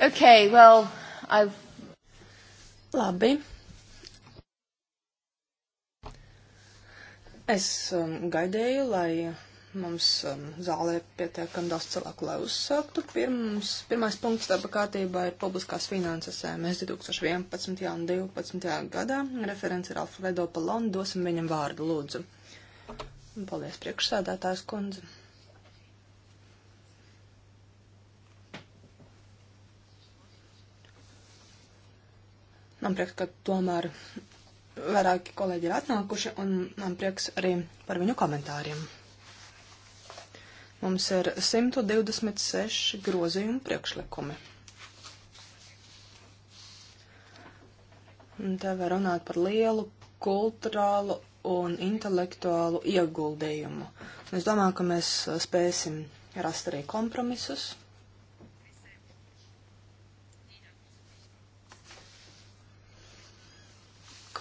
Okay, well, I've... Labi. Es um, gaidīju, lai mums um, zālē pietiekami daudz cilvēku, lai uzsāktu. Pirms, pirmais punkts darba kārtībā ir publiskās finanses MS 2011. un 2012. gadā. Referents ir Alfredo Palon, dosim viņam vārdu, lūdzu. Paldies, priekšsēdētājs kundze. Man prieks, ka tomēr vairāki kolēģi ir atnākuši, un man prieks arī par viņu komentāriem. Mums ir 126 grozījumu priekšlikumi. Un te var runāt par lielu kulturālu un intelektuālu ieguldījumu. Un es domāju, ka mēs spēsim rast arī kompromisus.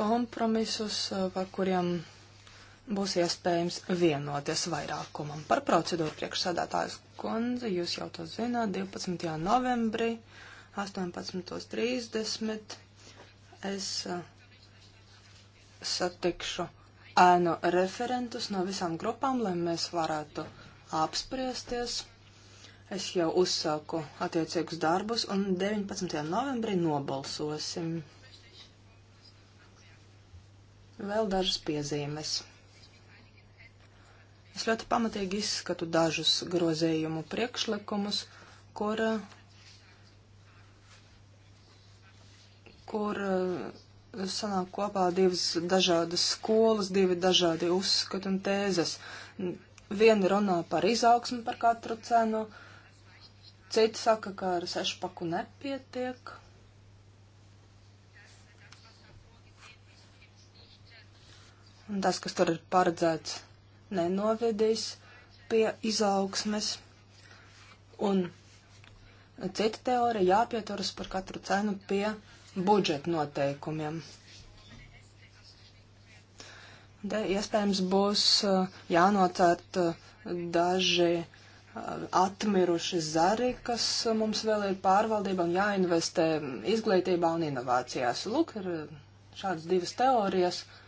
kompromisus, eh, par kuriem būs iespējams vienoties vairākumam. Par procedūru priekšsādātājas kundze, jūs jau to zināt, 12. novembrī 18.30 es eh, satikšu ēnu referentus no visām grupām, lai mēs varētu apspriesties. Es jau uzsāku attiecīgus darbus un 19. novembrī nobalsosim. Vēl dažas piezīmes. Es ļoti pamatīgi izskatu dažus grozējumu priekšlikumus, kur, kur sanāk kopā divas dažādas skolas, divi dažādi uzskati un tēzes. Viena runā par izaugsmu par katru cenu, cita saka, ka ar sešpaku nepietiek. un tas, kas tur ir paredzēts, nenovedīs pie izaugsmes. Un cita teorija jāpieturas par katru cenu pie budžeta noteikumiem. Te iespējams būs uh, jānocērt uh, daži uh, atmiruši zari, kas mums vēl ir pārvaldība un jāinvestē izglītībā un inovācijās. Lūk, ir šādas divas teorijas. Uh,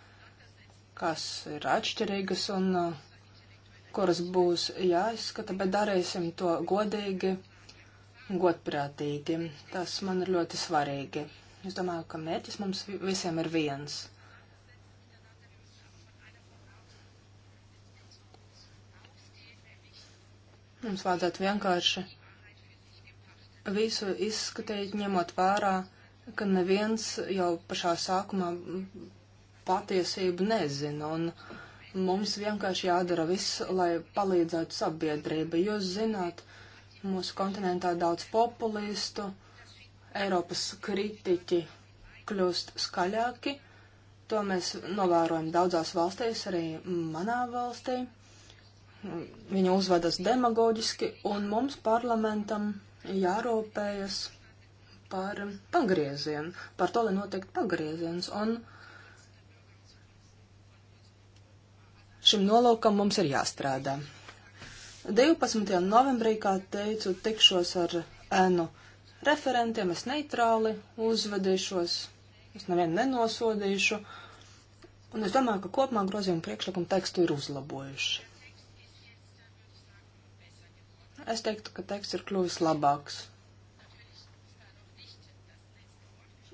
kas ir atšķirīgas un uh, kuras būs jāizskata, bet darīsim to godīgi, godprātīgi. Tas man ir ļoti svarīgi. Es domāju, ka mērķis mums visiem ir viens. Mums vajadzētu vienkārši visu izskatīt, ņemot vērā, ka neviens jau pašā sākumā patiesību nezina. Un mums vienkārši jādara viss, lai palīdzētu sabiedrība. Jūs zināt, mūsu kontinentā daudz populistu, Eiropas kritiķi kļūst skaļāki. To mēs novērojam daudzās valstīs, arī manā valstī. Viņa uzvedas demagoģiski, un mums parlamentam jārūpējas par pagriezienu, par to, lai notiek pagrieziens. Un Šim nolūkam mums ir jāstrādā. 12. novembrī, kā teicu, tikšos ar ēnu referentiem, es neitrāli uzvedīšos, es nevienu nenosodīšu, un es domāju, ka kopumā grozījuma priekšlikumu tekstu ir uzlabojuši. Es teiktu, ka teksts ir kļuvis labāks.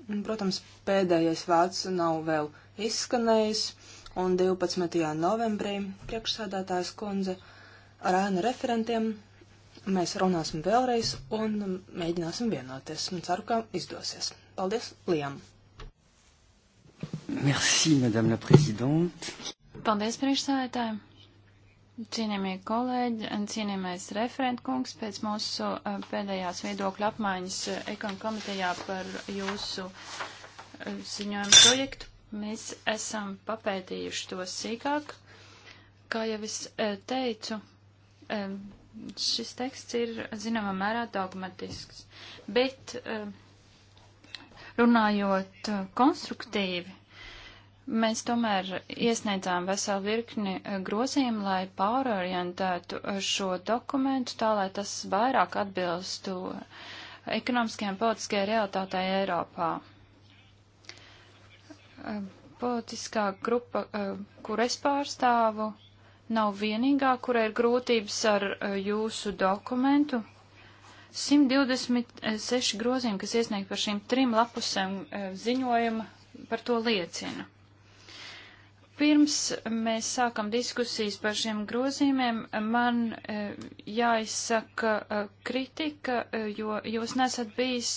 Un, protams, pēdējais vārds nav vēl izskanējis un 12. novembrī priekšsādātājs kundze ar ēnu referentiem mēs runāsim vēlreiz un mēģināsim vienoties. Un ceru, ka izdosies. Paldies, Liam! Merci, madame la présidente. Paldies, priekšsādātājiem! Cienījamie kolēģi, cienījamais referentkungs, pēc mūsu eh, pēdējās viedokļa apmaiņas eh, ekonomikomitejā par jūsu eh, ziņojumu projektu Mēs esam papētījuši to sīkāk. Kā jau es e, teicu, e, šis teksts ir zināmā mērā dogmatisks, bet e, runājot konstruktīvi, mēs tomēr iesniedzām veselu virkni grozījumu, lai pārorientētu šo dokumentu tā, lai tas vairāk atbilstu ekonomiskajām politiskajai realitātei Eiropā. Politiskā grupa, eh, kur es pārstāvu, nav vienīgā, kurai ir grūtības ar eh, jūsu dokumentu. 126 grozījumi, kas iesniegti par šīm trim lapusēm eh, ziņojuma, par to liecina. Pirms mēs sākam diskusijas par šiem grozījumiem, man e, jāizsaka e, kritika, e, jo jūs nesat bijis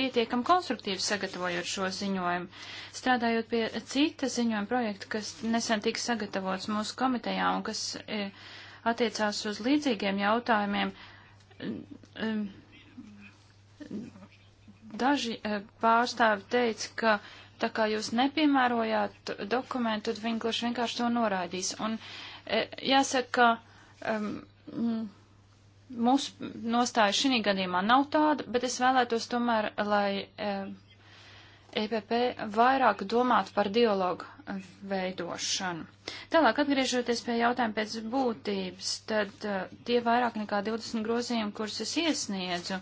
pietiekam konstruktīvi sagatavojot šo ziņojumu. Strādājot pie cita ziņojuma projekta, kas nesen tika sagatavots mūsu komitejā un kas attiecās uz līdzīgiem jautājumiem, daži pārstāvi teica, ka tā kā jūs nepiemērojāt dokumentu, tad viņi gluži vienkārši to norādīs. Un e, jāsaka, ka um, mūsu nostāja šī gadījumā nav tāda, bet es vēlētos tomēr, lai e, EPP vairāk domātu par dialogu veidošanu. Tālāk, atgriežoties pie jautājuma pēc būtības, tad uh, tie vairāk nekā 20 grozījumi, kurus es iesniedzu,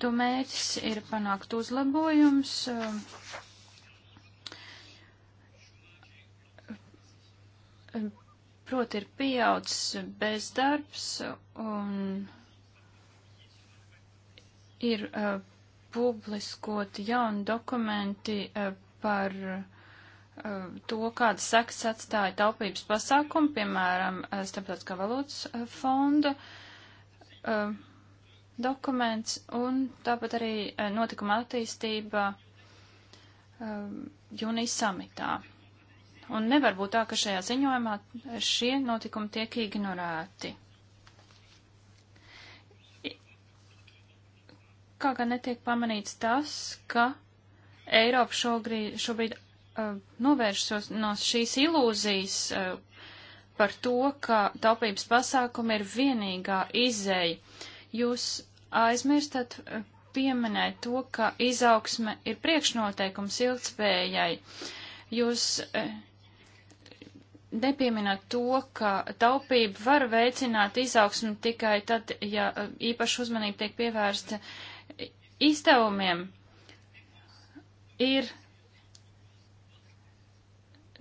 to mērķis ir panākt uzlabojums uh, Proti ir pieaudzis bezdarbs un ir uh, publiskoti jauni dokumenti uh, par uh, to, kādas sekas atstāja taupības pasākumi, piemēram, uh, Starptautiskā valūtas uh, fonda uh, dokuments un tāpat arī notikuma attīstība jūnijas samitā. Un nevar būt tā, ka šajā ziņojumā šie notikumi tiek ignorēti. Kā gan netiek pamanīts tas, ka Eiropa šobrīd, šobrīd uh, novēršos no šīs ilūzijas uh, par to, ka taupības pasākumi ir vienīgā izēja. Jūs aizmirstat uh, pieminēt to, ka izaugsme ir priekšnoteikums ilgspējai. Jūs uh, nepieminot to, ka taupība var veicināt izaugsmu tikai tad, ja eh, īpaši uzmanība tiek pievērsta izdevumiem, ir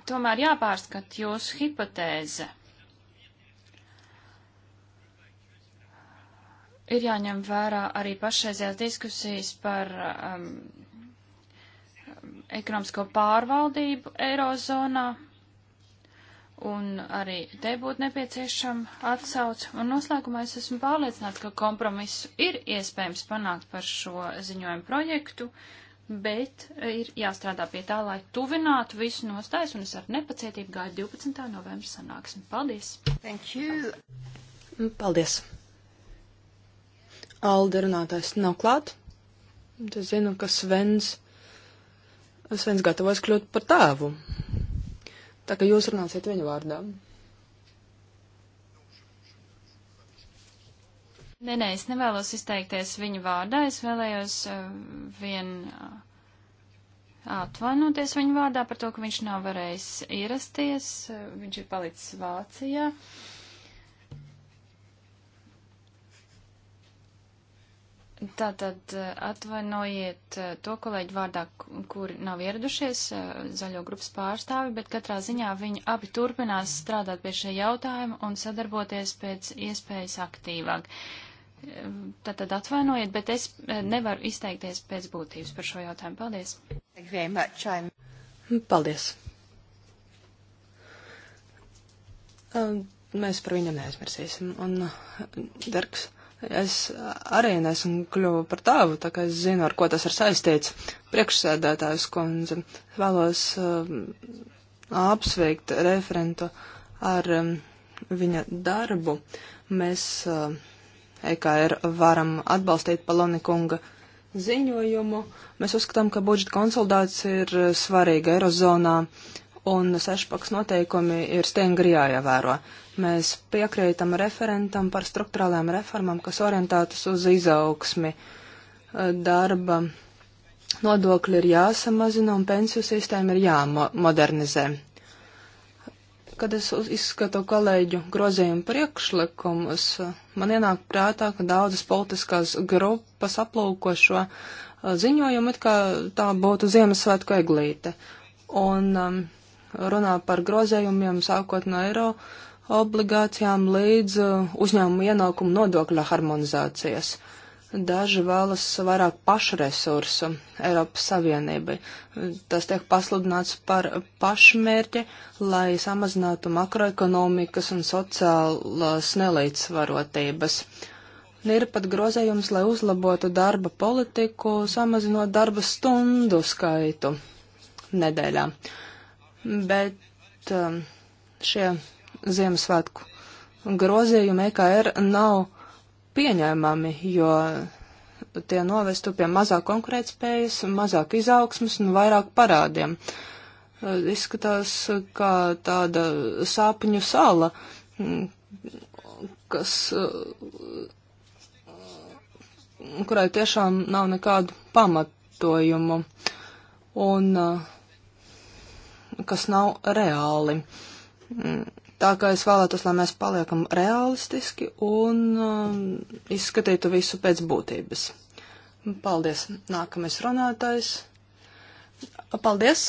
tomēr jāpārskat jūsu hipotēze. Ir jāņem vērā arī pašreizējās diskusijas par um, ekonomisko pārvaldību Eirozonā un arī te būtu nepieciešama atsauce. Un noslēgumā es esmu pārliecināta, ka kompromisu ir iespējams panākt par šo ziņojumu projektu, bet e, ir jāstrādā pie tā, lai tuvinātu visu nostājus, un es ar nepacietību gaidu 12. novembra sanāksmi. Paldies! Thank you! Paldies! Alde runātājs nav klāt. Es zinu, ka Svens, Svens gatavojas kļūt par tēvu. Tā kā jūs runāsiet viņa vārdā. Nē, nē, es nevēlos izteikties viņu vārdā, es vēlējos uh, vien uh, atvainoties viņu vārdā par to, ka viņš nav varējis ierasties, uh, viņš ir palicis Vācijā. Uh, Tātad eh, atvainojiet eh, to kolēģi vārdā, kuri nav ieradušies, eh, zaļo grupas pārstāvi, bet katrā ziņā viņi abi turpinās strādāt pie šie jautājuma un sadarboties pēc iespējas aktīvāk. Tātad atvainojiet, bet es nevaru izteikties pēc būtības par šo jautājumu. Paldies! Paldies! Um, mēs par viņu neaizmirsīsim. Un, Dargs. Es arī nesmu kļuvu par tēvu, tā kā es zinu, ar ko tas ir saistīts. Priekšsēdētājs kundze vēlos uh, apsveikt referentu ar um, viņa darbu. Mēs uh, um, EKR varam atbalstīt Palonikunga ziņojumu. Mēs uzskatām, ka budžeta konsolidācija ir uh, svarīga Eirozonā. Uh, un sešpaks noteikumi ir stingri jāievēro. Mēs piekrītam referentam par struktūrālām reformām, kas orientētas uz izaugsmi eh, darba. Nodokļi ir jāsamazina un pensiju sistēma ir jāmodernizē. Kad es izskatu kolēģu grozījumu priekšlikumus, eh, man ienāk prātā, ka daudzas politiskās grupas aplūko šo eh, ziņojumu, it kā tā būtu Ziemassvētku eglīte. Un um, runā par grozējumiem sākot no eiro obligācijām līdz uh, uzņēmumu ienākumu nodokļa harmonizācijas. Daži vēlas vairāk pašresursu Eiropas Savienībai. Tas tiek pasludināts par pašmērķi, lai samazinātu makroekonomikas un sociālās nelīdzsvarotības. Un ir pat grozējums, lai uzlabotu darba politiku, samazinot darba stundu skaitu nedēļā. Uh, bet um, šie Ziemassvētku grozījumi EKR nav pieņēmami, jo tie novestu pie mazāk konkurētspējas, mazāk izaugsmas un vairāk parādiem. Uh, izskatās kā tāda sāpņu sala, mm, kas, uh, kurai tiešām nav nekādu pamatojumu. Un uh, kas nav reāli. Mm, tā kā es vēlētos, lai mēs paliekam realistiski un um, izskatītu visu pēc būtības. Paldies. Nākamais runātājs. Paldies.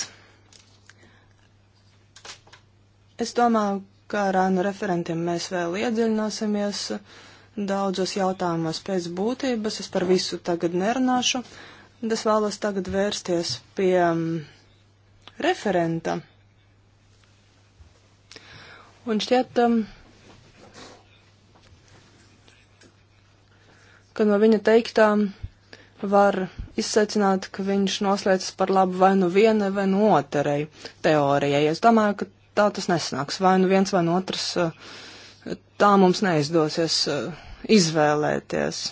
Es domāju, ka ar ēnu referentiem mēs vēl iedziļināsimies daudzos jautājumos pēc būtības. Es par visu tagad nerunāšu. Es vēlos tagad vērsties pie. Um, referentă. Un šķiet, um, ka no viņa teiktā var izsvecināt, ka viņš noslēdzas par labu vai nu viena vai nu otrai teorijai. Es domāju, ka tā tas nesanāks. Vai nu viens vai nu otrs, uh, tā mums neizdosies uh, izvēlēties.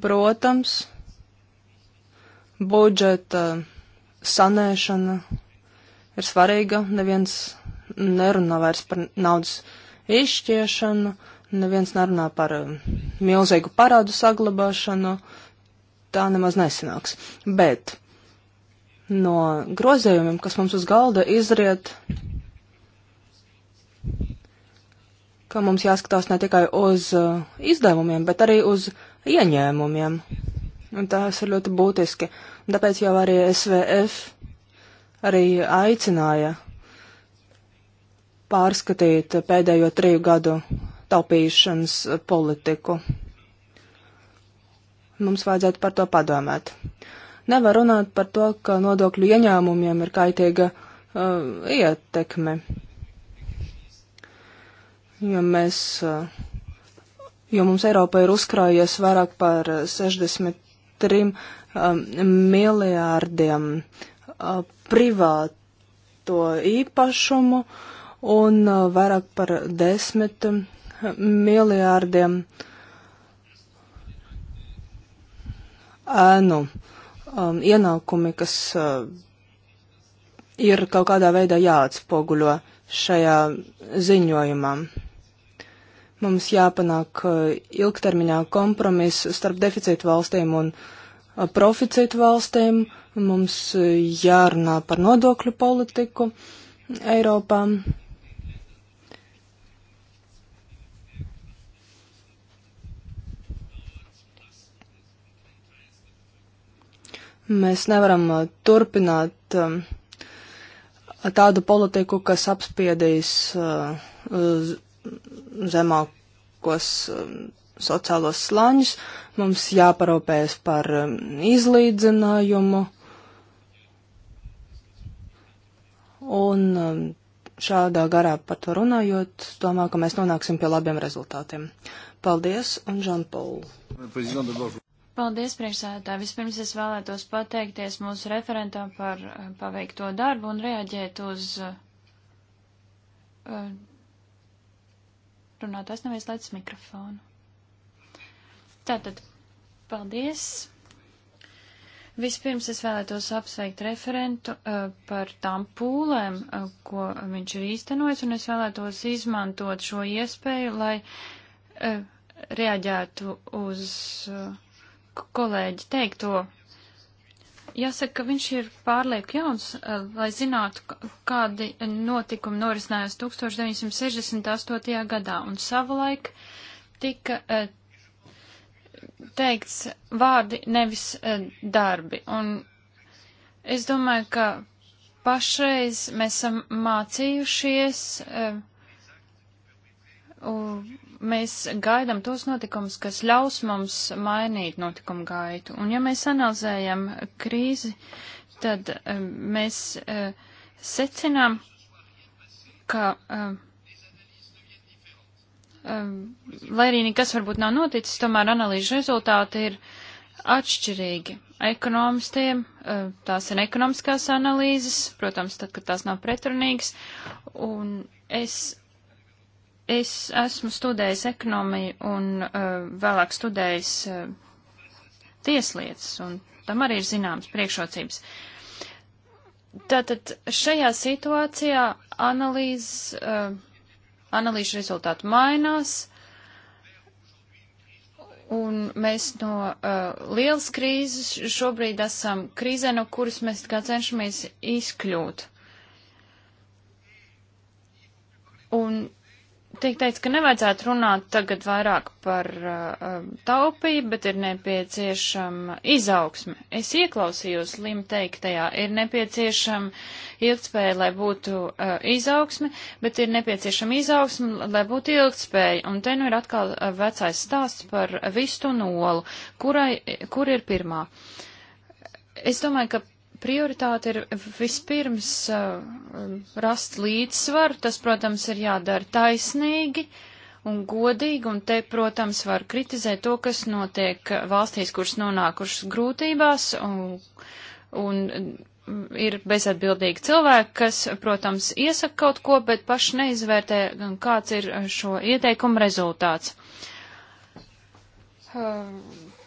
Protams, budžeta sanēšana ir svarīga. Neviens nerunā vairs par naudas izšķiešanu, neviens nerunā par um, milzīgu parādu saglabāšanu. Tā nemaz nesanāks. Bet no grozējumiem, kas mums uz galda izriet, ka mums jāskatās ne tikai uz uh, izdevumiem, bet arī uz ieņēmumiem un tās ir ļoti būtiski. Un tāpēc jau arī SVF arī aicināja pārskatīt pēdējo triju gadu taupīšanas politiku. Mums vajadzētu par to padomāt. Nevar runāt par to, ka nodokļu ieņēmumiem ir kaitīga uh, ietekme. Jo mēs, uh, jo mums Eiropā ir uzkrājies vairāk par 60 trim um, miljārdiem uh, privāto īpašumu un uh, vairāk par desmit miljārdiem ēnu um, ienākumi, kas uh, ir kaut kādā veidā jāatspoguļo šajā ziņojumā. Mums jāpanāk eh, ilgtermiņā kompromiss starp deficītu valstīm un eh, proficītu valstīm. Mums eh, jārunā par nodokļu politiku Eiropā. mēs nevaram turpināt tādu politiku, kas apspiedīs zemākos um, sociālos slāņus, mums jāparūpējas par um, izlīdzinājumu. Un um, šādā garā par to runājot, domāju, ka mēs nonāksim pie labiem rezultātiem. Paldies un Žanpaulu. Paldies, priekšsēdētāji. Vispirms es vēlētos pateikties mūsu referentam par uh, paveikto darbu un reaģēt uz uh, runātājs nav ieslēdzis mikrofonu. Tātad, paldies! Vispirms es vēlētos apsveikt referentu uh, par tām pūlēm, uh, ko viņš ir īstenojis, un es vēlētos izmantot šo iespēju, lai uh, reaģētu uz uh, kolēģi teikto Jāsaka, ka viņš ir pārlieku jauns, eh, lai zinātu, kādi notikumi norisinājās 1968. gadā, un savulaik tika eh, teikts vārdi, nevis eh, darbi. Un es domāju, ka pašreiz mēs esam mācījušies mēs gaidām tos notikumus, kas ļaus mums mainīt notikumu gaitu. Un ja mēs analizējam krīzi, tad um, mēs uh, secinām, ka, uh, uh, lai arī nekas varbūt nav noticis, tomēr analīžu rezultāti ir atšķirīgi. Ekonomistiem uh, tās ir ekonomiskās analīzes, protams, tad, kad tās nav pretrunīgas, un es Es esmu studējis ekonomiju un uh, vēlāk studējis uh, tieslietas, un tam arī ir zināmas priekšrocības. Tātad šajā situācijā analīzes, uh, analīžu rezultāti mainās, un mēs no uh, lielas krīzes šobrīd esam krīzē, no kuras mēs kā cenšamies izkļūt. Un tiek teikts, ka nevajadzētu runāt tagad vairāk par uh, taupību, bet ir nepieciešama izaugsme. Es ieklausījos Lim teiktajā, ir nepieciešama ilgtspēja, lai būtu uh, izaugsme, bet ir nepieciešama izaugsme, lai būtu ilgtspēja. Un te nu ir atkal uh, vecais stāsts par vistu nolu, kurai, kur ir pirmā. Es domāju, ka prioritāte ir vispirms eh, rast līdzsvaru, tas, protams, ir jādara taisnīgi un godīgi, un te, protams, var kritizēt to, kas notiek valstīs, kuras nonākušas grūtībās, un, un mm, ir bezatbildīgi cilvēki, kas, protams, iesaka kaut ko, bet paši neizvērtē, kāds ir šo ieteikumu rezultāts. Uh,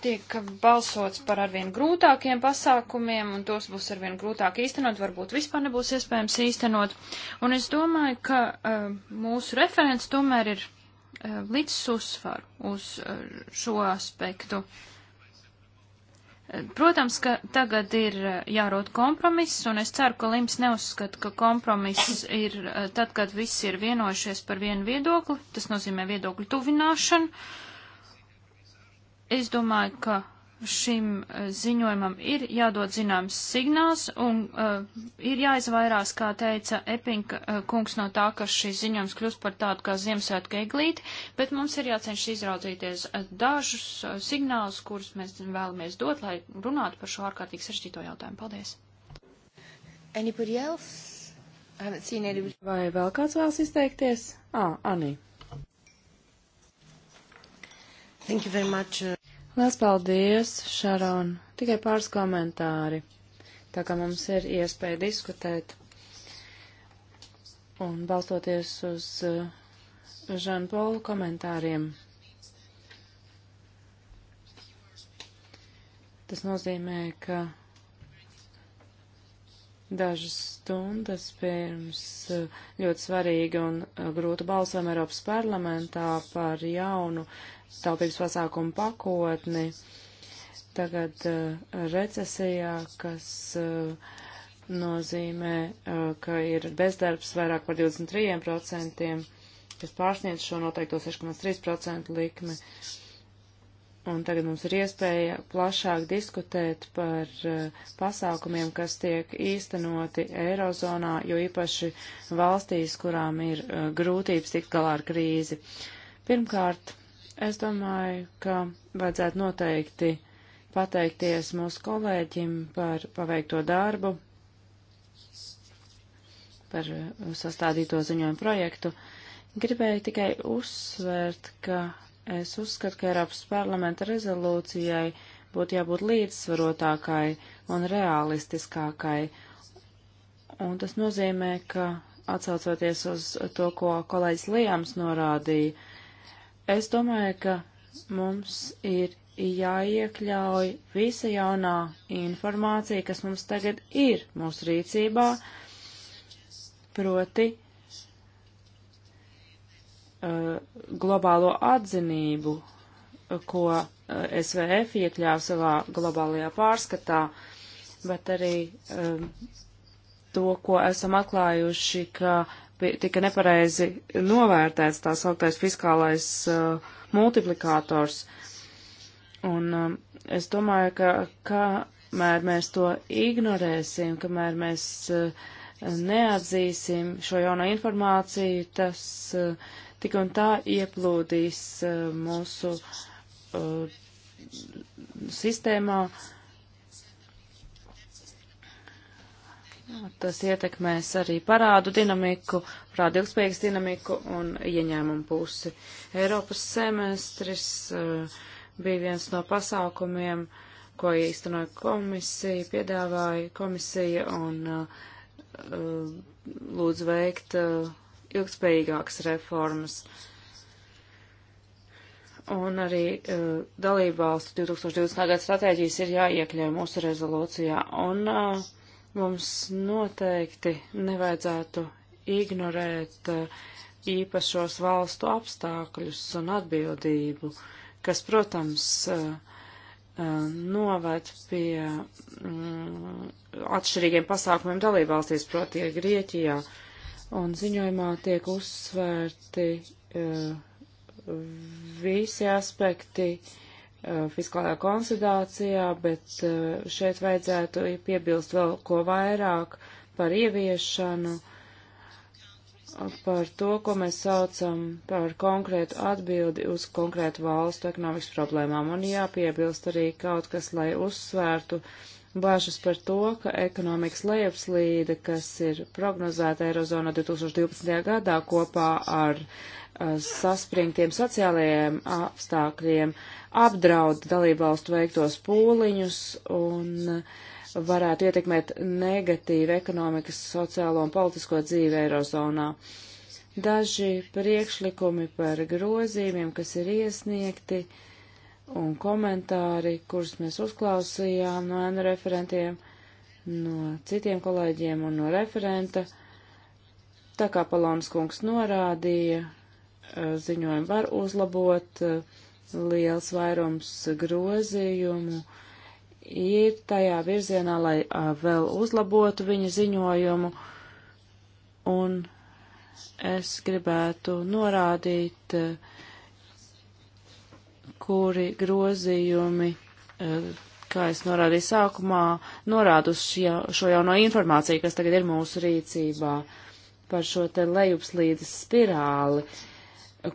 tiek balsots par arvien grūtākiem pasākumiem, un tos būs arvien grūtāk īstenot, varbūt vispār nebūs iespējams īstenot. Un es domāju, ka uh, mūsu referents tomēr ir uh, eh, līdz uzsvaru uz uh, šo aspektu. Protams, ka tagad ir jārod kompromiss, un es ceru, ka Lims neuzskata, ka kompromiss ir tad, kad visi ir vienojušies par vienu viedokli, tas nozīmē viedokļu tuvināšanu. Uh, Es domāju, ka šim eh, ziņojumam ir jādod zināms signāls un uh, ir jāizvairās, kā teica Epinka uh, kungs, no tā, ka šis ziņojums kļūst par tādu kā Ziemassvētku eglīti, bet mums ir jācenš izraudzīties dažus uh, signālus, kurus mēs vēlamies dot, lai runātu par šo ārkārtīgi sarežģīto jautājumu. Paldies! Anybody else? I haven't seen anybody. Vai vēl kāds vēlas izteikties? Ā, ah, Anī. Thank you very much. Uh, Lielas paldies, Šaron. Tikai pāris komentāri, tā kā mums ir iespēja diskutēt. Un balstoties uz uh, Žanu Polu komentāriem, tas nozīmē, ka dažas stundas pirms uh, ļoti svarīga un uh, grūta balsojuma Eiropas parlamentā par jaunu taupības pasākumu pakotni, tagad uh, recesijā, kas uh, nozīmē, uh, ka ir bezdarbs vairāk par 23%, kas pārsniedz šo noteikto 6,3% likmi. Un tagad mums ir iespēja plašāk diskutēt par uh, pasākumiem, kas tiek īstenoti Eirozonā, jo īpaši valstīs, kurām ir uh, grūtības tikt galā ar krīzi. Pirmkārt, Es domāju, ka vajadzētu noteikti pateikties mūsu kolēģim par paveikto darbu, par sastādīto ziņojumu projektu. Gribēju tikai uzsvērt, ka es uzskatu, ka Eiropas parlamenta rezolūcijai būtu jābūt līdzsvarotākai un realistiskākai. Un tas nozīmē, ka atsaucoties uz to, ko kolēģis Lijams norādīja, Es domāju, ka mums ir jāiekļauj visa jaunā informācija, kas mums tagad ir mūsu rīcībā, proti uh, globālo atzinību, ko uh, SVF iekļāva savā globālajā pārskatā, bet arī um, to, ko esam atklājuši, ka tika nepareizi novērtēts tā sauktais fiskālais uh, multiplikators. Un um, es domāju, ka kamēr mēs to ignorēsim, kamēr mēs uh, neatzīsim šo jauno informāciju, tas uh, tik un tā ieplūdīs uh, mūsu uh, sistēmā. Uh, Nu, tas ietekmēs arī parādu dinamiku, parādu ilgspējīgas dinamiku un ieņēmumu pusi. Eiropas semestris uh, bija viens no pasākumiem, ko īstenoja komisija, piedāvāja komisija un uh, eh, lūdzu veikt uh, ilgspējīgākas reformas. Un arī uh, dalībvalstu 2020. gada stratēģijas ir jāiekļauj mūsu rezolūcijā. Un uh, Mums noteikti nevajadzētu ignorēt uh, īpašos valstu apstākļus un atbildību, kas, protams, uh, uh, noved pie mm, atšķirīgiem pasākumiem dalībvalstīs, proti, Grieķijā. Un ziņojumā tiek uzsvērti visi aspekti, uh, Eh, fiskālajā konsolidācijā, bet eh, šeit vajadzētu piebilst vēl ko vairāk par ieviešanu, par to, ko mēs saucam par konkrētu atbildi uz konkrētu valstu ekonomikas problēmām. Un jāpiebilst arī kaut kas, lai uzsvērtu bāžas par to, ka ekonomikas lejupslīde, kas ir prognozēta Eirozonā 2012. gadā kopā ar saspringtiem sociālajiem apstākļiem apdraud dalībvalstu veiktos pūliņus un varētu ietekmēt negatīvi ekonomikas, sociālo un politisko dzīvi Eirozonā. Daži priekšlikumi par grozījumiem, kas ir iesniegti, un komentāri, kurus mēs uzklausījām no ēnu referentiem, no citiem kolēģiem un no referenta. Tā kā Palons kungs norādīja, ziņojumu var uzlabot, liels vairums grozījumu ir tajā virzienā, lai vēl uzlabotu viņa ziņojumu, un es gribētu norādīt, kuri grozījumi, kā es norādīju sākumā, norādu šo jauno informāciju, kas tagad ir mūsu rīcībā par šo te lejupslīdes spirāli. Uh,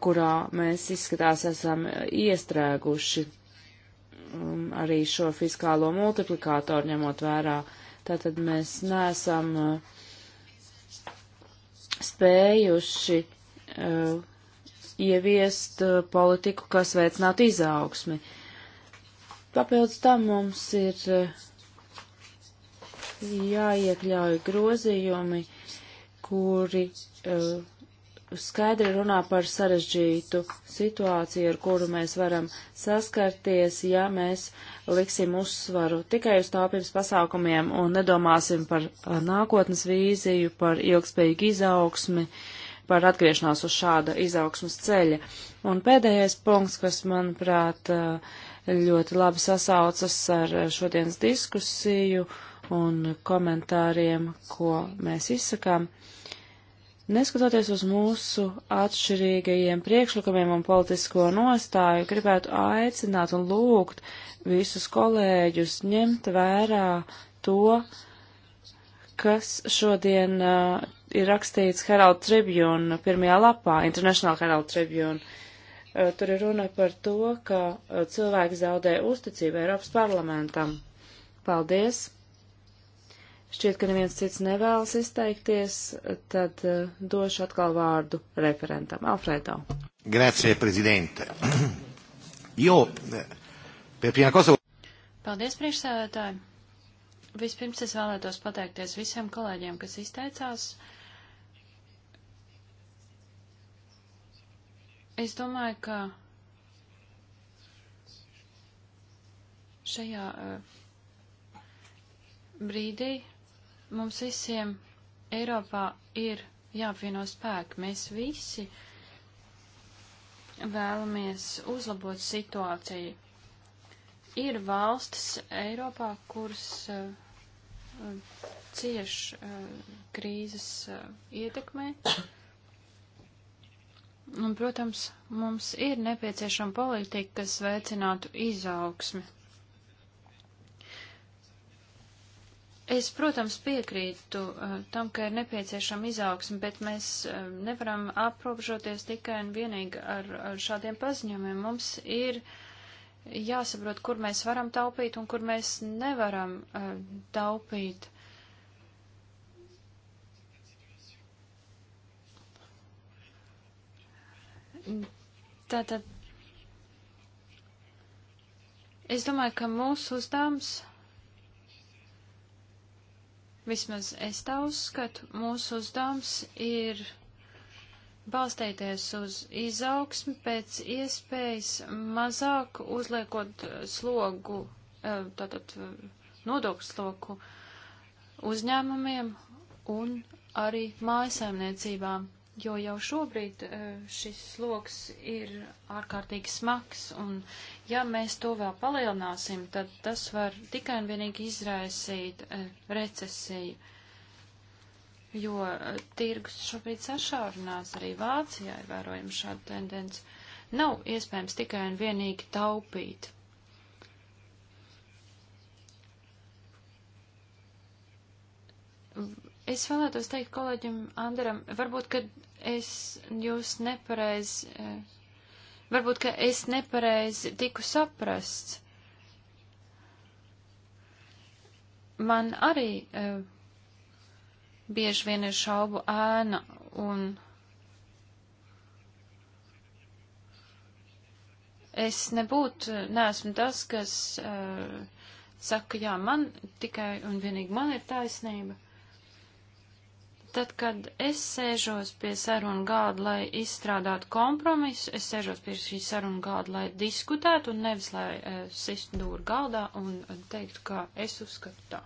kurā mēs izskatās esam iestrēguši um, arī šo fiskālo multiplikātoru ņemot vērā. Tātad mēs neesam uh, spējuši uh, ieviest uh, politiku, kas veicinātu izaugsmi. Papildus tam mums ir uh, jāiekļauj grozījumi, kuri uh, skaidri runā par sarežģītu situāciju, ar kuru mēs varam saskarties, ja mēs liksim uzsvaru tikai uz taupības pasākumiem un nedomāsim par uh, nākotnes vīziju, par ilgspējīgu izaugsmi, par atgriešanās uz šāda izaugsmas ceļa. Un pēdējais punkts, kas, manuprāt, uh, ļoti labi sasaucas ar uh, šodienas diskusiju un komentāriem, ko mēs izsakām, uh, Neskatoties uz mūsu atšķirīgajiem priekšlikumiem un politisko nostāju, gribētu aicināt un lūgt visus kolēģus ņemt vērā to, kas šodien uh, ir rakstīts Herald Tribune pirmajā lapā, International Herald Tribune. Uh, tur ir runa par to, ka uh, cilvēki zaudē uzticību Eiropas parlamentam. Paldies! Šķiet, ka neviens cits nevēlas izteikties, tad uh, došu atkal vārdu referentam. Alfredo. Grazie, prezidente. jo, pie eh, pirmā kosa. Paldies, priekšsēdētāji. Vispirms es vēlētos pateikties visiem kolēģiem, kas izteicās. Es domāju, ka šajā uh, brīdī Mums visiem Eiropā ir jāapvieno spēki. Mēs visi vēlamies uzlabot situāciju. Ir valstis Eiropā, kuras uh, cieš uh, krīzes uh, ietekmē. Un, protams, mums ir nepieciešama politika, kas veicinātu izaugsmi. Es, protams, piekrītu uh, tam, ka ir nepieciešama izaugsme, bet mēs uh, nevaram aprobežoties tikai un vienīgi ar, ar šādiem paziņojumiem. Mums ir jāsaprot, kur mēs varam taupīt un kur mēs nevaram uh, taupīt. Tātad, es domāju, ka mūsu uzdevums Vismaz es tā uzskatu, mūsu uzdevums ir balstīties uz izaugsmi pēc iespējas mazāk uzliekot slogu, eh, tātad eh, nodokļu sloku uzņēmumiem un arī mājasaimniecībām jo jau šobrīd e, šis sloks ir ārkārtīgi smags, un ja mēs to vēl palielināsim, tad tas var tikai un vienīgi izraisīt e, recesiju, jo e, tirgus šobrīd sašaurinās, arī Vācijā ir vērojama šāda tendence. Nav iespējams tikai un vienīgi taupīt. V Es vēlētos teikt kolēģim Anderam, varbūt, ka es jūs nepareiz, e, varbūt, ka es nepareiz tiku saprasts. Man arī e, bieži vien ir šaubu ēna un es nebūtu, neesmu tas, kas e, saka, jā, man tikai un vienīgi man ir taisnība. Tad, kad es sēžos pie sarunu galda, lai izstrādātu kompromisu, es sēžos pie šī sarunu galda, lai diskutētu un nevis, lai e, sistu dūru galdā un teiktu, kā es uzskatu tā.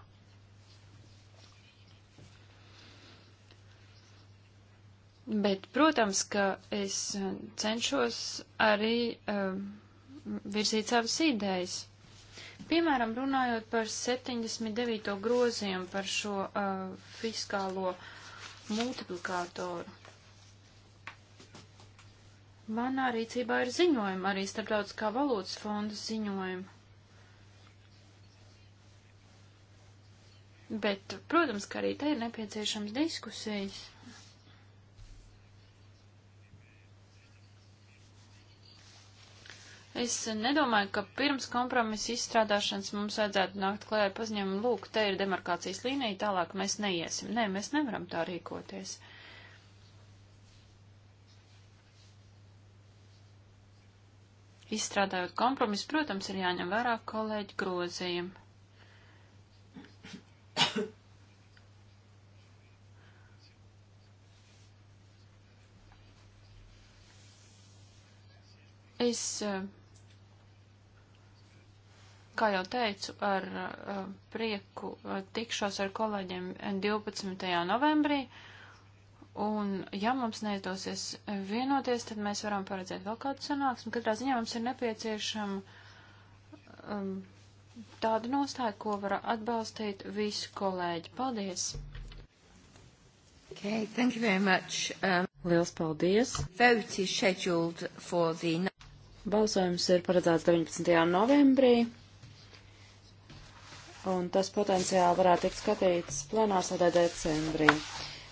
Bet, protams, ka es e, cenšos arī e, virzīt savas idejas. Piemēram, runājot par 79. grozījumu par šo uh, fiskālo uh, multiplikātoru. Manā rīcībā ir ziņojumi, arī starptautiskā valūtas fonda ziņojumi. Bet, protams, ka arī te ir nepieciešams diskusijas. Es nedomāju, ka pirms kompromisa izstrādāšanas mums vajadzētu nākt klajā paziņojumu, lūk, te ir demarkācijas līnija, tālāk mēs neiesim. Nē, mēs nevaram tā rīkoties. Izstrādājot kompromisu, protams, ir jāņem vērā kolēģi grozījumi. Es eh, kā jau teicu, ar uh, prieku uh, tikšos ar kolēģiem 12. novembrī. Un, ja mums neizdosies vienoties, tad mēs varam paredzēt vēl kādu sanāksmi. Katrā ziņā mums ir nepieciešama um, tāda nostāja, ko var atbalstīt visi kolēģi. Paldies! Okay, thank you very much. Um, Liels paldies! Vote is scheduled for the... Balsojums ir paredzēts 19. novembrī un tas potenciāli varētu tikt skatīts plenārsēdē decembrī.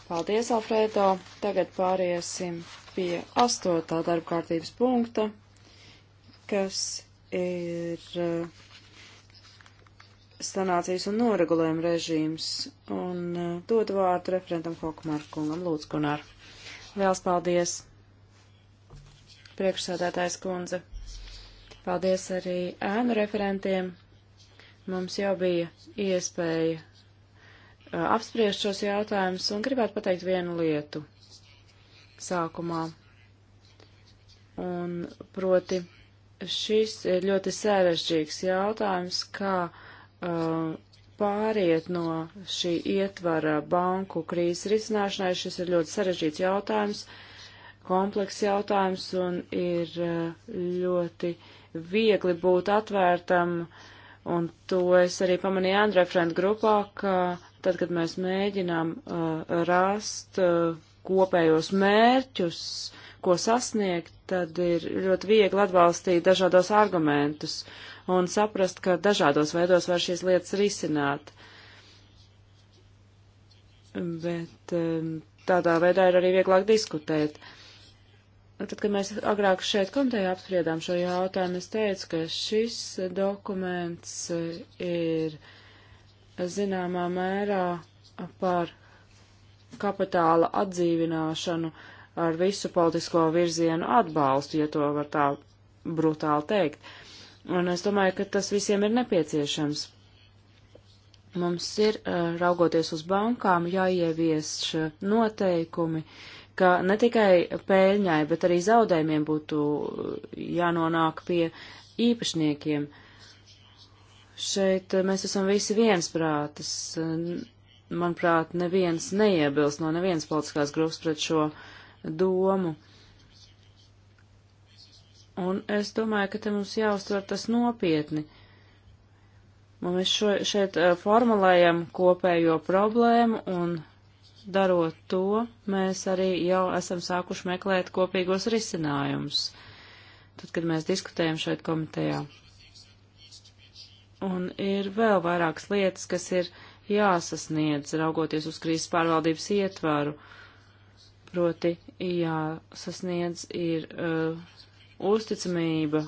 Paldies, Alfredo! Tagad pāriesim pie astotā darba kārtības punkta, kas ir eh, stanācijas un noregulējuma režīms, un eh, dod vārdu referentam Hokmārkungam Lūdzu Gunār. Liels paldies, priekšsādātājs kundze! Paldies arī ēnu referentiem! Mums jau bija iespēja uh, apspriest šos jautājumus un gribētu pateikt vienu lietu sākumā. Un proti, šis ir ļoti sarežģīgs jautājums, kā uh, pāriet no šī ietvara banku krīzes risināšanai. Šis ir ļoti sarežģīts jautājums, kompleks jautājums un ir uh, ļoti viegli būt atvērtam uh, Un to es arī pamanīju Andrē Frenda grupā, ka tad, kad mēs mēģinām uh, rast uh, kopējos mērķus, ko sasniegt, tad ir ļoti viegli atbalstīt dažādos argumentus un saprast, ka dažādos veidos var šīs lietas risināt. Bet um, tādā veidā ir arī vieglāk diskutēt. Uh, Nu, tad, kad mēs agrāk šeit komitejā apspriedām šo jautājumu, es teicu, ka šis dokuments eh, ir zināmā mērā par kapitāla atdzīvināšanu ar visu politisko virzienu atbalstu, ja to var tā brutāli teikt. Un es domāju, ka tas visiem ir nepieciešams. Mums ir, eh, raugoties uz bankām, jāievieš noteikumi, uh, ka ne tikai pēļņai, bet arī zaudējumiem būtu jānonāk pie īpašniekiem. Šeit mēs esam visi viensprātis. Manuprāt, neviens neiebilst no nevienas politiskās grupas pret šo domu. Un es domāju, ka te mums jāuztver tas nopietni. Un mēs šo, šeit eh, formulējam kopējo problēmu un darot to, mēs arī jau esam sākuši meklēt kopīgos risinājumus, tad, kad mēs diskutējam šeit komitejā. Un ir vēl vairākas lietas, kas ir jāsasniedz, raugoties uz krīzes pārvaldības ietvaru. Proti, jāsasniedz ir uh, uzticamība,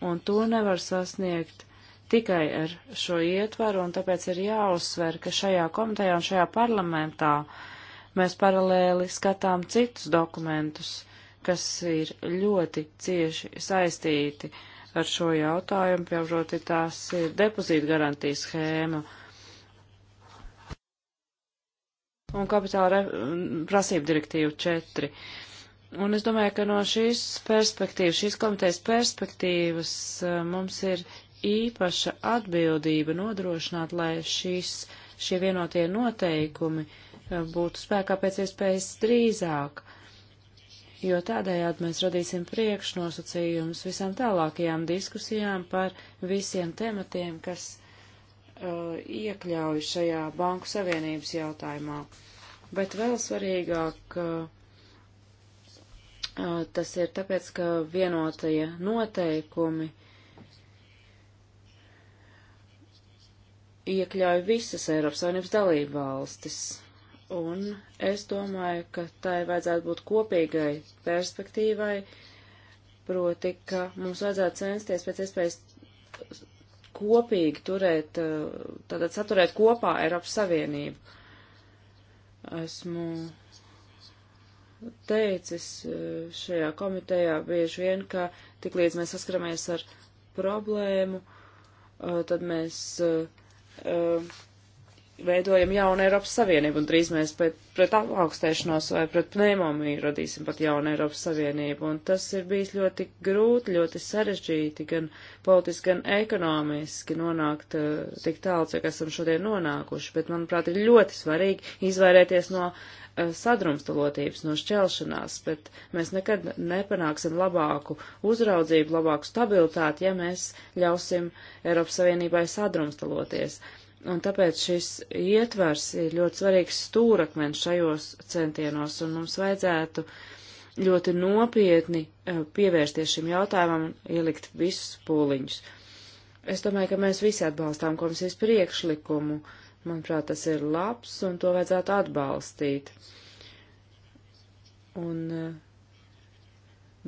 un to nevar sasniegt tikai ar šo ietvaru, un tāpēc ir jāuzsver, ka šajā komitejā un šajā parlamentā mēs paralēli skatām citus dokumentus, kas ir ļoti cieši saistīti ar šo jautājumu, pieproti tās ir depozīta garantijas schēma un kapitāla prasība direktīva 4. Un es domāju, ka no šīs perspektīvas, šīs komitejas perspektīvas eh, mums ir īpaša atbildība nodrošināt, lai šīs, šie vienotie noteikumi eh, būtu spēkā pēc iespējas drīzāk, jo tādējādi mēs radīsim priekšnosacījumus visām tālākajām diskusijām par visiem tematiem, kas uh, iekļauj šajā Banku Savienības jautājumā. Bet vēl svarīgāk uh, tas ir tāpēc, ka vienotie noteikumi uh, iekļauj visas Eiropas Savienības dalību valstis. Un es domāju, ka tai vajadzētu būt kopīgai perspektīvai, proti, ka mums vajadzētu censties pēc iespējas kopīgi turēt, tātad saturēt kopā Eiropas Savienību. Esmu teicis e, šajā komitejā bieži vien, ka tiklīdz mēs saskaramies ar problēmu, e, tad mēs uh, uh, veidojam jaunu Eiropas Savienību, un drīz mēs pret, pret augstēšanos vai pret pneimoniju radīsim pat jaunu Eiropas Savienību, un tas ir bijis ļoti grūti, ļoti sarežģīti, gan politiski, gan ekonomiski nonākt uh, tik tālu, cik esam šodien nonākuši, bet, manuprāt, ir ļoti svarīgi izvairēties no uh, sadrumstalotības, no šķelšanās, bet mēs nekad nepanāksim labāku uzraudzību, labāku stabilitāti, ja mēs ļausim Eiropas Savienībai sadrumstaloties. Uh, Un tāpēc šis ietvers ir ļoti svarīgs stūrakmens šajos centienos, un mums vajadzētu ļoti nopietni e, pievērsties šim jautājumam un ielikt visus pūliņus. Es domāju, ka mēs visi atbalstām komisijas priekšlikumu. Manuprāt, tas ir labs, un to vajadzētu atbalstīt. Un e,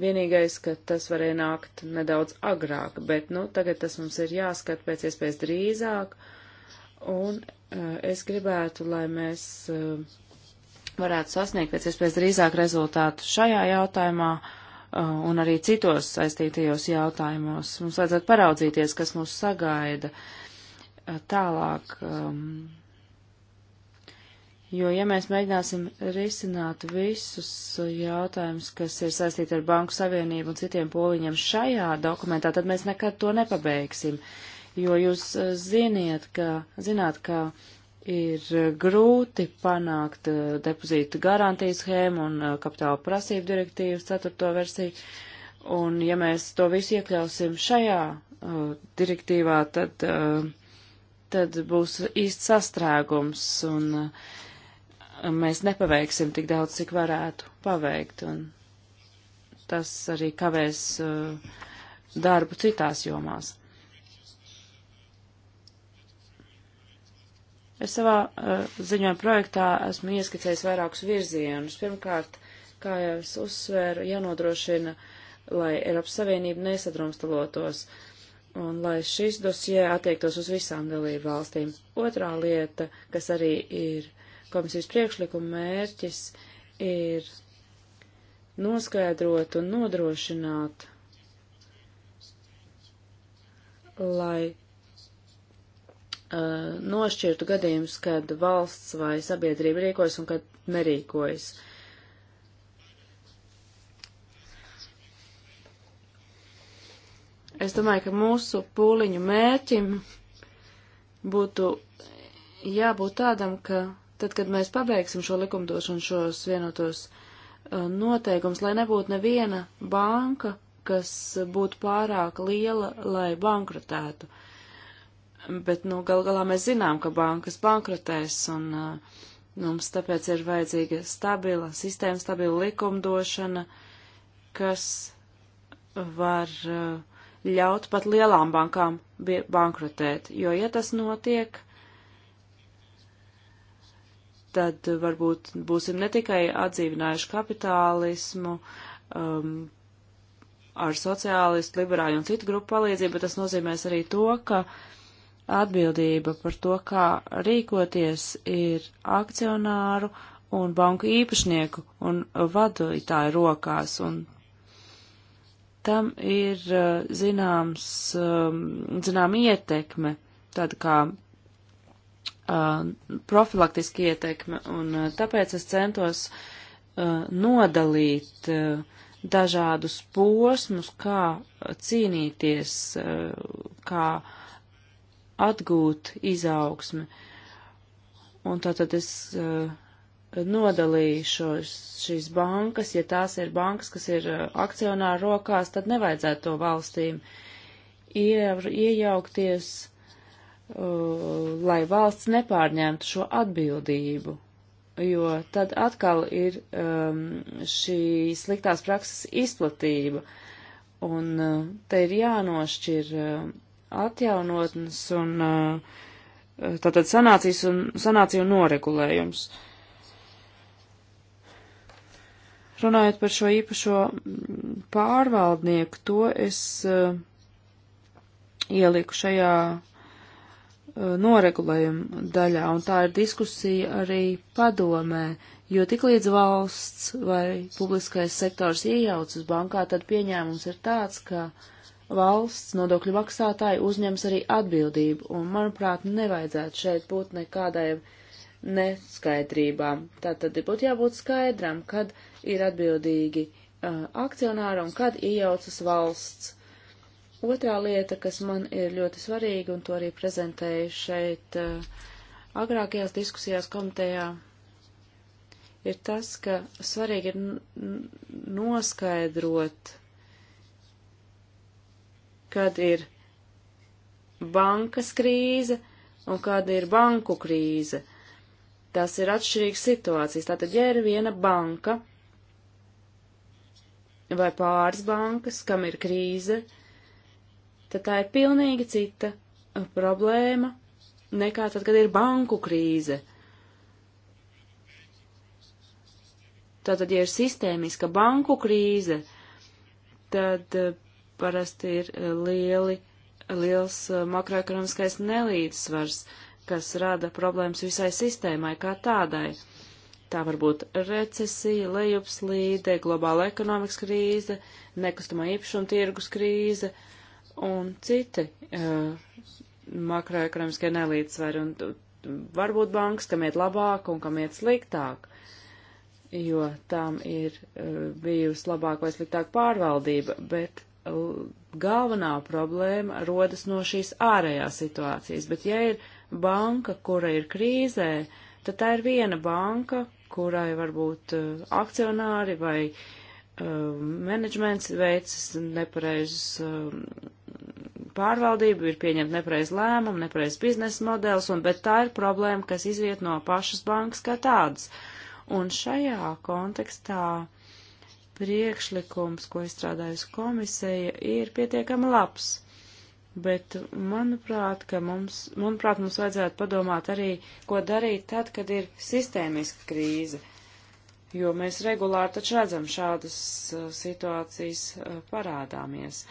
vienīgais, ka tas varēja nākt nedaudz agrāk, bet, nu, tagad tas mums ir jāskat pēc iespējas drīzāk. Uh, Un eh, es gribētu, lai mēs eh, varētu sasniegt pēc iespējas drīzāk rezultātu šajā jautājumā eh, un arī citos saistītajos jautājumos. Mums vajadzētu paraudzīties, kas mūs sagaida tālāk. Ehm, jo, ja mēs mēģināsim risināt visus jautājumus, kas ir saistīti ar Banku Savienību un citiem poliņiem šajā dokumentā, tad mēs nekad to nepabeigsim. Uh, jo jūs eh, ziniet, ka, zināt, ka ir eh, grūti panākt eh, depozītu garantijas schēmu un kapitāla prasību direktīvas ceturto versiju. Un ja mēs to visu iekļausim šajā uh, direktīvā, tad, uh, tad būs īsts sastrēgums un uh, mēs nepaveiksim tik daudz, cik varētu paveikt. Un tas arī kavēs uh, darbu citās jomās. Es savā uh, ziņojuma projektā esmu ieskicējis vairākus virzienus. Pirmkārt, kā jau es uzsvēru, jānodrošina, lai Eiropas Savienība nesadrumstalotos un lai šis dosie attiektos uz visām dalību valstīm. Otrā lieta, kas arī ir komisijas priekšlikuma mērķis, ir noskaidrot un nodrošināt, lai Uh, nošķirtu gadījumus, kad valsts vai sabiedrība rīkojas un kad nerīkojas. Es domāju, ka mūsu pūliņu mērķim būtu jābūt tādam, ka tad, kad mēs pabeigsim šo likumdošanu, šos vienotos uh, noteikums, lai nebūtu neviena banka, kas būtu pārāk liela, lai bankrotētu. Uh, bet, nu, gal galā mēs zinām, ka bankas bankrotēs, un uh, mums tāpēc ir vajadzīga stabila sistēma, stabila likumdošana, kas var uh, ļaut pat lielām bankām bankrotēt, jo, ja tas notiek, tad varbūt būsim ne tikai atdzīvinājuši kapitālismu, um, ar sociālistu, liberāļu un citu grupu palīdzību, bet tas nozīmēs arī to, ka uh, atbildība par to, kā rīkoties, ir akcionāru un banku īpašnieku un vadītāju rokās, un tam ir uh, zināms, um, zinām ietekme, tāda kā uh, profilaktiski ietekme, un uh, tāpēc es centos nodalīt dažādus posmus, kā cīnīties, kā uh, atgūt izaugsmi. Un tātad es uh, nodalīju šos, šīs bankas, ja tās ir bankas, kas ir eh, akcionāru rokās, tad nevajadzētu to valstīm iejaukties, uh, lai valsts nepārņemtu šo atbildību jo tad atkal ir um, šī sliktās prakses izplatība, un uh, te ir jānošķir uh, atjaunotnes un eh, tātad sanācijas un, sanāciju un noregulējums. Runājot par šo īpašo mm, pārvaldnieku, to es uh, ieliku šajā eh, noregulējuma daļā, un tā ir diskusija arī padomē, jo tiklīdz valsts vai publiskais sektors iejaucas bankā, tad pieņēmums ir tāds, ka uh, valsts nodokļu maksātāji uzņems arī atbildību, un, manuprāt, nevajadzētu šeit būt nekādai neskaidrībām. Tātad būtu jābūt skaidram, kad ir atbildīgi uh, akcionāri un kad iejaucas valsts. Otrā lieta, kas man ir ļoti svarīga, un to arī prezentēju šeit uh, agrākajās diskusijās komitejā, ir tas, ka svarīgi ir noskaidrot kad ir bankas krīze un kad ir banku krīze. Tas ir atšķirīgs situācijas. Tātad, ja ir viena banka vai pāris bankas, kam ir krīze, tad tā ir pilnīgi cita uh, problēma nekā tad, kad ir banku krīze. Tātad, ja ir sistēmiska banku krīze, tad uh, parasti ir eh, lieli, liels eh, makroekonomiskais nelīdzsvars, kas rada problēmas visai sistēmai kā tādai. Tā var būt recesija, lejupslīde, globāla ekonomikas krīze, nekustamā īpašuma tirgus krīze un citi uh, makroekonomiskie nelīdzsvari. Un varbūt bankas, kam iet labāk un kam iet sliktāk, jo tām ir uh, bijusi labāk vai sliktāk pārvaldība, bet galvenā problēma rodas no šīs ārējās situācijas, bet ja ir banka, kura ir krīzē, tad tā ir viena banka, kurai varbūt eh, akcionāri vai uh, menedžments veicis nepareizus uh, eh, pārvaldību, ir pieņemt nepareiz lēmumu, nepareiz biznesa modelis, un, bet tā ir problēma, kas izriet no pašas bankas kā tādas. Un šajā kontekstā uh, priekšlikums, ko izstrādājusi komisija, ir pietiekami labs. Bet, manuprāt, ka mums, manuprāt, mums vajadzētu padomāt arī, ko darīt tad, kad ir sistēmiska krīze. Jo mēs regulāri taču redzam šādas uh, situācijas uh, parādāmies.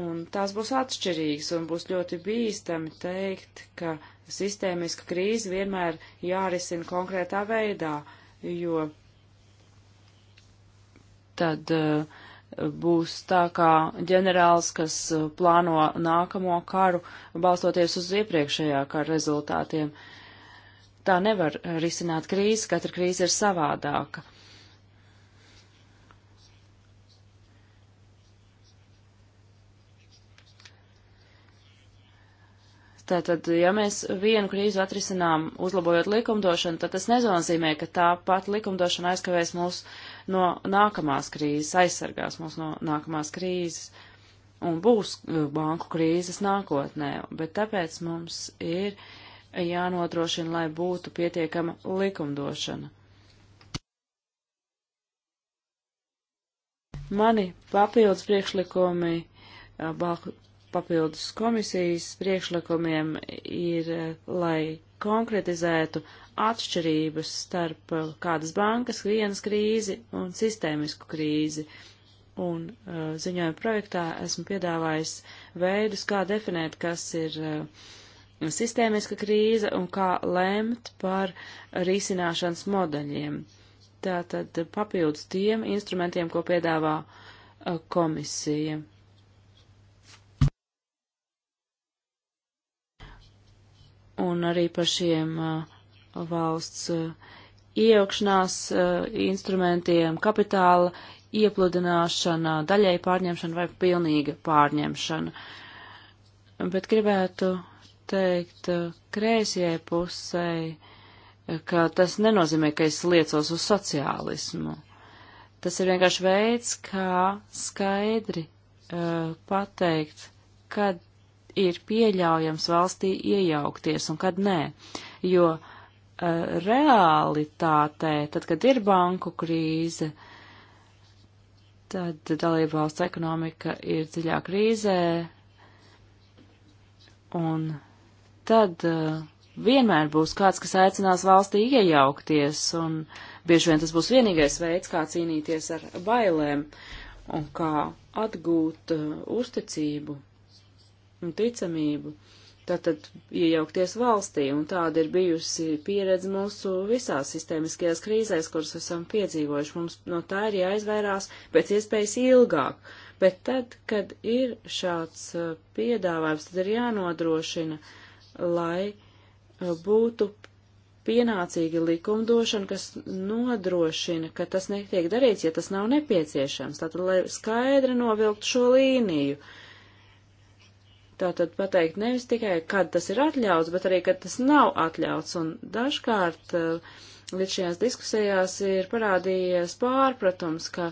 Un tās būs atšķirīgas un būs ļoti bīstami teikt, ka sistēmiska krīze vienmēr jārisina konkrētā veidā, jo tad eh, būs tā kā ģenerālis, kas eh, plāno nākamo karu, balstoties uz iepriekšējā kara rezultātiem. Tā nevar risināt krīzi, katra krīze ir savādāka. Tātad, ja mēs vienu krīzu atrisinām, uzlabojot likumdošanu, tad tas nenozīmē, ka tā pati likumdošana aizkavēs mūsu no nākamās krīzes, aizsargās mūs no nākamās krīzes. Un būs uh, banku krīzes nākotnē, bet tāpēc mums ir jānodrošina, lai būtu pietiekama likumdošana. Mani papildus priekšlikumi, uh, Balku papildus komisijas priekšlikumiem ir, uh, lai konkretizētu atšķirības starp uh, kādas bankas vienas krīzi un sistēmisku krīzi. Un uh, ziņojuma projektā esmu piedāvājis veidus, kā definēt, kas ir uh, sistēmiska krīze un kā lemt par risināšanas modeļiem. Tātad papildus tiem instrumentiem, ko piedāvā uh, komisija. un arī par šiem uh, valsts eh, iejaukšanās eh, instrumentiem, kapitāla iepludināšana, daļai pārņemšana vai pilnīga pārņemšana. Bet gribētu teikt eh, krēsijai pusei, ka tas nenozīmē, ka es liecos uz sociālismu. Tas ir vienkārši veids, kā skaidri uh, pateikt, kad ir pieļaujams valstī iejaukties un kad nē. Jo uh, Eh, realitātē, tad, kad ir banku krīze, tad dalība valsts ekonomika ir dziļā krīzē, un tad eh, vienmēr būs kāds, kas aicinās valstī iejaukties, un bieži vien tas būs vienīgais veids, kā cīnīties ar bailēm un kā atgūt eh, uzticību un ticamību. Uh, tātad iejaukties valstī, un tāda ir bijusi pieredze mūsu visās sistēmiskajās krīzēs, kuras esam piedzīvojuši. Mums no tā ir jāizvairās pēc iespējas ilgāk, bet tad, kad ir šāds uh, piedāvājums, tad ir jānodrošina, lai uh, būtu pienācīga likumdošana, kas nodrošina, ka tas netiek darīts, ja tas nav nepieciešams. Tātad, lai skaidri novilkt šo līniju. Uh, Tātad pateikt nevis tikai, kad tas ir atļauts, bet arī, kad tas nav atļauts. Un dažkārt eh, līdz šajās diskusijās ir parādījies pārpratums, ka,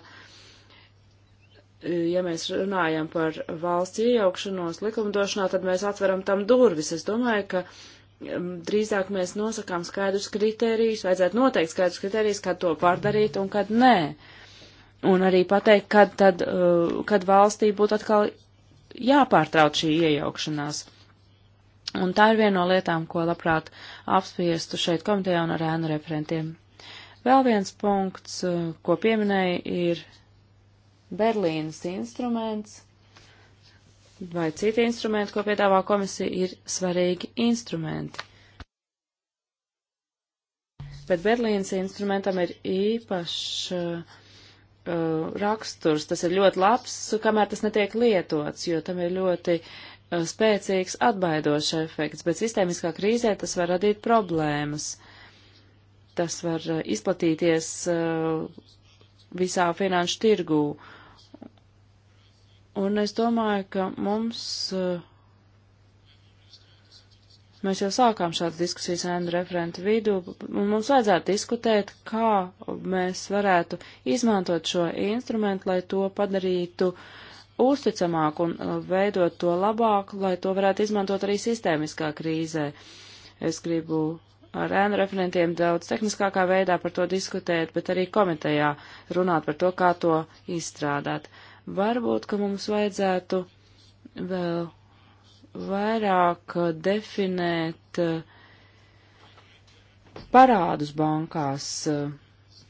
eh, ja mēs runājam par valsts iejaukšanos likumdošanā, tad mēs atveram tam durvis. Es domāju, ka mm, drīzāk mēs nosakām skaidrus kritērijus, vajadzētu noteikt skaidrus kritērijus, kad to pārdarīt un kad nē. Un arī pateikt, kad, tad, eh, kad valstī būtu atkal jāpārtrauc šī iejaukšanās. Un tā ir viena no lietām, ko labprāt apspriestu šeit komitejā un ar ēnu referentiem. Vēl viens punkts, eh, ko pieminēja, ir Berlīnas instruments vai citi instrumenti, ko piedāvā komisija, ir svarīgi instrumenti. Bet Berlīnas instrumentam ir īpašs uh, uh, raksturs. Tas ir ļoti labs, kamēr tas netiek lietots, jo tam ir ļoti uh, spēcīgs atbaidošs efekts, bet sistēmiskā krīzē tas var radīt problēmas. Tas var uh, izplatīties uh, visā finanšu tirgū. Un es domāju, ka mums uh, Mēs jau sākām šādas diskusijas ēnu referentu vidū, un mums vajadzētu diskutēt, kā mēs varētu izmantot šo instrumentu, lai to padarītu uzticamāk un uh, veidot to labāk, lai to varētu izmantot arī sistēmiskā krīzē. Es gribu ar ēnu referentiem daudz tehniskākā veidā par to diskutēt, bet arī komitejā runāt par to, kā to izstrādāt. Varbūt, ka mums vajadzētu vēl vairāk eh, definēt eh, parādus bankās. Eh,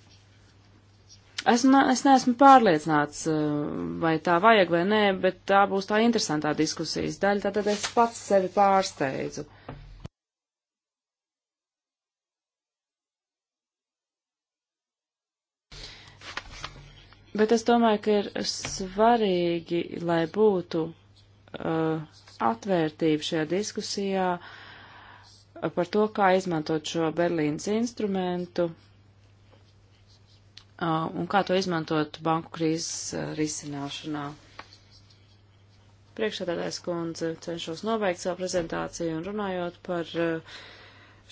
es, ne, es neesmu pārliecināts, vai tā vajag vai nē, bet tā būs tā interesantā diskusijas daļa, tātad es pats sevi pārsteidzu. Bet es domāju, ka ir svarīgi, lai būtu uh, atvērtību šajā diskusijā par to, kā izmantot šo Berlīnas instrumentu un kā to izmantot banku krīzes risināšanā. Priekšsēdētājs kundze cenšos nobeigt savu prezentāciju un runājot par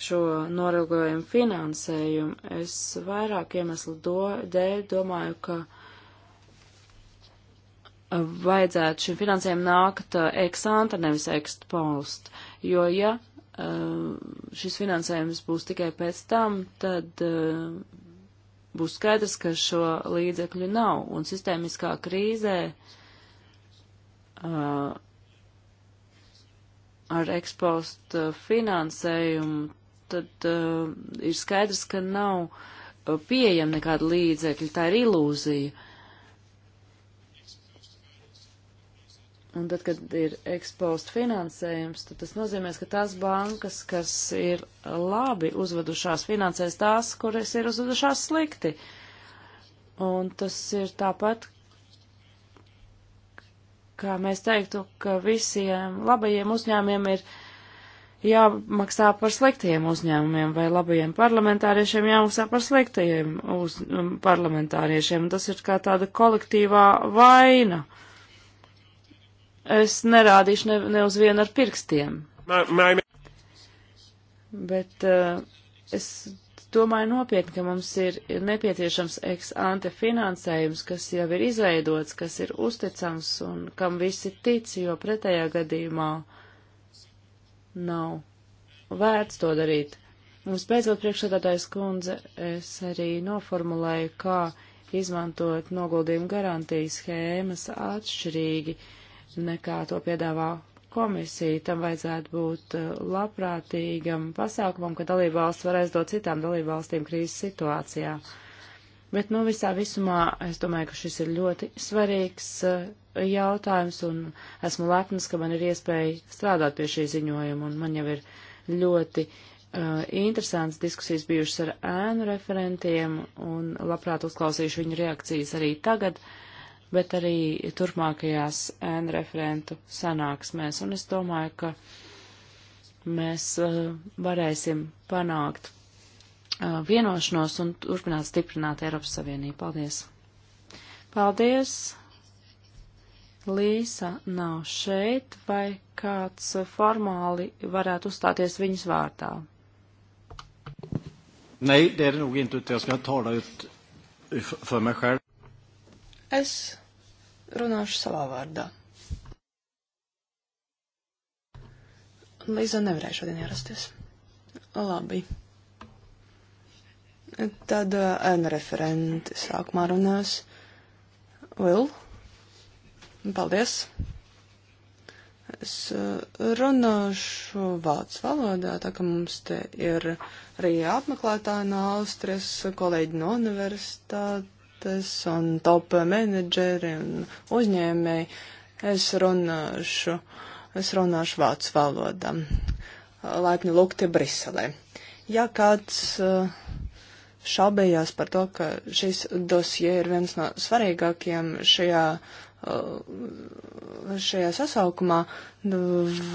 šo norilgojumu finansējumu. Es vairāk iemeslu do, dēļ domāju, ka vajadzētu šim finansējumam nākt uh, eksanta, nevis ekstpost, jo ja uh, šis finansējums būs tikai pēc tam, tad uh, būs skaidrs, ka šo līdzekļu nav, un sistēmiskā krīzē ar ekspost finansējumu, tad ir skaidrs, ka nav pieejama nekāda līdzekļa, tā ir ilūzija. Un tad, kad ir ekspost finansējums, tad tas nozīmē, ka tās bankas, kas ir labi uzvedušās, finansēs tās, kuras ir uzvedušās slikti. Un tas ir tāpat, kā mēs teiktu, ka visiem labajiem uzņēmiem ir jāmaksā par sliktiem uzņēmumiem vai labajiem parlamentāriešiem jāmaksā par sliktiem uz, um, parlamentāriešiem. Tas ir kā tāda kolektīvā vaina. Uh, Es nerādīšu ne, ne uz vienu ar pirkstiem. Bet uh, es domāju nopietni, ka mums ir nepieciešams ex-ante finansējums, kas jau ir izveidots, kas ir uzticams un kam visi tic, jo pretējā gadījumā nav vērts to darīt. Mums beidzot priekšsēdētājs kundze, es arī noformulēju, kā izmantot noguldījumu garantijas schēmas atšķirīgi. Uh, nekā to piedāvā komisija. Tam vajadzētu būt uh, labprātīgam pasākumam, ka dalībvalsts varēs dot citām dalībvalstīm krīzes situācijā. Bet, nu, visā visumā es domāju, ka šis ir ļoti svarīgs uh, jautājums, un esmu lepnas, ka man ir iespēja strādāt pie šī ziņojuma, un man jau ir ļoti uh, interesants diskusijas bijušas ar ēnu referentiem, un labprāt uzklausīšu viņu reakcijas arī tagad. Uh, bet arī turpmākajās ēnu referentu sanāksmēs. Un es domāju, ka mēs uh, varēsim panākt uh, vienošanos un turpināt stiprināt Eiropas Savienību. Paldies! Paldies! Līsa nav šeit, vai kāds eh, formāli varētu uzstāties viņas vārdā? Nej, det är det nog inte, utan jag ska tala ut för mig själv. Es runāšu savā vārdā. Līza nevarēja šodien ierasties. Labi. Tad eh, N referenti sākumā runās. Vil. Paldies. Es eh, runāšu vācu valodā, tā ka mums te ir arī apmeklētāji no Austrijas, kolēģi no universitātes ekspertes un top menedžeri un uzņēmēji. Es runāšu, es runāšu vācu valodā. Laipni lūgti Briselē. Ja kāds eh, šaubējās par to, ka šis dosie ir viens no svarīgākajiem šajā eh, šajā sasaukumā nu,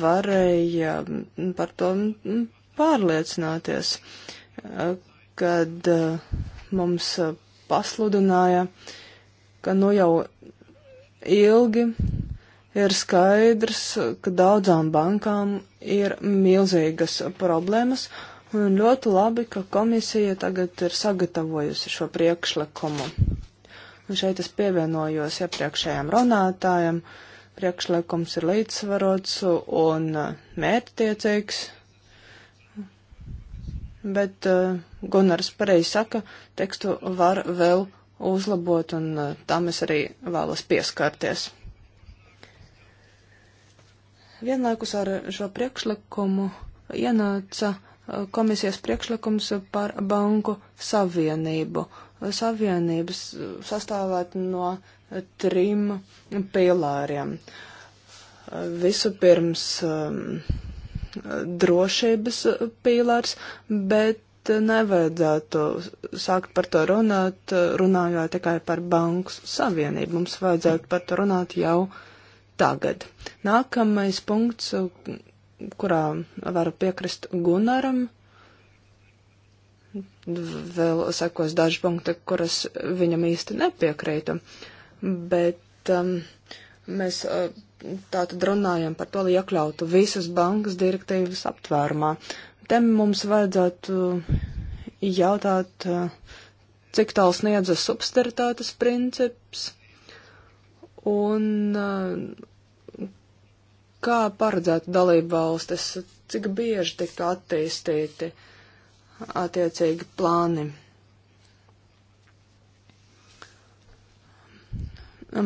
varēja par to pārliecināties, eh, kad mums pasludināja, ka nu jau ilgi ir skaidrs, ka daudzām bankām ir milzīgas problēmas, un ļoti labi, ka komisija tagad ir sagatavojusi šo priekšlikumu. Un šeit es pievienojos iepriekšējām runātājiem. Priekšlikums ir līdzsvarots un mērķtiecīgs bet uh, eh, Gunārs pareizi saka, tekstu var vēl uzlabot, un uh, tam es arī vēlos pieskarties. Vienlaikus ar šo priekšlikumu ienāca uh, komisijas priekšlikums par banku savienību. Savienības sastāvēt no trim pilāriem. Visu pirms um, drošības pīlārs, bet nevajadzētu sākt par to runāt, runājot tikai par banku savienību. Mums vajadzētu par to runāt jau tagad. Nākamais punkts, kurā varu piekrist Gunaram, vēl sekos daži punkti, kuras viņam īsti nepiekrītu, bet um, mēs. Uh, tātad runājam par to, lai iekļautu visas bankas direktīvas aptvērumā. Te mums vajadzētu jautāt, cik tālu sniedzas subsidiaritātes princips un kā paredzētu dalību valstis, cik bieži tiktu attīstīti attiecīgi plāni.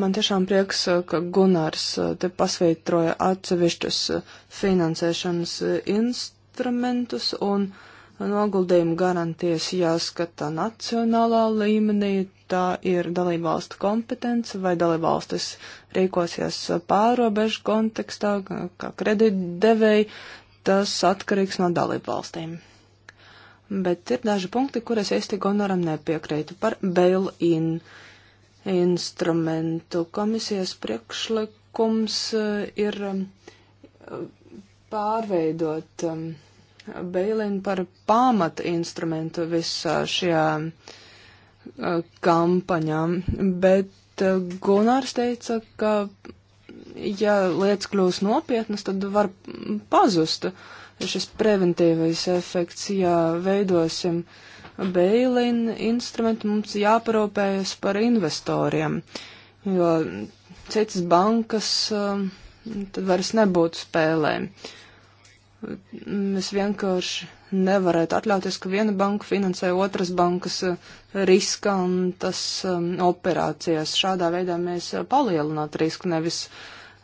Man tiešām prieks, eh, ka Gunārs eh, te pasveitroja atsevišķus eh, finansēšanas instrumentus un noguldījumu garantijas jāskata nacionālā līmenī. Tā ir dalībvalstu kompetence vai dalībvalstis rīkosies pārobežu kontekstā, kā kredītdevēji. Tas atkarīgs no dalībvalstīm. Bet ir daži punkti, kuras īsti Gonoram nepiekrītu par bail-in. Uh, instrumentu. Komisijas priekšlikums eh, ir eh, pārveidot eh, Beilinu par pamata instrumentu visā šajā kampaņā, bet Gunārs teica, ka ja lietas kļūs nopietnas, tad var pazust šis preventīvais efekts, ja veidosim uh, bailin instrumenti, mums jāparūpējas par investoriem, jo citas bankas um, tad vairs nebūtu spēlē. Mēs vienkārši nevarētu atļauties, ka viena banka finansē otras bankas uh, riskantas um, operācijas. Šādā veidā mēs uh, palielinātu risku, nevis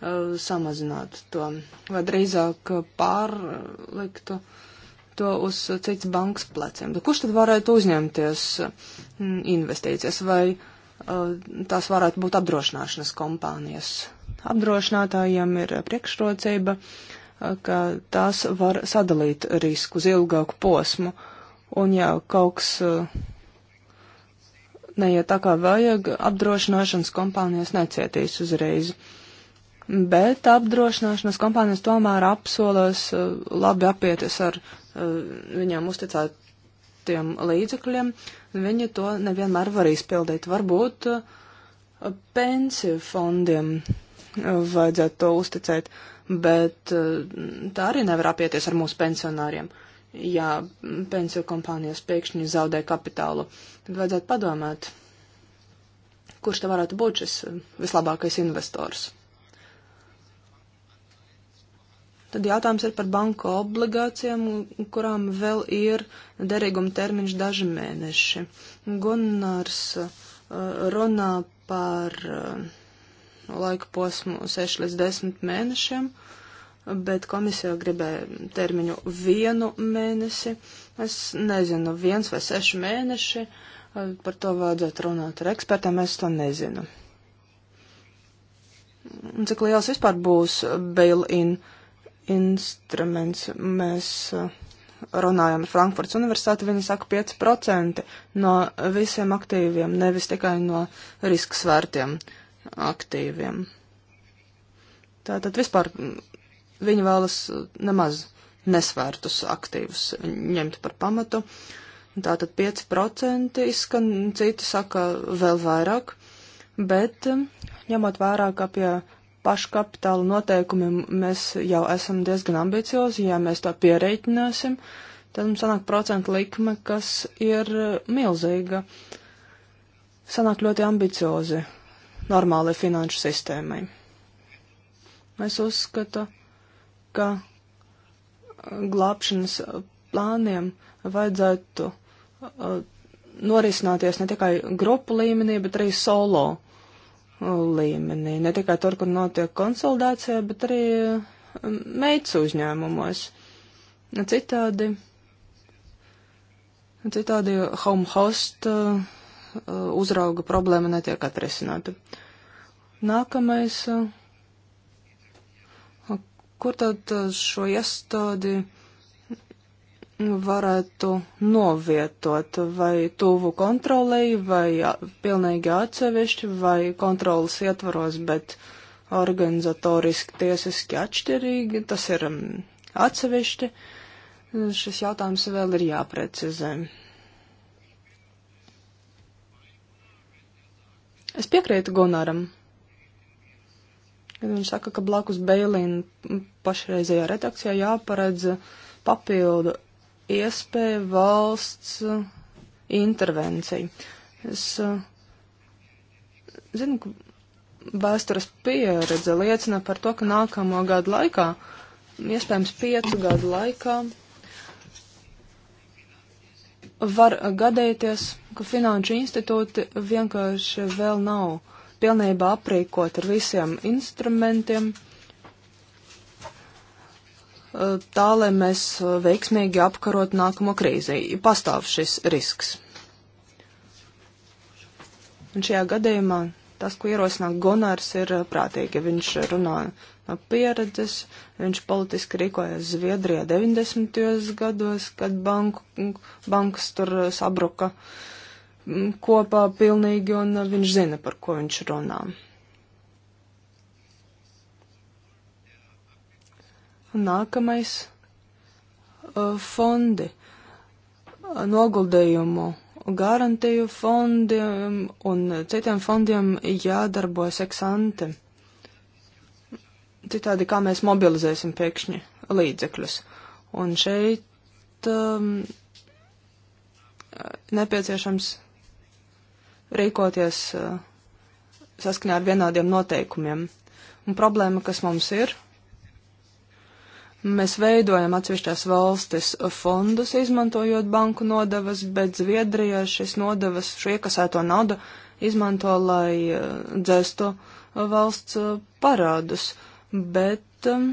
uh, samazinātu to, vai drīzāk uh, pārliktu uh, to uz cits bankas pleciem. Tad kurš tad varētu uzņemties mm, investīcijas vai uh, tās varētu būt apdrošināšanas kompānijas? Apdrošinātājiem ir priekšrocība, uh, ka tās var sadalīt risku uz ilgāku posmu. Un ja kaut kas uh, neiet tā kā vajag, apdrošināšanas kompānijas necietīs uzreiz bet apdrošināšanas kompānijas tomēr apsolas labi apieties ar viņām uzticētiem līdzekļiem, viņi to nevienmēr var izpildīt. Varbūt pensiju fondiem vajadzētu to uzticēt, bet tā arī nevar apieties ar mūsu pensionāriem. Ja pensiju kompānijas pēkšņi zaudē kapitālu, tad vajadzētu padomāt, kurš te varētu būt šis vislabākais investors. Tad jautājums ir par banku obligācijām, kurām vēl ir derīguma termiņš daži mēneši. Gunārs uh, runā par uh, laika posmu 6 līdz 10 mēnešiem, bet komisija gribēja termiņu vienu mēnesi. Es nezinu, viens vai seši mēneši, uh, par to vajadzētu runāt ar ekspertiem, es to nezinu. Un cik liels vispār būs bail-in? Uh, instruments. Mēs eh, runājam ar Frankfurts universitāti, viņi saka 5% no visiem aktīviem, nevis tikai no riska svērtiem aktīviem. Tātad vispār mm, viņi vēlas eh, nemaz nesvērtus aktīvus ņemt par pamatu. Tātad 5% izskan, citi saka vēl vairāk, bet eh, ņemot vērā, ka pie paškapitāla noteikumiem mēs jau esam diezgan ambiciozi, ja mēs to pierēķināsim, tad mums sanāk procentu likme, kas ir milzīga. Sanāk ļoti ambiciozi normālai finanšu sistēmai. Es uzskatu, ka glābšanas plāniem vajadzētu uh, norisināties ne tikai grupu līmenī, bet arī solo līmenī. Ne tikai tur, kur notiek konsolidācija, bet arī um, meitas uzņēmumos. Citādi, citādi home host uh, uzrauga problēma netiek atrisināta. Nākamais, uh, kur tad uh, šo iestādi varētu novietot vai tuvu kontrolei, vai pilnīgi atsevišķi, vai kontrolas ietvaros, bet organizatoriski, tiesiski atšķirīgi, tas ir atsevišķi. Šis jautājums vēl ir jāprecizē. Es piekrītu Gunaram, kad viņš saka, ka blakus Beilīna pašreizajā redakcijā jāparedz papildu iespēja valsts uh, intervencija. Es uh, zinu, ka vēstures pieredze liecina par to, ka nākamo gadu laikā, iespējams piecu gadu laikā, var gadīties, ka finanšu institūti vienkārši vēl nav pilnībā aprīkot ar visiem instrumentiem, uh, tā, lai mēs uh, veiksmīgi apkarot nākamo krīzi. Pastāv šis risks. Un šajā gadījumā tas, ko ierosina Gunārs, ir uh, prātīgi. Viņš runā no pieredzes, viņš politiski rīkojas Zviedrijā 90. gados, kad banku, bankas tur uh, sabruka mm, kopā pilnīgi, un viņš zina, par ko viņš runā. Un nākamais uh, fondi, uh, noguldījumu garantiju fondiem un citiem fondiem jādarbojas eksante. Citādi, kā mēs mobilizēsim pēkšņi līdzekļus. Un šeit um, nepieciešams rīkoties uh, saskaņā ar vienādiem noteikumiem. Un problēma, kas mums ir, Mēs veidojam atsevišķās valstis fondus, izmantojot banku nodevas, bet Zviedrijā šis nodevas, šo iekasēto naudu izmanto, lai eh, dzēsto valsts eh, parādus. Bet um,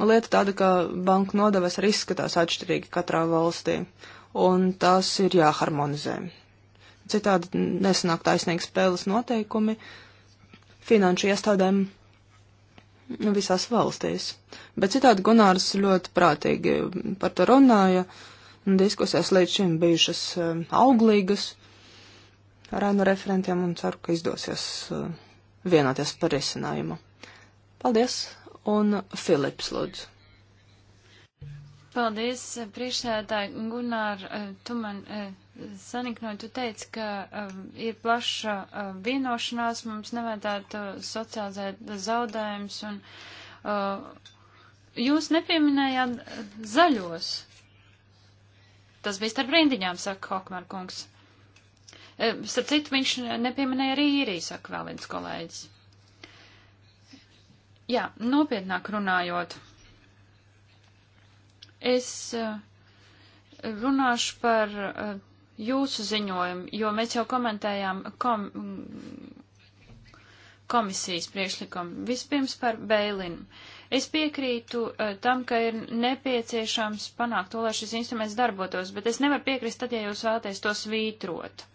lieta tāda, ka banku nodevas arī izskatās atšķirīgi katrā valstī, un tās ir jāharmonizē. Citādi nesanāk taisnīgi spēles noteikumi finanšu iestādēm visās valstīs. Bet citādi Gunārs ļoti prātīgi par to runāja, diskusijas līdz šim bijušas um, auglīgas ar ēnu referentiem un ceru, ka izdosies uh, vienoties par risinājumu. Paldies, un Filips lūdzu. Paldies, priekšsēdētāji Gunār, uh, tu man uh, Saniknoja, tu teici, ka um, ir plaša um, vienošanās, mums nevajadzētu socializēt zaudējumus, un uh, jūs nepieminējāt zaļos. Tas bija starp rindiņām, saka Hokmar kungs. E, starp citu, viņš nepieminēja arī īriju, saka vēl viens kolēģis. Jā, nopietnāk runājot. Es uh, runāšu par. Uh, jūsu ziņojumu, jo mēs jau komentējām kom komisijas priekšlikumu. Vispirms par Bēlinu. Es piekrītu uh, tam, ka ir nepieciešams panākt to, lai šis instruments darbotos, bet es nevaru piekrist tad, ja jūs vēlaties to svītrot.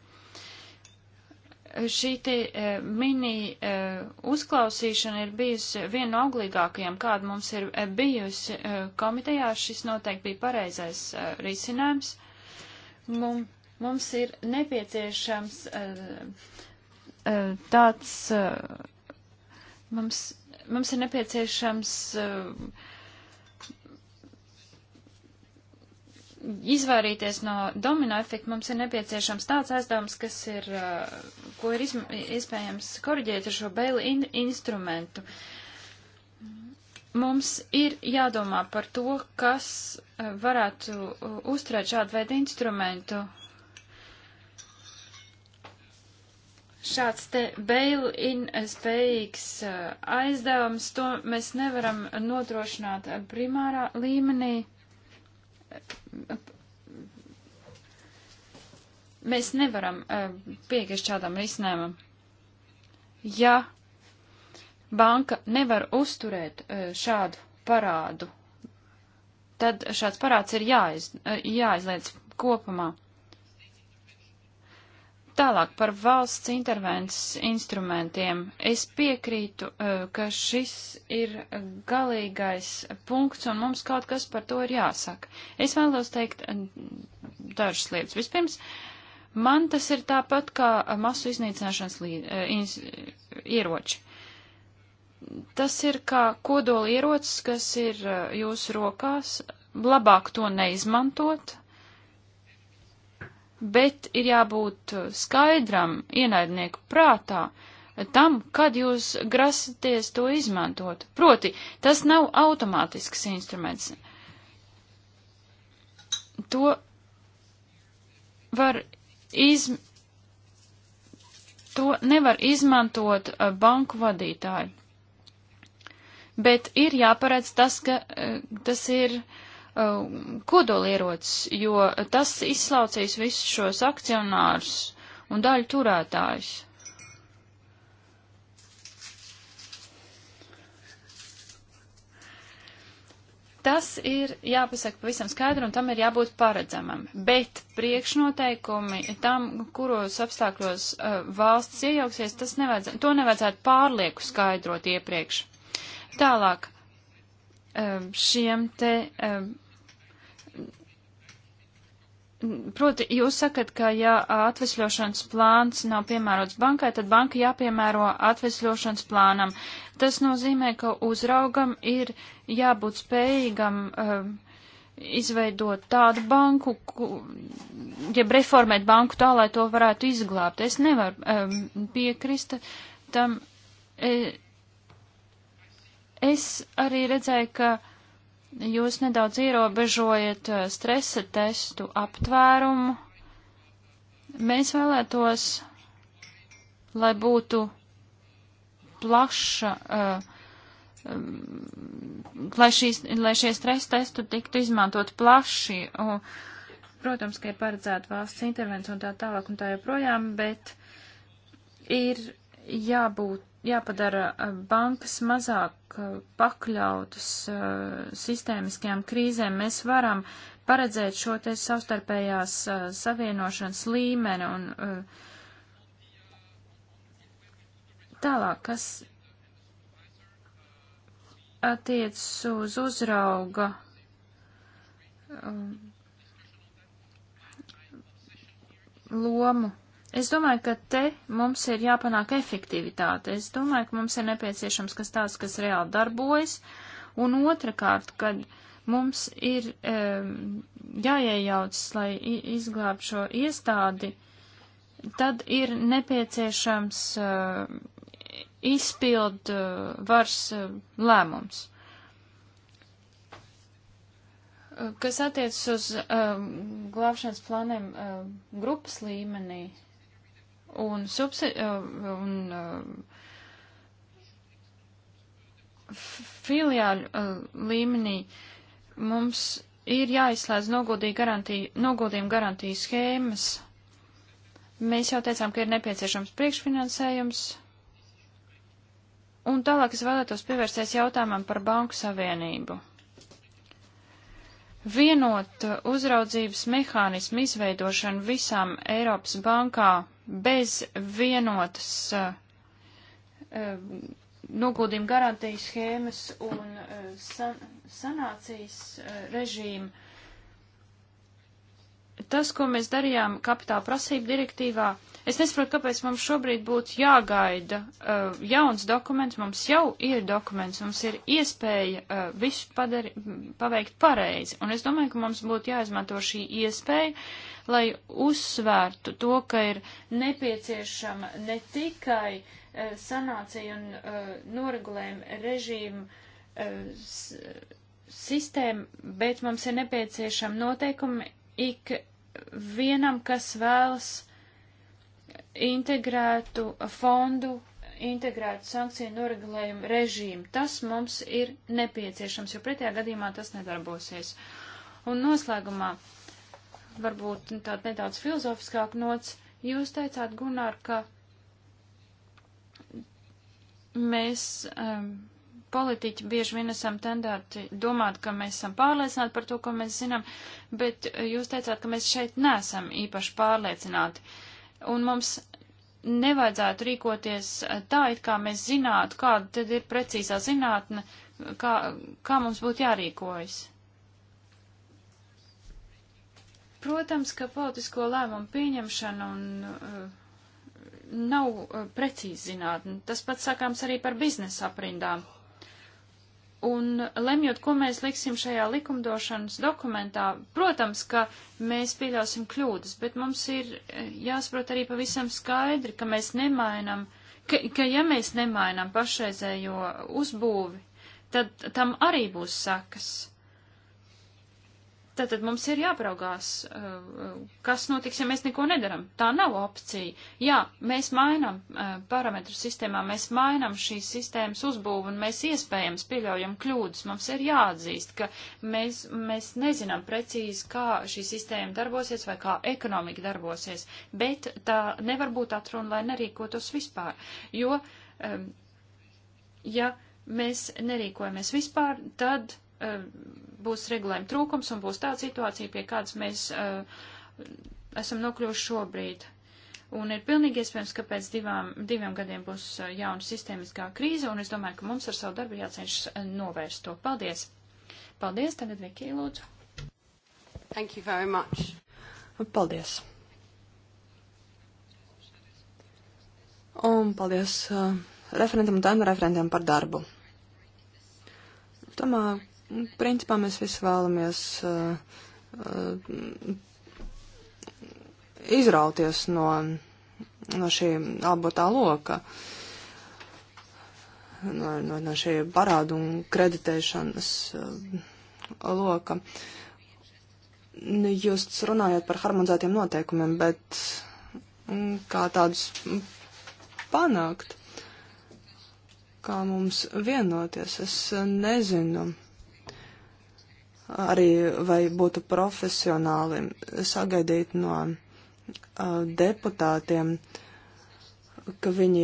Šī te uh, mini uh, uzklausīšana ir bijusi viena no auglīgākajām, kāda mums ir bijusi komitejā. Šis noteikti bija pareizais risinājums. Mums Mums ir nepieciešams eh, eh, tāds, eh, mums, mums ir nepieciešams izvairīties no domino efekta, mums ir nepieciešams tāds aizdevums, kas ir, ko ir iespējams koriģēt ar šo bēli in instrumentu. Mums ir jādomā par to, kas varētu uzturēt šādu veidu instrumentu šāds te bail-in spējīgs eh, aizdevums, to mēs nevaram nodrošināt primārā līmenī. Mēs nevaram eh, piekrist šādam risinājumam. Ja banka nevar uzturēt eh, šādu parādu, tad šāds parāds ir jāiz, jāizliec kopumā. Tālāk par valsts intervences instrumentiem. Es piekrītu, eh, ka šis ir galīgais punkts, un mums kaut kas par to ir jāsaka. Es vēlos teikt eh, dažas lietas. Vispirms, man tas ir tāpat kā masu iznīcināšanas lī, eh, iz, ieroči. Tas ir kā kodoli ierocis, kas ir jūsu rokās. Labāk to neizmantot, bet ir jābūt skaidram ienaidnieku prātā tam, kad jūs grasaties to izmantot. Proti, tas nav automātisks instruments. To var iz... To nevar izmantot eh, banku vadītāji. Bet ir jāparedz tas, ka eh, tas ir uh, Um, kodolierocis, jo tas izslaucīs visus šos akcionārus un daļu turētājus. tas ir jāpasaka pavisam skaidri un tam ir jābūt paredzamam. Bet priekšnoteikumi tam, kuros apstākļos uh, valsts iejauksies, tas nevajadz, to nevajadzētu pārlieku skaidrot iepriekš. Tālāk uh, šiem te uh, Proti, jūs sakat, ka ja atvesļošanas plāns nav piemērots bankai, tad banka jāpiemēro atvesļošanas plānam. Tas nozīmē, ka uzraugam ir jābūt spējīgam um, izveidot tādu banku, ku, jeb reformēt banku tā, lai to varētu izglābt. Es nevaru um, piekrist tam. E, es arī redzēju, ka jūs nedaudz ierobežojat eh, stresa testu aptvērumu. Mēs vēlētos, lai būtu plaša, uh, um, lai, šīs, lai šie stresa testu tiktu izmantot plaši. Uh, protams, ka ir paredzēta valsts intervencija un tā tālāk un tā joprojām, bet ir jābūt jāpadara eh, bankas mazāk eh, pakļautas eh, sistēmiskajām krīzēm. Mēs varam paredzēt šo te savstarpējās savienošanas līmeni un tālāk, kas attiec uz uzrauga lomu. Es domāju, ka te mums ir jāpanāk efektivitāte. Es domāju, ka mums ir nepieciešams kas tāds, kas reāli darbojas. Un otrakārt, kad mums ir um, jāiejaucas, lai izglābtu šo iestādi, tad ir nepieciešams uh, izpild uh, vars uh, lēmums. Kas attiecas uz uh, glābšanas plāniem uh, grupas līmenī, uh, un, subsi, uh, un uh, filiāļu uh, līmenī mums ir jāizslēdz garantija, noguldījuma garantijas schēmas. Mēs jau teicām, ka ir nepieciešams priekšfinansējums. Un tālāk es vēlētos pievērsties jautājumam par banku savienību. Vienot uzraudzības mehānismu izveidošanu visām Eiropas bankām bez vienotas eh, eh, noguldījuma garantijas schēmas un eh, san sanācijas režīma. Tas, ko mēs darījām kapitāla prasību direktīvā, es nesaprotu, kāpēc mums šobrīd būtu jāgaida uh, jauns dokuments. Mums jau ir dokuments, mums ir iespēja uh, visu padari, paveikt pareizi. Un es domāju, ka mums būtu jāizmanto šī iespēja, lai uzsvērtu to, ka ir nepieciešama ne tikai uh, sanācija un uh, noregulējuma režīma uh, sistēma, bet mums ir nepieciešama noteikumi ik vienam, kas vēlas integrētu fondu integrētu sankciju noregulējumu režīmu. Tas mums ir nepieciešams, jo pretējā gadījumā tas nedarbosies. Un noslēgumā varbūt tāda nedaudz filozofiskāka nots. Jūs teicāt, Gunār, ka mēs, um, politiķi, bieži vien esam tendēti domāt, ka mēs esam pārliecināti par to, ko mēs zinām, bet jūs teicāt, ka mēs šeit nesam īpaši pārliecināti. Un mums nevajadzētu rīkoties tā, it kā mēs zinātu, kāda tad ir precīzā zinātne, kā, kā mums būtu jārīkojas. Protams, ka politisko lēmumu pieņemšana un uh, nav uh, precīzi zinātne. Tas pats sakāms arī par biznesa aprindām. Un lemjot, ko mēs liksim šajā likumdošanas dokumentā, protams, ka mēs pieļausim kļūdas, bet mums ir uh, jāsaprot arī pavisam skaidri, ka mēs nemainam, ka, ka ja mēs nemainam pašreizējo uzbūvi, tad tam arī būs sakas. Tātad mums ir jāpraugās, uh, uh, kas notiks, ja mēs neko nedaram. Tā nav opcija. Jā, mēs mainām uh, parametru sistēmā, mēs mainām šīs sistēmas uzbūvu un mēs iespējams pieļaujam kļūdas. Mums ir jāatzīst, ka mēs, mēs nezinām precīzi, kā šī sistēma darbosies vai kā ekonomika darbosies, bet tā nevar būt atruna, lai nerīkotos vispār. Jo, um, ja mēs nerīkojamies vispār, tad Eh, būs regulējuma trūkums un būs tāda situācija, pie kādas mēs uh, esam nokļuvuši šobrīd. Un ir pilnīgi iespējams, ka pēc divām, diviem gadiem būs eh, jauna sistēmiskā krīze, un es domāju, ka mums ar savu darbu jācenšas novērst to. Paldies! Paldies! Tagad Vikija lūdzu. Thank you very much. Paldies! Un paldies uh, referentam un referentam par darbu. Domāju, Principā mēs visi vēlamies uh, uh, izrauties no, no šī albotā loka, no, no, no šī parādu un kreditēšanas uh, loka. Jūs runājat par harmonizētiem noteikumiem, bet mm, kā tādus panākt, kā mums vienoties, es nezinu arī vai būtu profesionāli sagaidīt no deputātiem, ka viņi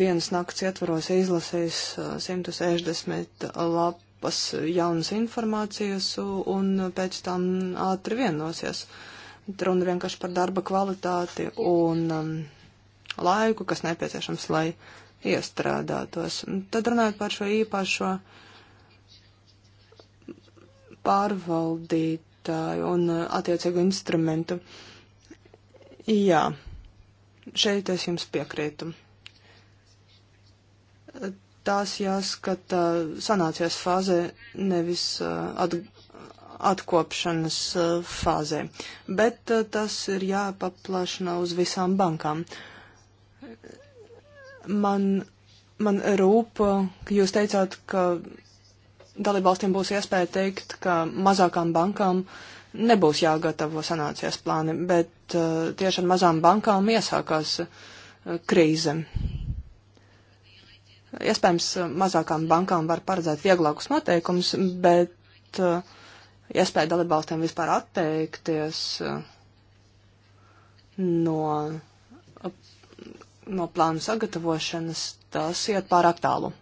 vienas nakts ietvaros izlasīs 160 lapas jaunas informācijas un pēc tam ātri vienosies. Runa vienkārši par darba kvalitāti un um, laiku, kas nepieciešams, lai iestrādātos. Tad runājot par šo īpašo uh, pārvaldītāju un uh, attiecīgu instrumentu. Jā, šeit es jums piekrītu. Tās jāskata sanācijas fāzē, nevis uh, at, atkopšanas uh, fāzē, bet tas ir jāpaplašina uz visām bankām. Man, man rūp, ka jūs teicāt, ka dalībvalstīm būs iespēja teikt, ka mazākām bankām nebūs jāgatavo sanācijas plāni, bet uh, tieši ar mazām bankām iesākās uh, krīze. Iespējams, uh, mazākām bankām var paredzēt vieglākus noteikumus, bet uh, iespēja dalībvalstīm vispār atteikties uh, no, uh, no plānu sagatavošanas, tas iet pārāk tālu.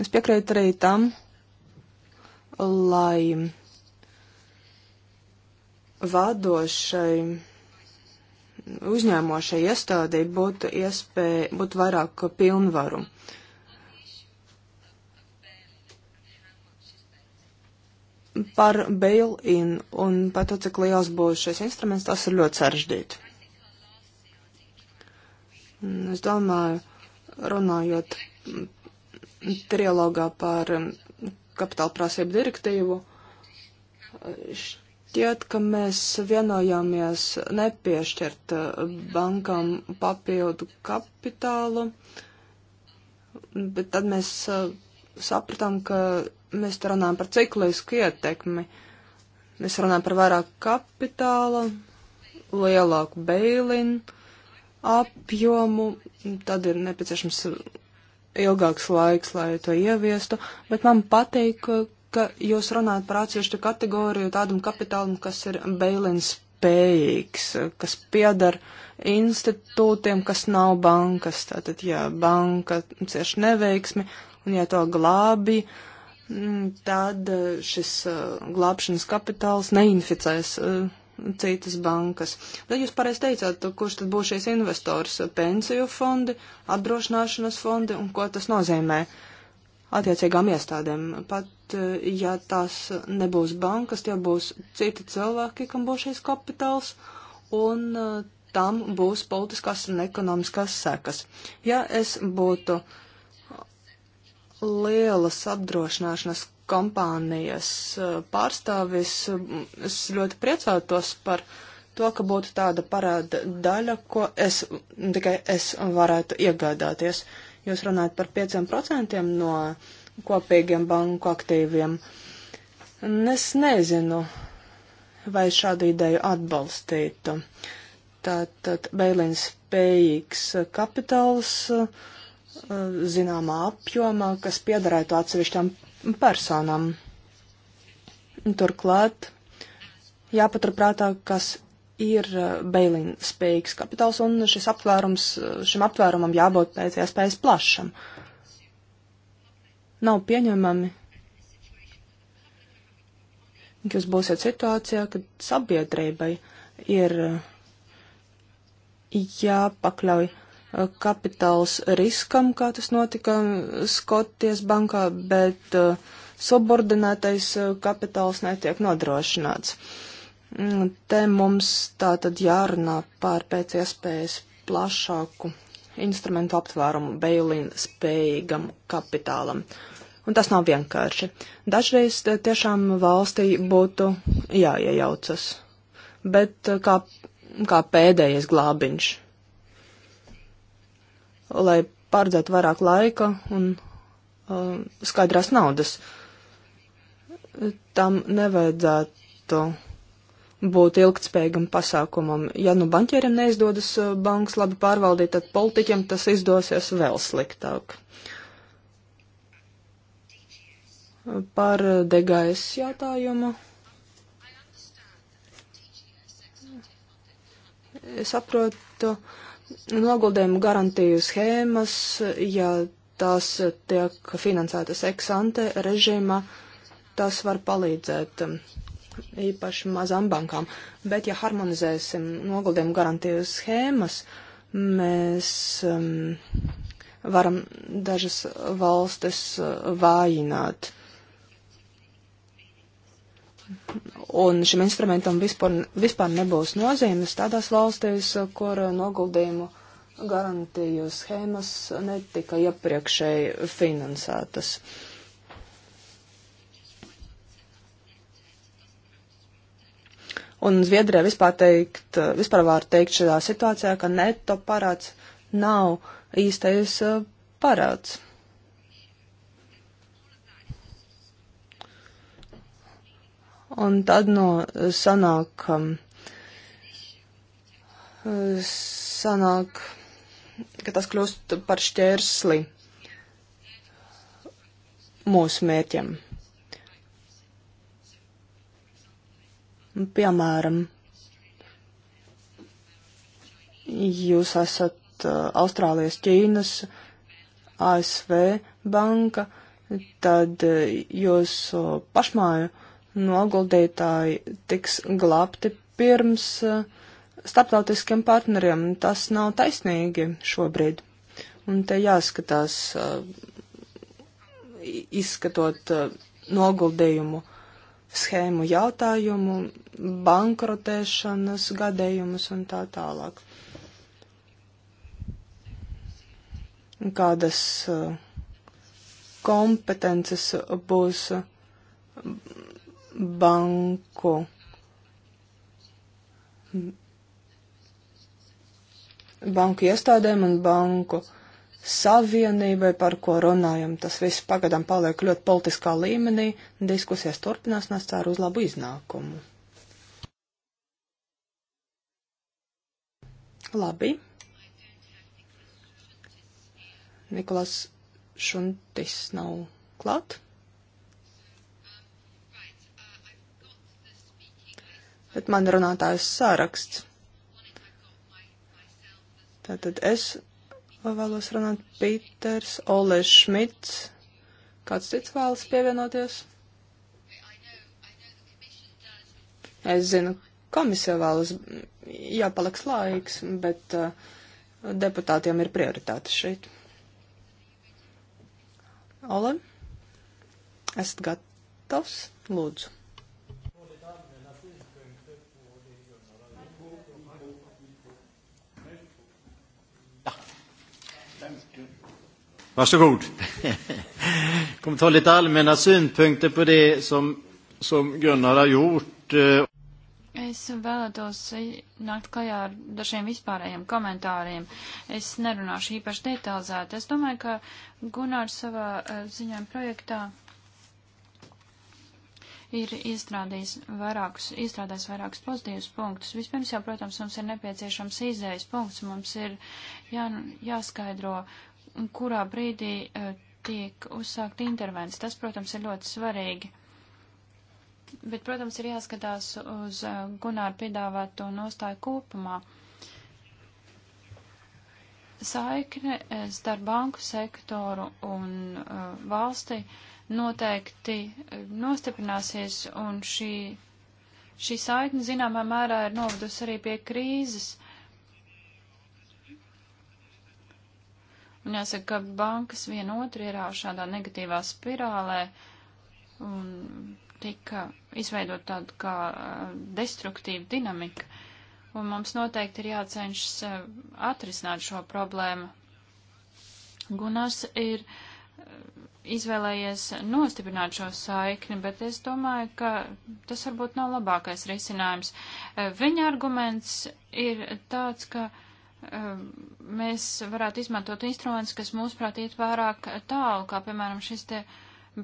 Es piekrītu arī tam, lai vadošai uzņēmošai iestādī būtu iespēja, būtu vairāk pilnvaru. Par bail-in un par to, cik liels būs šis instruments, tas ir ļoti sarežģīti. Es domāju, runājot trilogā par um, kapitāla prasību direktīvu, šķiet, ka mēs vienojāmies nepiešķirt uh, bankām papildu kapitālu, bet tad mēs uh, sapratām, ka mēs te runājam par ciklisku ietekmi. Mēs runājam par vairāk kapitāla, lielāku beilinu apjomu, tad ir nepieciešams ilgāks laiks, lai to ieviestu, bet man patīk, ka jūs runājat par atsevišķu kategoriju tādam kapitālam, kas ir bailins spējīgs, kas piedara institūtiem, kas nav bankas. Tātad, ja banka cieš neveiksmi un ja to glābi, mm, tad eh, šis eh, glābšanas kapitāls neinficēs eh, citas bankas. Tad jūs pareiz teicāt, kurš tad būs šīs investors - pensiju fondi, apdrošināšanas fondi un ko tas nozīmē attiecīgām iestādēm. Pat eh, ja tās nebūs bankas, tie būs citi cilvēki, kam būs šis kapitāls un eh, tam būs politiskās un ekonomiskās sekas. Ja es būtu lielas apdrošināšanas kompānijas eh, pārstāvis, es ļoti priecātos par to, ka būtu tāda parāda daļa, ko es, tikai es varētu iegādāties. Jūs runājat par 5% no kopīgiem banku aktīviem. Es nezinu, vai šādu ideju atbalstītu. Tātad Beilins spējīgs kapitāls eh, zināmā apjomā, kas piederētu atsevišķām personām. Turklāt jāpaturprātā, kas ir eh, bailīn spējīgs kapitāls, un šis aptvērums, eh, šim aptvērumam jābūt pēc iespējas plašam. Nav pieņemami, ka jūs būsiet situācijā, kad sabiedrībai ir eh, jāpakļauj kapitāls riskam, kā tas notika Skotijas bankā, bet uh, subordinētais uh, kapitāls netiek nodrošināts. Mm, te mums tā tad jārunā pār pēc iespējas plašāku instrumentu aptvērumu beilin spējīgam kapitālam. Un tas nav vienkārši. Dažreiz tiešām valstī būtu jāiejaucas. Bet uh, kā, kā pēdējais glābiņš lai pārdzētu vairāk laika un uh, skaidrās naudas. Tam nevajadzētu būt ilgtspējīgam pasākumam. Ja nu banķieriem neizdodas uh, bankas labi pārvaldīt, tad politiķiem tas izdosies vēl sliktāk. Par degais jautājumu. Es saprotu, uh, noguldījumu garantiju schēmas, ja tās tiek finansētas ex-ante režīmā, tas var palīdzēt um, īpaši mazām bankām. Bet, ja harmonizēsim noguldījumu garantiju schēmas, mēs um, varam dažas valstis uh, vājināt. Un šim instrumentam vispār, vispār nebūs nozīmes tādās valstīs, kur noguldījumu garantiju schēmas netika iepriekšēji finansētas. Un Zviedrijā vispār, teikt, vispār var teikt šajā situācijā, ka neto parāds nav īstais eh, parāds. Un tad no eh, sanāk, um, eh, sanāk, ka tas kļūst par šķērsli mūsu mērķiem. Piemēram, jūs esat eh, Austrālijas, Ķīnas, ASV banka, tad jūsu pašmāju noguldītāji tiks glābti pirms eh, starptautiskiem partneriem. Tas nav taisnīgi šobrīd. Un te jāskatās, eh, izskatot eh, noguldījumu schēmu jautājumu, bankrotēšanas gadējumus un tā tālāk. Kādas kompetences būs banku. Banku iestādēm un banku savienībai, par ko runājam. Tas viss pagadam paliek ļoti politiskā līmenī, diskusijas turpinās, nes ceru uz labu iznākumu. Labi. Nikolās Šuntis nav klāt. bet man runātājs sāraksts. Tātad es vēlos runāt Pīters, Ole Šmits. Kāds cits vēlas pievienoties? Es zinu, komisija vēlas, jāpaliks laiks, bet uh, deputātiem ir prioritāte šeit. Ole, esat gatavs? Lūdzu. Varsågod. kommer ta lite allmänna synpunkter på det som, som Gunnar har gjort. Eh, es vēlētos nākt klajā ar dažiem vispārējiem komentāriem. Es nerunāšu īpaši detalizēti. Es domāju, ka Gunārs savā eh, ziņojuma projektā ir izstrādājis vairākus, izstrādājis vairākus pozitīvus punktus. Vispirms jau, protams, mums ir nepieciešams izējas punkts, mums ir jā, jāskaidro, kurā brīdī eh, tiek uzsākt intervents. Tas, protams, ir ļoti svarīgi. Bet, protams, ir jāskatās uz eh, Gunāra piedāvāto nostāju kopumā. Saikne eh, starp banku sektoru un uh, valsti noteikti nostiprināsies, un šī, šī saikne zināmā mērā ir novedusi arī pie krīzes. Un jāsaka, ka bankas vienotru ierāva šādā negatīvā spirālē un tika izveidot tādu kā destruktīvu dinamiku. Un mums noteikti ir jācenšas atrisināt šo problēmu. Gunārs ir izvēlējies nostiprināt šo saikni, bet es domāju, ka tas varbūt nav labākais risinājums. Viņa arguments ir tāds, ka Ehm, mēs varētu izmantot instrumentus, kas mūsuprāt iet pārāk tālu, kā piemēram šis te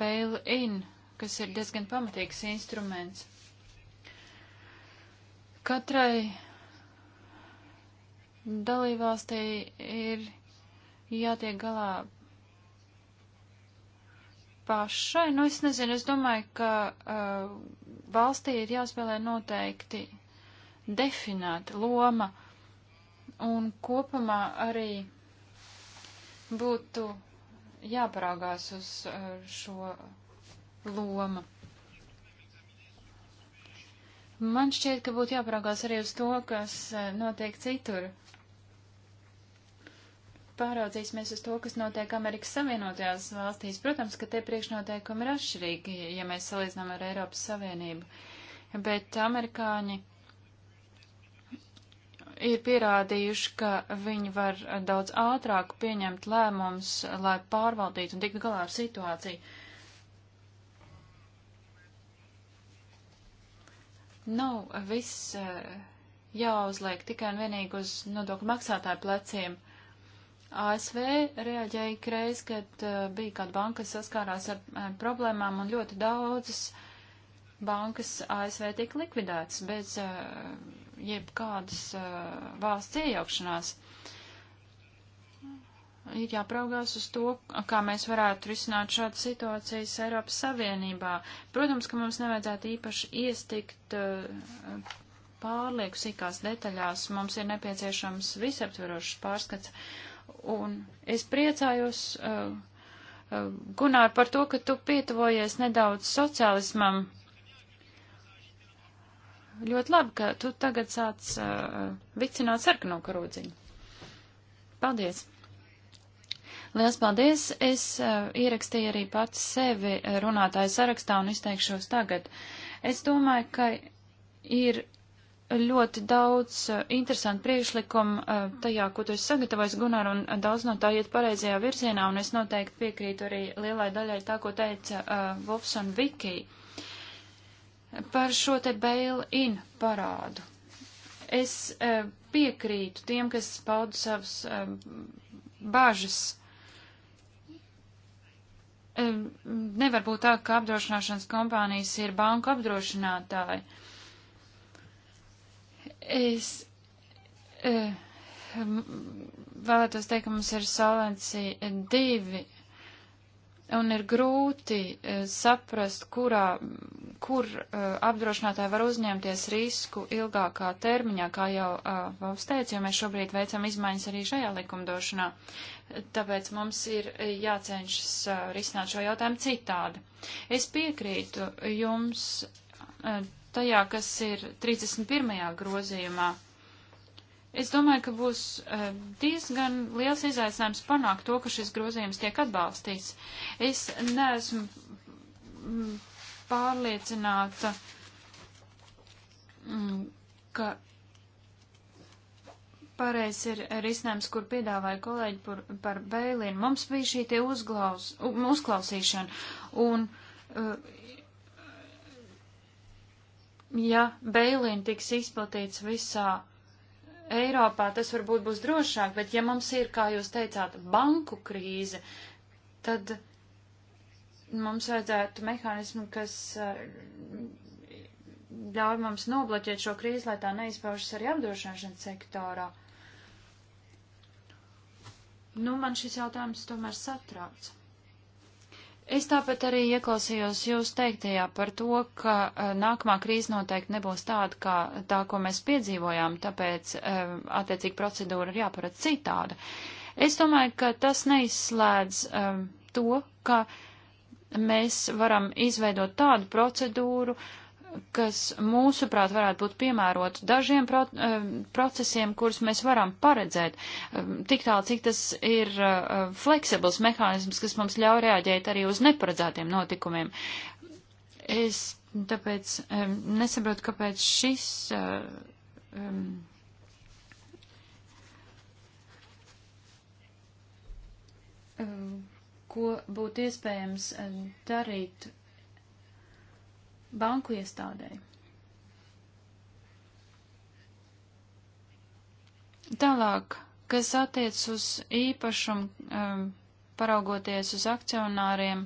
bail-in, kas ir diezgan pamatīgs instruments. Katrai dalībvalstī ir jātiek galā pašai. Nu, es nezinu, es domāju, ka uh, valstī ir jāspēlē noteikti definēta loma. Uh, Un kopumā arī būtu jāparāgās uz uh, šo lomu. Man šķiet, ka būtu jāparāgās arī uz to, kas uh, notiek citur. Pāraudzīsimies uz to, kas notiek Amerikas Savienotajās valstīs. Protams, ka tie priekšnoteikumi ir atšķirīgi, ja mēs salīdzinām ar Eiropas Savienību. Bet amerikāņi ir pierādījuši, ka viņi var daudz ātrāk pieņemt lēmumus, lai pārvaldītu un tiktu galā ar situāciju. Nav viss eh, jāuzliek tikai un vienīgi uz nodokļu maksātāju pleciem. ASV reaģēja ikreiz, kad eh, bija kāda banka, kas saskārās ar eh, problēmām un ļoti daudzas bankas ASV tika likvidētas bez jebkādas uh, valsts iejaukšanās. Ir jāpraugās uz to, kā mēs varētu risināt šādas situācijas Eiropas Savienībā. Protams, ka mums nevajadzētu īpaši iestikt uh, pārlieku sīkās detaļās. Mums ir nepieciešams visaptverošs pārskats. Un es priecājos. Uh, Gunār, par to, ka tu pietuvojies nedaudz sociālismam, ļoti labi, ka tu tagad sāc uh, vicināt sarkano karūdziņu. Paldies! Liels paldies! Es uh, ierakstīju arī pats sevi uh, runātāju sarakstā un izteikšos tagad. Es domāju, ka ir ļoti daudz uh, interesantu priekšlikumu uh, tajā, ko tu esi sagatavojis, Gunār, un daudz no tā iet pareizajā virzienā, un es noteikti piekrītu arī lielai daļai tā, ko teica uh, Vops un Vikija par šo te bail-in parādu. Es e, piekrītu tiem, kas pauda savas e, bažas. E, nevar būt tā, ka apdrošināšanas kompānijas ir banku apdrošinātāji. Es vēlētos teikt, ka mums ir solvencija divi un ir grūti e, saprast, kurā, kur e, apdrošinātāji var uzņemties risku ilgākā termiņā, kā jau e, valsts teica, jo mēs šobrīd veicam izmaiņas arī šajā likumdošanā. Tāpēc mums ir jācenšas risināt šo jautājumu citādi. Es piekrītu jums tajā, kas ir 31. grozījumā Es domāju, ka būs eh, diezgan liels izaicinājums panākt to, ka šis grozījums tiek atbalstīts. Es neesmu mm, pārliecināta, mm, ka pareiz ir risinājums, kur piedāvāja kolēģi par, par Bēlīnu. Mums bija šī tie uzglaus, uzklausīšana, un eh, ja Bēlīna tiks izplatīts visā Eiropā tas varbūt būs drošāk, bet ja mums ir, kā jūs teicāt, banku krīze, tad mums vajadzētu mehānismu, kas eh, ļauj mums nobloķēt šo krīzi, lai tā neizpaužas arī apdrošināšanas sektorā. Nu, man šis jautājums tomēr satrauc. Es tāpat arī ieklausījos jūs teiktajā par to, ka uh, nākamā krīze noteikti nebūs tāda, kā tā, ko mēs piedzīvojām, tāpēc uh, attiecīgi procedūra ir jāparad citāda. Es domāju, ka tas neizslēdz uh, to, ka mēs varam izveidot tādu procedūru, uh, kas mūsuprāt varētu būt piemērots dažiem pro, eh, procesiem, kurus mēs varam paredzēt, ehm, tik tālu, cik tas ir eh, fleksibls mehānisms, kas mums ļauj reaģēt arī uz neparedzētiem notikumiem. Es tāpēc ehm, nesaprotu, kāpēc šis. Um, ko būtu iespējams darīt banku iestādēji. Tālāk, kas attiec uz īpašumu, um, paraugoties uz akcionāriem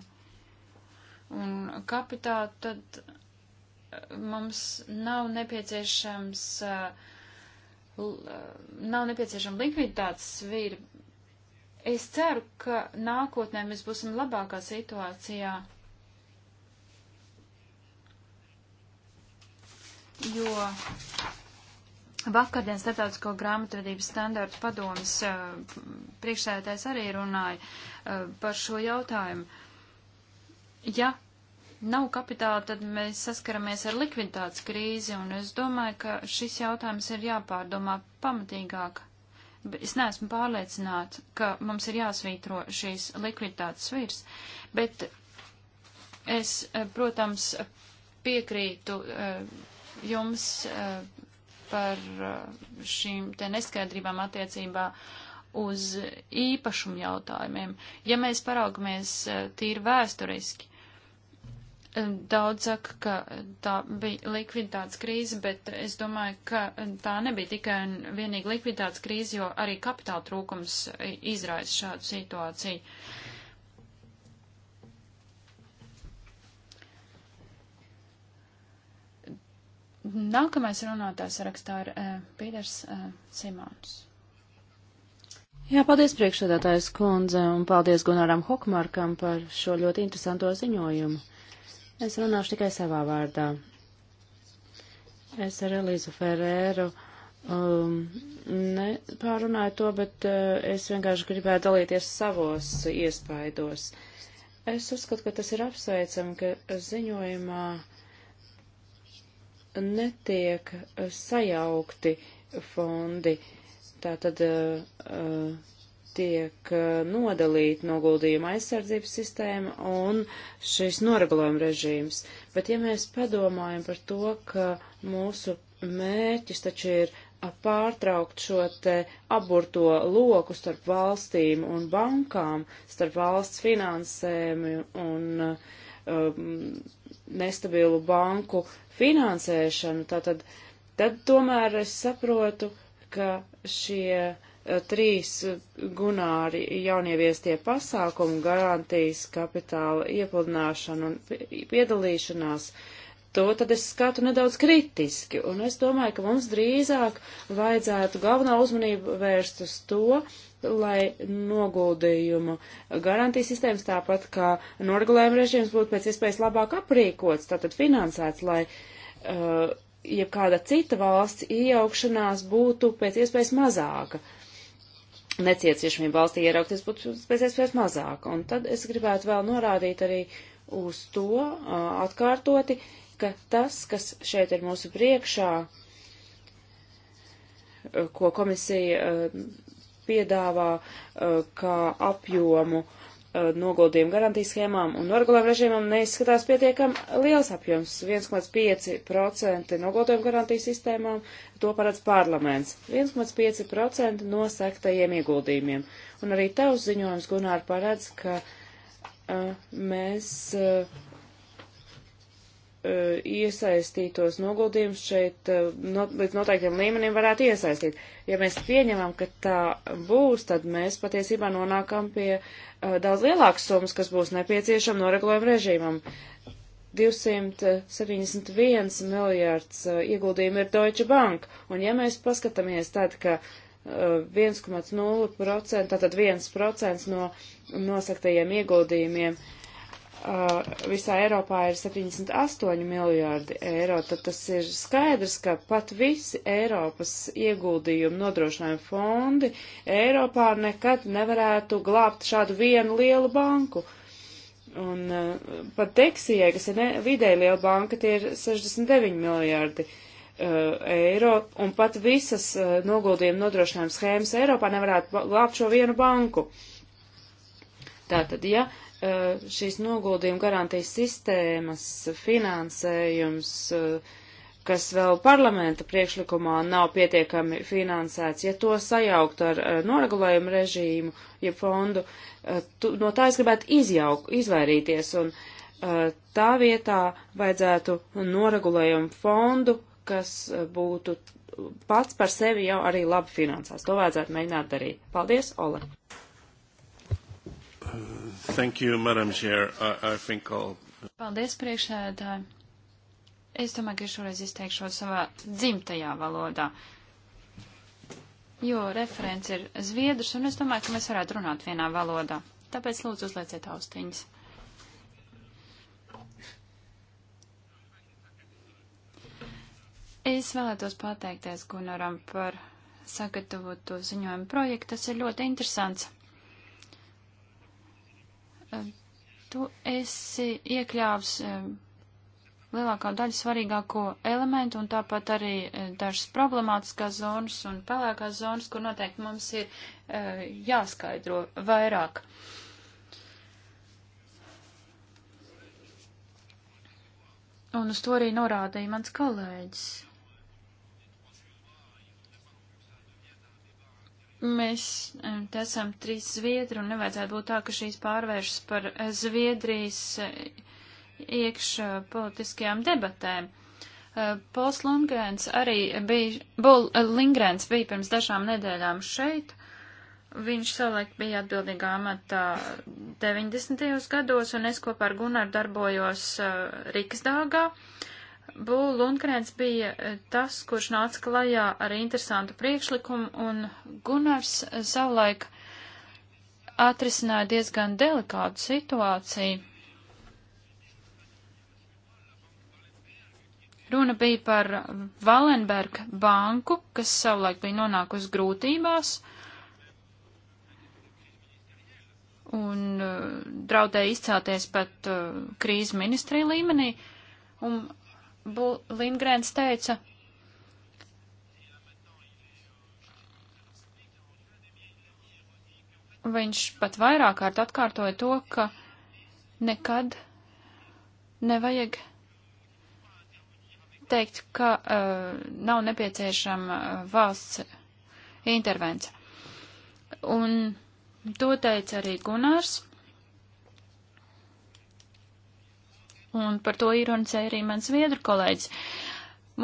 un kapitālu, tad uh, mums nav nepieciešams, uh, uh, nav nepieciešama likviditātes svīra. Es ceru, ka nākotnē mēs būsim labākā situācijā jo vakardien Startautisko grāmatvedības standārtu padomas eh, priekšsēdētājs arī runāja eh, par šo jautājumu. Ja nav kapitāla, tad mēs saskaramies ar likviditātes krīzi, un es domāju, ka šis jautājums ir jāpārdomā pamatīgāk. Es neesmu pārliecināta, ka mums ir jāsvītro šīs likviditātes virs, bet es, eh, protams, piekrītu jums eh, par eh, šīm te neskaidrībām attiecībā uz īpašumu jautājumiem. Ja mēs paraugamies eh, tīri vēsturiski, daudz saka, ka tā bija likviditātes krīze, bet es domāju, ka tā nebija tikai un vienīgi likviditātes krīze, jo arī kapitāla trūkums izraisa šādu situāciju. Uh, Nākamais runātājs rakstā ir uh, Pīters uh, Simons. Jā, paldies priekšsēdētājs kundze un paldies Gunaram Hokmarkam par šo ļoti interesanto ziņojumu. Es runāšu tikai savā vārdā. Es ar Elīzu Ferēru um, nepārunāju to, bet uh, es vienkārši gribēju dalīties savos iespaidos. Es uzskatu, ka tas ir apsveicami, ka ziņojumā uh, netiek eh, sajaukti fondi. Tātad eh, eh, tiek nodalīta noguldījuma aizsardzības sistēma un šis noregulējuma režīms. Bet ja mēs padomājam par to, ka mūsu mērķis taču ir pārtraukt šo te aburto loku starp valstīm un bankām, starp valsts finansēm un um, nestabilu banku finansēšanu, tātad, tad tomēr es saprotu, ka šie eh, trīs gunāri jaunieviestie pasākumu garantijas kapitāla iepludināšana un piedalīšanās uh, to tad es skatu nedaudz kritiski, un es domāju, ka mums drīzāk vajadzētu galveno uzmanību vērst uz to, lai noguldījumu garantijas sistēmas, tāpat kā noregulējuma režīms būtu pēc iespējas labāk aprīkots, tātad finansēts, lai uh, jebkāda cita valsts iejaukšanās būtu pēc iespējas mazāka. Necietiešanība valstī ieraukties būtu pēc iespējas mazāka. Un tad es gribētu vēl norādīt arī uz to uh, atkārtoti, uh, ka tas, kas šeit ir mūsu priekšā, ko komisija eh, piedāvā eh, kā apjomu eh, noguldījumu garantijas schēmām un noregulējumu režīmam, neizskatās pietiekam liels apjoms - 1,5% noguldījumu garantijas sistēmām, to paredz parlaments - 1,5% no sektajiem ieguldījumiem. Un arī tavs ziņojums, Gunār, paredz, ka uh, mēs. Uh, E, iesaistītos noguldījumus šeit e, no, līdz noteiktiem līmenim varētu iesaistīt. Ja mēs pieņemam, ka tā būs, tad mēs patiesībā nonākam pie uh, daudz lielākas summas, kas būs nepieciešama noregulējuma režīmam. 271 miljārds uh, ieguldījumi ir Deutsche Bank, un ja mēs paskatāmies tad, ka uh, 1,0%, tātad 1% no nosaktajiem ieguldījumiem uh, Uh, visā Eiropā ir 78 miljārdi eiro, tad tas ir skaidrs, ka pat visi Eiropas ieguldījumu nodrošinājumu fondi Eiropā nekad nevarētu glābt šādu vienu lielu banku. Un uh, pat Teksijai, kas ir ne, vidēji liela banka, tie ir 69 miljārdi uh, eiro, un pat visas uh, noguldījumu nodrošinājumu schēmas Eiropā nevarētu glābt šo vienu banku. Tātad, ja Eh, šīs noguldījuma garantijas sistēmas finansējums, eh, kas vēl parlamenta priekšlikumā nav pietiekami finansēts, ja to sajaukt ar eh, noregulējumu režīmu, ja fondu, tu, no tā es gribētu izjauk, izvairīties un tā vietā vajadzētu noregulējumu fondu, kas būtu pats par sevi jau arī labi finansēts. To vajadzētu mēģināt darīt. Paldies, Ole! Thank you, Madam Chair. I, I think I'll... Paldies, priekšsēdētāji. Es domāju, ka šoreiz izteikšos savā dzimtajā valodā, jo referents ir zviedrs, un es domāju, ka mēs varētu runāt vienā valodā. Tāpēc lūdzu uzlieciet austiņas. Es vēlētos pateikties Gunaram par sagatavotu ziņojumu projektu. Tas ir ļoti interesants. Tu esi iekļāvis lielākā daļa svarīgāko elementu un tāpat arī dažas problemātiskās zonas un pelēkās zonas, kur noteikti mums ir uh, jāskaidro vairāk. Un uz to arī norādīja mans kolēģis. Mēs te eh, esam trīs Zviedri un nevajadzētu būt tā, ka šīs pārvēršas par eh, Zviedrijas eh, iekšā politiskajām debatēm. Pols Lundgrēns arī bija, Bol Lingrēns bija pirms dažām nedēļām šeit. Viņš savulaik bija atbildīgā amatā 90. gados, un es kopā ar Gunaru darbojos uh, Riksdāgā. Uh, Būl Lundgrēns bija e, tas, kurš nāca klajā ar interesantu priekšlikumu, un Gunārs savulaik atrisināja diezgan delikātu situāciju. Runa bija par Valenberga banku, kas savulaik bija nonākusi grūtībās un uh, draudēja izcelties pat uh, krīzes ministrija līmenī. Un Lindgrēns teica, viņš pat vairāk kārt atkārtoja to, ka nekad nevajag teikt, ka uh, nav nepieciešama uh, valsts intervence. Un to teica arī Gunārs. un par to ironizē arī mans viedru kolēģis.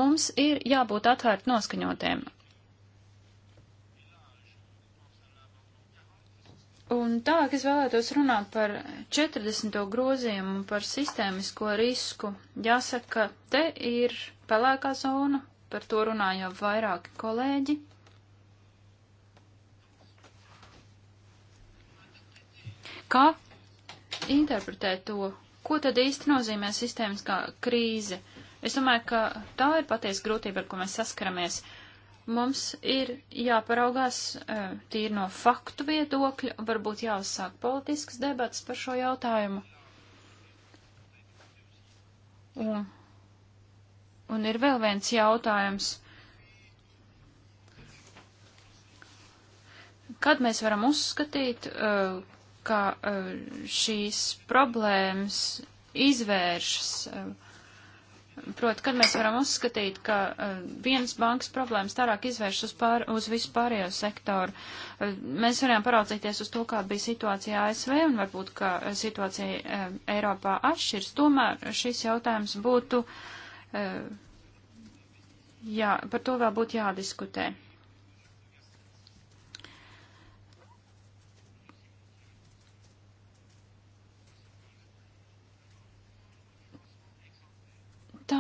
Mums ir jābūt atvērti noskaņotiem. Un tālāk es vēlētos runāt par 40. grozījumu un par sistēmisko risku. Jāsaka, ka te ir pelēkā zona, par to runāja jau vairāki kolēģi. Kā interpretēt to Ko tad īsti nozīmē sistēmiskā krīze? Es domāju, ka tā ir patiesa grūtība, ar ko mēs saskaramies. Mums ir jāparaugās e, tīri no faktu viedokļa, varbūt jāuzsāk politisks debats par šo jautājumu. Un, un ir vēl viens jautājums. Kad mēs varam uzskatīt, uh, ka eh, šīs problēmas izvēršas. Eh, proti, kad mēs varam uzskatīt, ka uh, vienas bankas problēmas tālāk izvērš uz, pār, uz visu pārējo sektoru, uh, mēs varam paraudzīties uz to, kāda bija situācija ASV un varbūt, ka situācija uh, Eiropā atšķirs. Tomēr šis jautājums būtu, uh, jā, par to vēl būtu jādiskutē. Uh,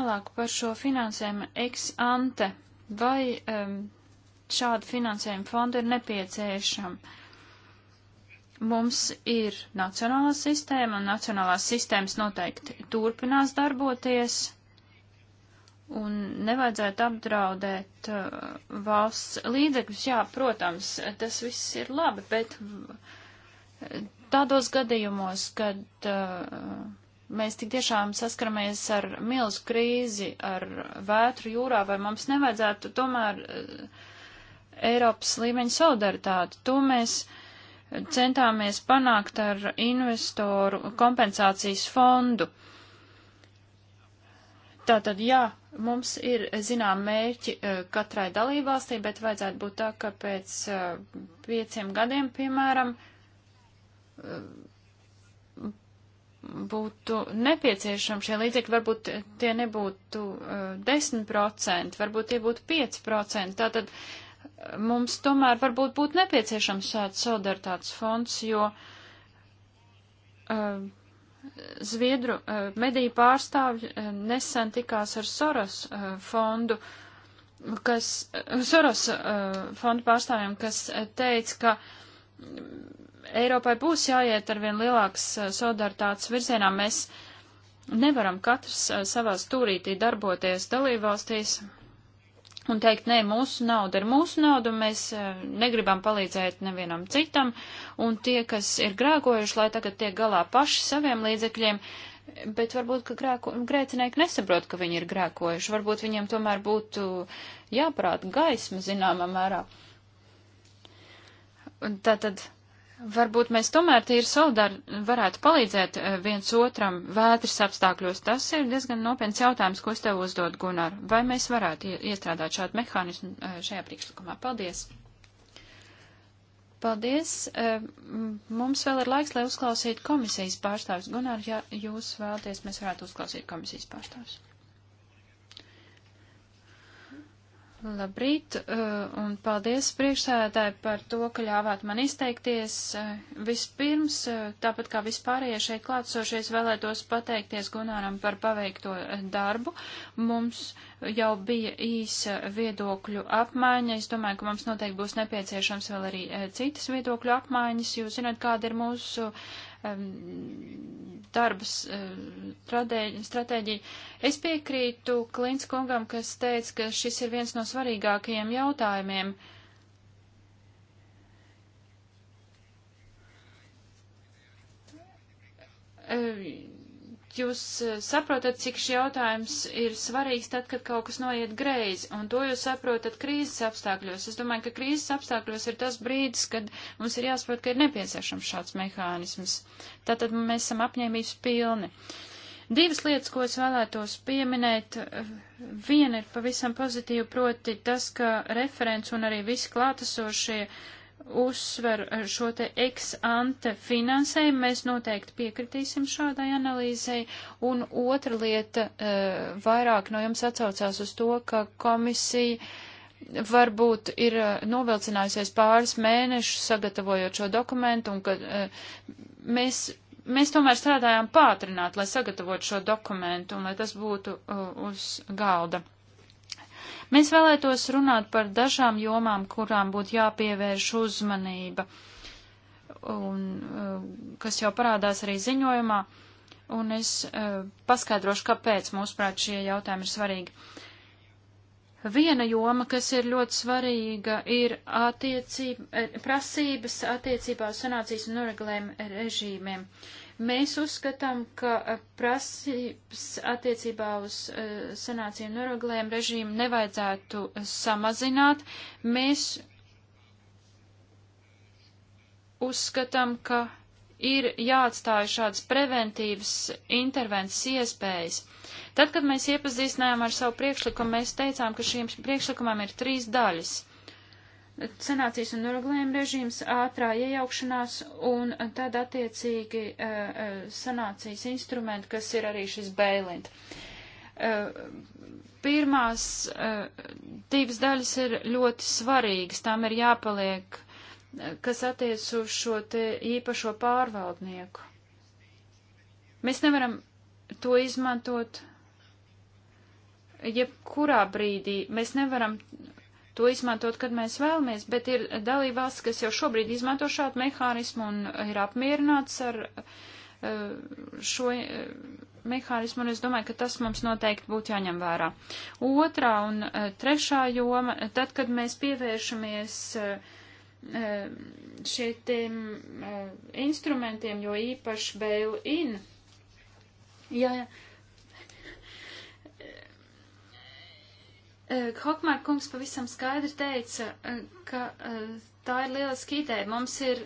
Tālāk par šo finansējumu ex ante. Vai um, šādu finansējumu fondu ir nepieciešama? Mums ir nacionālā sistēma, un nacionālās sistēmas noteikti turpinās darboties un nevajadzētu apdraudēt uh, valsts līdzekļus. Jā, protams, tas viss ir labi, bet uh, tādos gadījumos, kad uh, mēs tik tiešām saskaramies ar milzu krīzi, ar vētru jūrā, vai mums nevajadzētu tomēr eh, Eiropas līmeņa solidaritāti. To mēs centāmies panākt ar investoru kompensācijas fondu. Tātad, jā, mums ir zinām mērķi eh, katrai dalībvalstī, bet vajadzētu būt tā, ka pēc eh, pieciem gadiem, piemēram, būtu nepieciešami šie līdzekļi, varbūt tie nebūtu uh, 10%, varbūt tie būtu 5%. Tātad uh, mums tomēr varbūt būtu nepieciešams šāds solidaritātes fonds, jo uh, Zviedru uh, mediju pārstāvji uh, nesen tikās ar Soros uh, fondu, kas, uh, Soros uh, fondu pārstāvjiem, kas teica, ka Eiropai būs jāiet ar vien lielāks eh, solidaritātes virzienā. Mēs nevaram katrs eh, savā stūrītī darboties dalībvalstīs un teikt, nē, mūsu nauda ir mūsu nauda, un mēs eh, negribam palīdzēt nevienam citam, un tie, kas ir grēkojuši, lai tagad tiek galā paši saviem līdzekļiem, bet varbūt, ka grēko, grēcinieki nesaprot, ka viņi ir grēkojuši, varbūt viņiem tomēr būtu jāprāt gaisma zināmā mērā. Tātad Varbūt mēs tomēr tīri savdar varētu palīdzēt eh, viens otram vētras apstākļos. Tas ir diezgan nopietns jautājums, ko es tev uzdod, Gunār. Vai mēs varētu iestrādāt šādu mehānismu eh, šajā priekšlikumā? Paldies! Paldies! Eh, mums vēl ir laiks, lai uzklausītu komisijas pārstāvis. Gunār, ja jūs vēlaties, mēs varētu uzklausīt komisijas pārstāvis. Labrīt, uh, un paldies priekšsēdētāji par to, ka ļāvāt man izteikties. Uh, vispirms, uh, tāpat kā vispārējie šeit klātsošies, vēlētos pateikties Gunāram par paveikto darbu. Mums jau bija īsa viedokļu apmaiņa. Es domāju, ka mums noteikti būs nepieciešams vēl arī citas viedokļu apmaiņas. Jūs zināt, kāda ir mūsu Um, darbas uh, stratēģiju. Es piekrītu Klints kungam, kas teica, ka šis ir viens no svarīgākajiem jautājumiem. Uh, jūs eh, saprotat, cik šis jautājums ir svarīgs tad, kad kaut kas noiet greizi, un to jūs saprotat krīzes apstākļos. Es domāju, ka krīzes apstākļos ir tas brīdis, kad mums ir jāsaprot, ka ir nepieciešams šāds mehānisms. Tātad mēs esam apņēmības pilni. Divas lietas, ko es vēlētos pieminēt, viena ir pavisam pozitīva, proti tas, ka referents un arī visi klātesošie uh, uzsver eh, šo te ex ante finansējumu, mēs noteikti piekritīsim šādai analīzei. Un otra lieta, eh, vairāk no jums atsaucās uz to, ka komisija varbūt ir eh, novilcinājusies pāris mēnešus sagatavojot šo dokumentu un ka mēs mēs tomēr strādājām pātrināt, lai sagatavotu šo dokumentu un lai tas būtu uh, uz galda. Mēs vēlētos runāt par dažām jomām, kurām būtu jāpievērš uzmanība, un, eh, kas jau parādās arī ziņojumā, un es uh, paskaidrošu, kāpēc mūsuprāt šie jautājumi ir svarīgi. Viena joma, kas ir ļoti svarīga, ir attiecība, eh, prasības attiecībā uz sanācijas un noregulējumu režīmiem. Uh, Mēs uzskatām, ka eh, prasības attiecībā uz eh, sanāciju noregulējumu režīmu nevajadzētu eh, samazināt. Mēs uzskatām, ka ir jāatstāj šādas preventīvas intervences iespējas. Tad, kad mēs iepazīstinājām ar savu priekšlikumu, mēs teicām, ka šīm priekšlikumam ir trīs daļas sanācijas un noregulējuma režīms, ātrā iejaukšanās un tad attiecīgi uh, sanācijas instrumenti, kas ir arī šis bailint. Uh, eh, pirmās uh, divas daļas ir ļoti svarīgas, tām ir jāpaliek, kas attiec uz šo te īpašo pārvaldnieku. Mēs nevaram to izmantot jebkurā brīdī mēs nevaram to izmantot, kad mēs vēlamies, bet ir dalībvalsts, kas jau šobrīd izmanto šādu mehānismu un ir apmierināts ar eh, šo eh, mehānismu, un es domāju, ka tas mums noteikti būtu jāņem vērā. Otrā un eh, trešā joma, tad, kad mēs pievēršamies šiem instrumentiem, jo īpaši bail-in, ja, ja Eh, Hokmārk kungs pavisam skaidri teica, eh, ka eh, tā ir lieliski ideja. Mums ir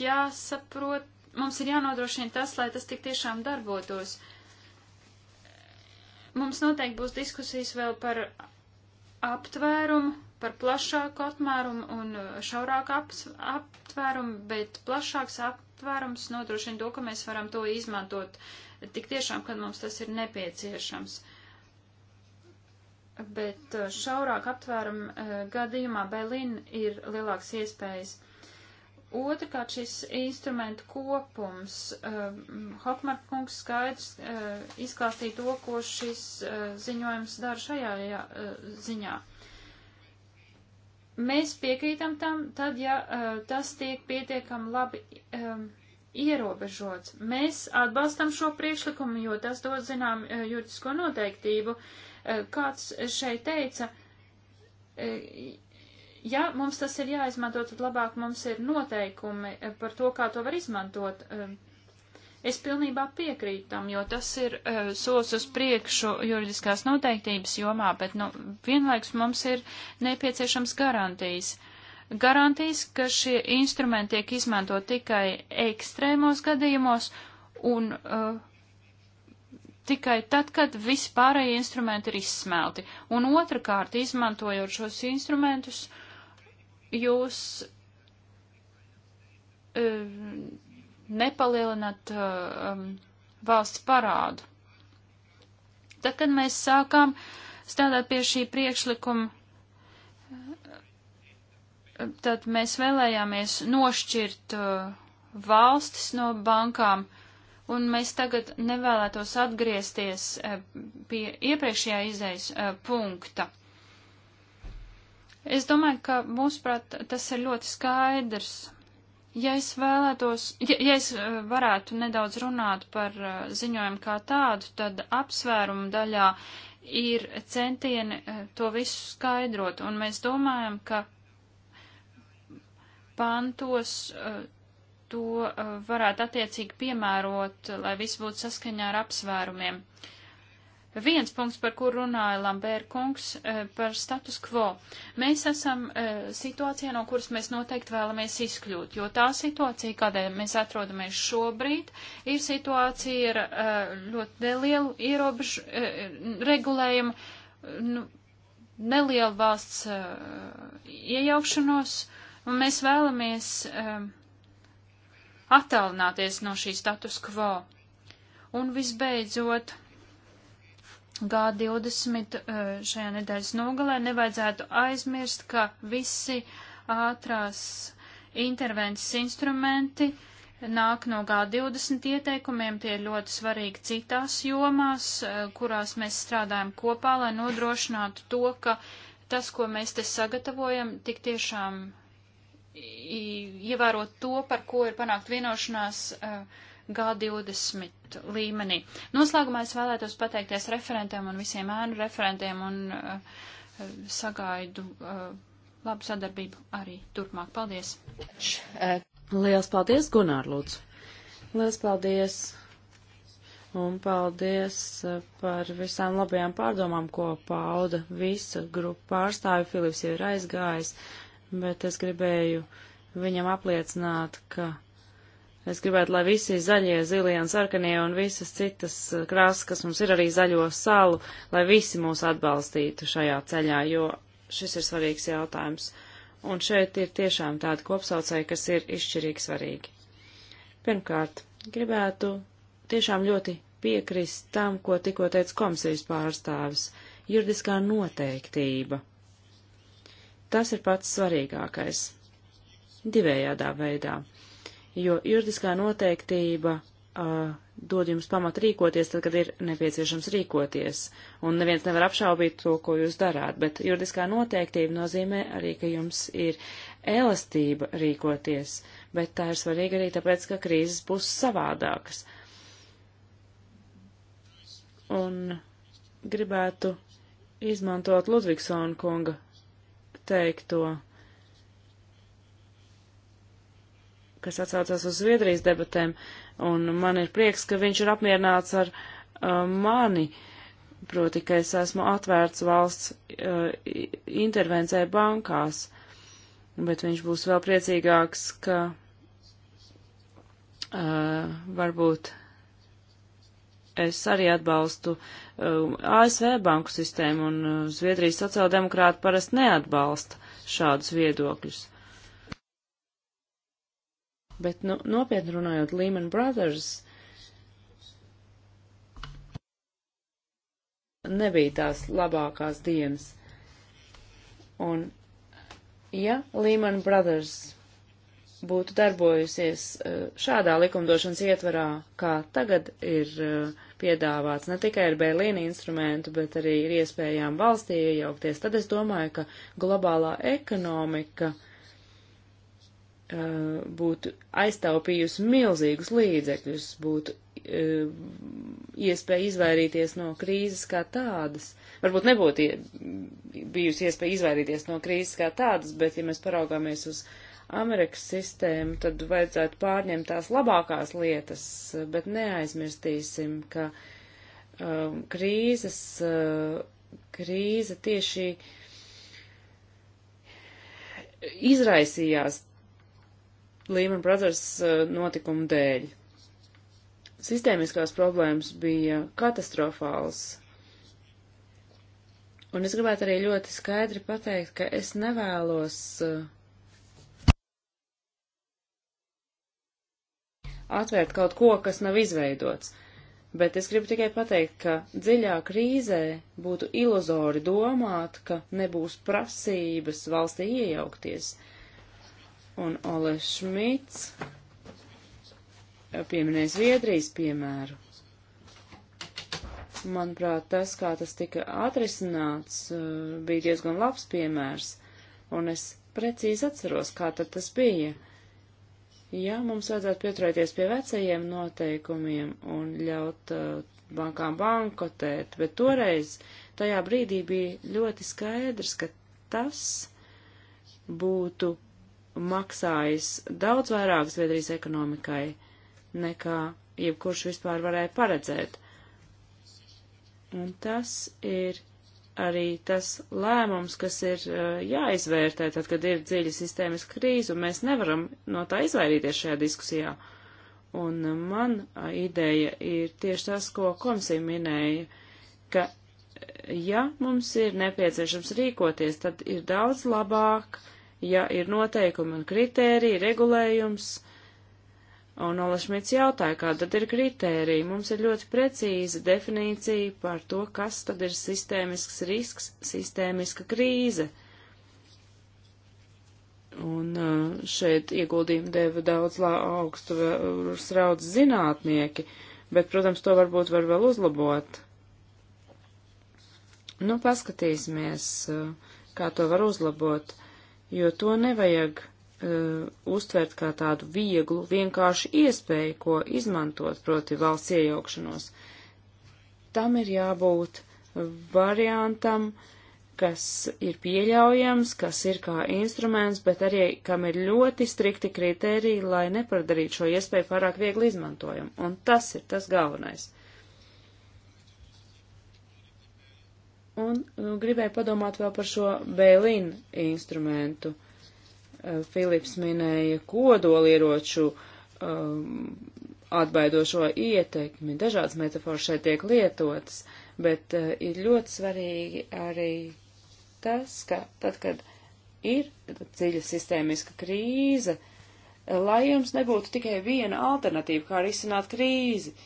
jāsaprot, mums ir jānodrošina tas, lai tas tik tiešām darbotos. Mums noteikti būs diskusijas vēl par aptvērumu, par plašāku aptvērumu un šaurāku aptvērumu, bet plašāks aptvērums nodrošina to, ka mēs varam to izmantot tik tiešām, kad mums tas ir nepieciešams bet eh, šaurāk aptvērum eh, gadījumā Berlīna ir lielāks iespējas. Otrakārt šis instrumentu kopums. Eh, Hokmark kungs skaidrs izklāstīja to, ko šis ziņojums dara šajā jā, ziņā. Mēs piekrītam tam, tad, ja tas tiek pietiekami labi ierobežots. Mēs atbalstam šo priekšlikumu, jo tas dod, zinām, juridisko noteiktību. Uh, Eh, kāds šeit teica, eh, ja mums tas ir jāizmanto, tad labāk mums ir noteikumi eh, par to, kā to var izmantot. Es pilnībā piekrītu tam, jo tas ir uh, solis uz priekšu juridiskās noteiktības jomā, bet nu, vienlaiks mums ir nepieciešams garantijas. Garantijas, ka šie instrumenti tiek izmanto tikai ekstrēmos gadījumos un uh, tikai tad, kad visi pārējie instrumenti ir izsmelti. Un otrkārt, izmantojot šos instrumentus, jūs e, nepalielināt e, um, valsts parādu. Tad, kad mēs sākām strādāt pie šī priekšlikuma, e, tad mēs vēlējāmies nošķirt e, valstis no bankām. Uh, un mēs tagad nevēlētos atgriezties e, pie iepriekšējā izējas e, punkta. Es domāju, ka mūsuprāt tas ir ļoti skaidrs. Ja es vēlētos, ja, ja es e, varētu nedaudz runāt par ziņojumu kā tādu, tad apsvērumu daļā ir centieni to visu skaidrot, un mēs domājam, ka pantos uh, to uh, varētu attiecīgi piemērot, lai viss būtu saskaņā ar apsvērumiem. Viens punkts, par kur runāja Lambēra kungs, uh, par status quo. Mēs esam uh, situācijā, no kuras mēs noteikti vēlamies izkļūt, jo tā situācija, kādēļ mēs atrodamies šobrīd, ir situācija ar ļoti nelielu ierobežu regulējumu, nu, nelielu valsts iejaukšanos, un mēs vēlamies attālināties no šī status quo. Un visbeidzot, G20 uh, šajā nedēļas nogalē nevajadzētu aizmirst, ka visi ātrās intervences instrumenti nāk no G20 ieteikumiem, tie ir ļoti svarīgi citās jomās, uh, kurās mēs strādājam kopā, lai nodrošinātu to, ka tas, ko mēs te sagatavojam, tik tiešām ievērot to, par ko ir panākt vienošanās eh, G20 līmenī. Noslēgumā es vēlētos pateikties referentiem un visiem ēnu referentiem un eh, sagaidu eh, labu sadarbību arī turpmāk. Paldies! Liels paldies, Gunār, lūdzu! Liels paldies! Un paldies par visām labajām pārdomām, ko pauda visa grupa pārstāvi. Filips jau ir aizgājis. Uh, bet es gribēju viņam apliecināt, ka es gribētu, lai visi zaļie, zilie un sarkanie un visas citas eh, krāsas, kas mums ir arī zaļo salu, lai visi mūs atbalstītu šajā ceļā, jo šis ir svarīgs jautājums. Un šeit ir tiešām tādi kopsaucēji, kas ir izšķirīgi svarīgi. Pirmkārt, gribētu tiešām ļoti piekrist tam, ko tikko teica komisijas pārstāvis - juridiskā noteiktība. Tas ir pats svarīgākais. Divējādā veidā. Jo juridiskā noteiktība uh, dod jums pamat rīkoties, tad, kad ir nepieciešams rīkoties. Un neviens nevar apšaubīt to, ko jūs darāt, bet juridiskā noteiktība nozīmē arī, ka jums ir elastība rīkoties, bet tā ir svarīga arī tāpēc, ka krīzes būs savādākas. Un gribētu izmantot Ludvigsona kunga teikto, kas atsaucās uz Zviedrijas debatēm, un man ir prieks, ka viņš ir apmierināts ar uh, mani, proti, ka es esmu atvērts valsts uh, intervencē bankās, bet viņš būs vēl priecīgāks, ka uh, varbūt es arī atbalstu uh, um, ASV banku sistēmu, un uh, Zviedrijas sociāldemokrāti parasti neatbalsta šādus viedokļus. Bet, nu, nopietni runājot, Lehman Brothers nebija tās labākās dienas. Un, ja Lehman Brothers būtu darbojusies eh, šādā likumdošanas ietvarā, kā tagad ir eh, piedāvāts. Ne tikai ar Berlīna instrumentu, bet arī ir iespējām valstī iejaukties. Tad es domāju, ka globālā ekonomika eh, būtu aiztaupījusi milzīgus līdzekļus, būtu iespēja izvairīties no krīzes kā tādas. Varbūt nebūtu bijusi iespēja izvairīties no krīzes kā tādas, bet ja mēs paraugāmies uz uh, Amerikas sistēmu, tad vajadzētu pārņemt tās labākās lietas, bet neaizmirstīsim, ka um, krīzes, uh, krīze tieši izraisījās Lehman Brothers uh, notikumu dēļ. Sistēmiskās problēmas bija katastrofāls. Un es gribētu arī ļoti skaidri pateikt, ka es nevēlos uh, atvērt kaut ko, kas nav izveidots. Bet es gribu tikai pateikt, ka dziļā krīzē būtu iluzori domāt, ka nebūs prasības valstī iejaukties. Un Ole Šmits pieminēja Zviedrijas piemēru. Manuprāt, tas, kā tas tika atrisināts, eh, bija diezgan labs piemērs, un es precīzi atceros, kā tad tas bija. Ja mums vajadzētu pieturēties pie vecajiem noteikumiem un ļaut uh, bankām bankotēt, bet toreiz tajā brīdī bija ļoti skaidrs, ka tas būtu maksājis daudz vairāk Zviedrijas ekonomikai nekā jebkurš vispār varēja paredzēt. Un tas ir arī tas lēmums, kas ir uh, jāizvērtē, tad, kad ir dziļa sistēmas krīze, un mēs nevaram no tā izvairīties šajā diskusijā. Un uh, man uh, ideja ir tieši tas, ko komisija minēja, ka ja mums ir nepieciešams rīkoties, tad ir daudz labāk, ja ir noteikumi un kritēriji, regulējums, uh, Un Ola Šmits jautāja, kāda tad ir kritērija. Mums ir ļoti precīza definīcija par to, kas tad ir sistēmisks risks, sistēmiska krīze. Un uh, šeit ieguldījumu deva daudz augstu uh, sraudz zinātnieki, bet, protams, to varbūt var vēl uzlabot. Nu, paskatīsimies, uh, kā to var uzlabot, jo to nevajag uh, uztvert kā tādu vieglu, vienkārši iespēju, ko izmantot, proti valsts iejaukšanos. Tam ir jābūt variantam, kas ir pieļaujams, kas ir kā instruments, bet arī kam ir ļoti strikti kriteriji, lai nepadarītu šo iespēju pārāk viegli izmantojumu. Un tas ir tas galvenais. Un nu, gribēju padomāt vēl par šo Bēlīnu instrumentu. Uh, Eh, Filips minēja kodolieroču um, atbaidošo ietekmi. Dažādas metafors šeit tiek lietotas, bet uh, ir ļoti svarīgi arī tas, ka tad, kad ir dziļa sistēmiska krīze, eh, lai jums nebūtu tikai viena alternatīva, kā risināt krīzi.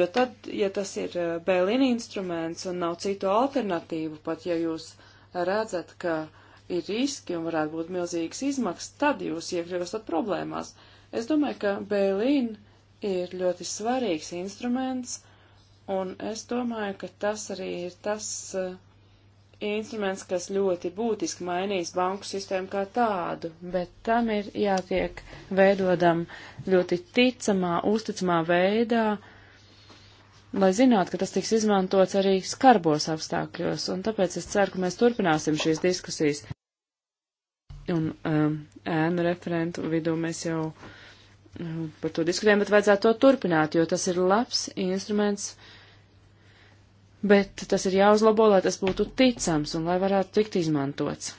Jo tad, ja tas ir Bēlina instruments un nav citu alternatīvu, pat ja jūs redzat, ka uh, ir riski un varētu būt milzīgas izmaksas, tad jūs iekļūstat problēmās. Es domāju, ka Bēlīn ir ļoti svarīgs instruments, un es domāju, ka tas arī ir tas uh, instruments, kas ļoti būtiski mainīs banku sistēmu kā tādu, bet tam ir jātiek veidodam ļoti ticamā, uzticamā veidā, lai zinātu, ka tas tiks izmantots arī skarbos apstākļos, un tāpēc es ceru, ka mēs turpināsim šīs diskusijas un um, ēnu referentu vidū mēs jau um, par to diskutējam, bet vajadzētu to turpināt, jo tas ir labs instruments, bet tas ir jāuzlabo, lai tas būtu ticams un lai varētu tikt izmantots.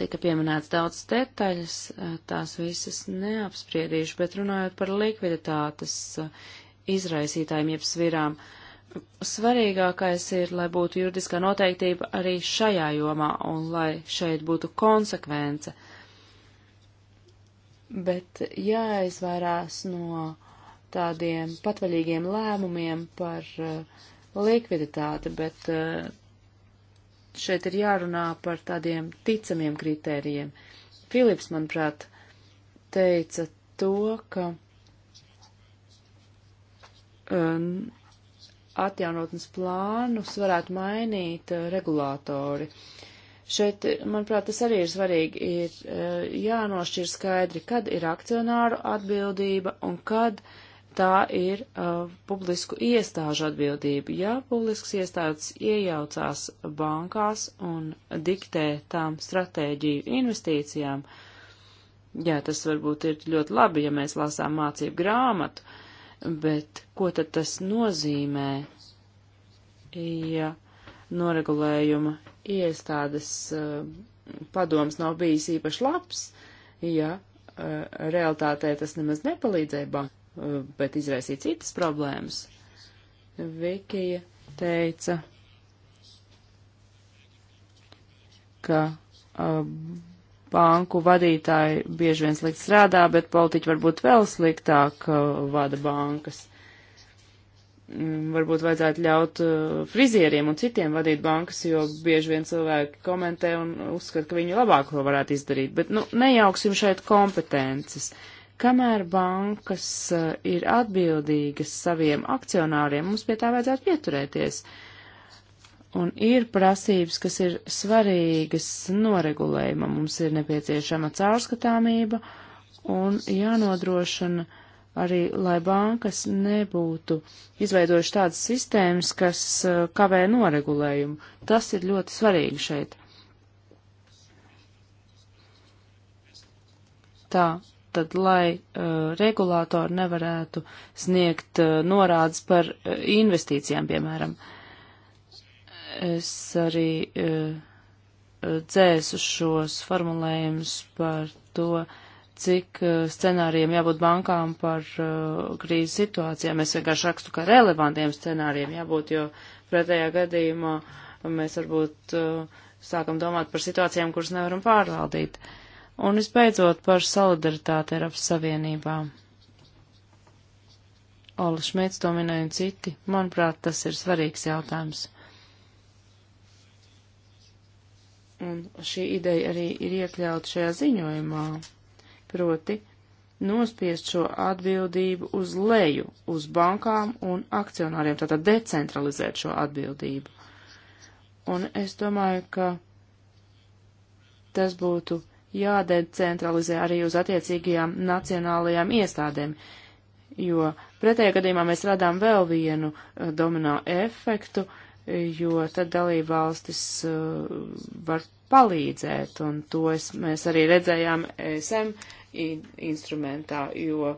Tika pieminēts daudz detaļas, uh, tās visas neapspriedīšu, bet runājot par likviditātes uh, izraisītājiem jeb svirām, uh, svarīgākais ir, lai būtu juridiskā noteiktība arī šajā jomā un lai šeit būtu konsekvence. Bet jāizvairās no tādiem patvaļīgiem lēmumiem par uh, likviditāti, bet uh, šeit ir jārunā par tādiem ticamiem kritērijiem. Filips, manuprāt, teica to, ka um, atjaunotnes plānus varētu mainīt eh, regulātori. Šeit, manuprāt, tas arī ir svarīgi, ir eh, jānošķir skaidri, kad ir akcionāru atbildība un kad tā ir uh, publisku iestāžu atbildība. Ja publisks iestādes iejaucās bankās un diktē tām stratēģiju investīcijām, jā, tas varbūt ir ļoti labi, ja mēs lasām mācību grāmatu, uh, Bet ko tad tas nozīmē, ja noregulējuma iestādes uh, padoms nav bijis īpaši labs, ja uh, eh, realtātē tas nemaz nepalīdzēja bankai, uh, eh, bet izraisīja citas problēmas? Vikija teica, ka banku vadītāji bieži vien slikti strādā, bet politiķi varbūt vēl sliktāk uh, vada bankas. Mm, varbūt vajadzētu ļaut uh, frizieriem un citiem vadīt bankas, jo bieži vien cilvēki komentē un uzskata, ka viņi labāk to varētu izdarīt. Bet, nu, nejauksim šeit kompetences. Kamēr bankas uh, ir atbildīgas saviem akcionāriem, mums pie tā vajadzētu pieturēties. Uh, Un ir prasības, kas ir svarīgas noregulējuma. Mums ir nepieciešama caurskatāmība un jānodrošina arī, lai bankas nebūtu izveidojuši tādas sistēmas, kas uh, kavē noregulējumu. Tas ir ļoti svarīgi šeit. Tā, tad, lai uh, regulātori nevarētu sniegt uh, norādes par uh, investīcijām, piemēram. Uh, Es arī uh, dzēsu šos formulējumus par to, cik e, scenārijiem jābūt bankām par uh, krīzes situācijām. Es vienkārši rakstu, ka relevantiem scenārijiem jābūt, jo pretējā gadījumā mēs varbūt uh, sākam domāt par situācijām, kuras nevaram pārvaldīt. Un visbeidzot par solidaritāti Eiropas Savienībā. Ola Šmēts to minēja un citi. Manuprāt, tas ir svarīgs jautājums. un šī ideja arī ir iekļauta šajā ziņojumā, proti nospiest šo atbildību uz leju, uz bankām un akcionāriem, tātad decentralizēt šo atbildību. Un es domāju, ka tas būtu jādecentralizē arī uz attiecīgajām nacionālajām iestādēm, jo pretējā gadījumā mēs radām vēl vienu eh, domino efektu, uh, jo tad dalībvalstis uh, var palīdzēt, un to es, mēs arī redzējām ESM instrumentā, jo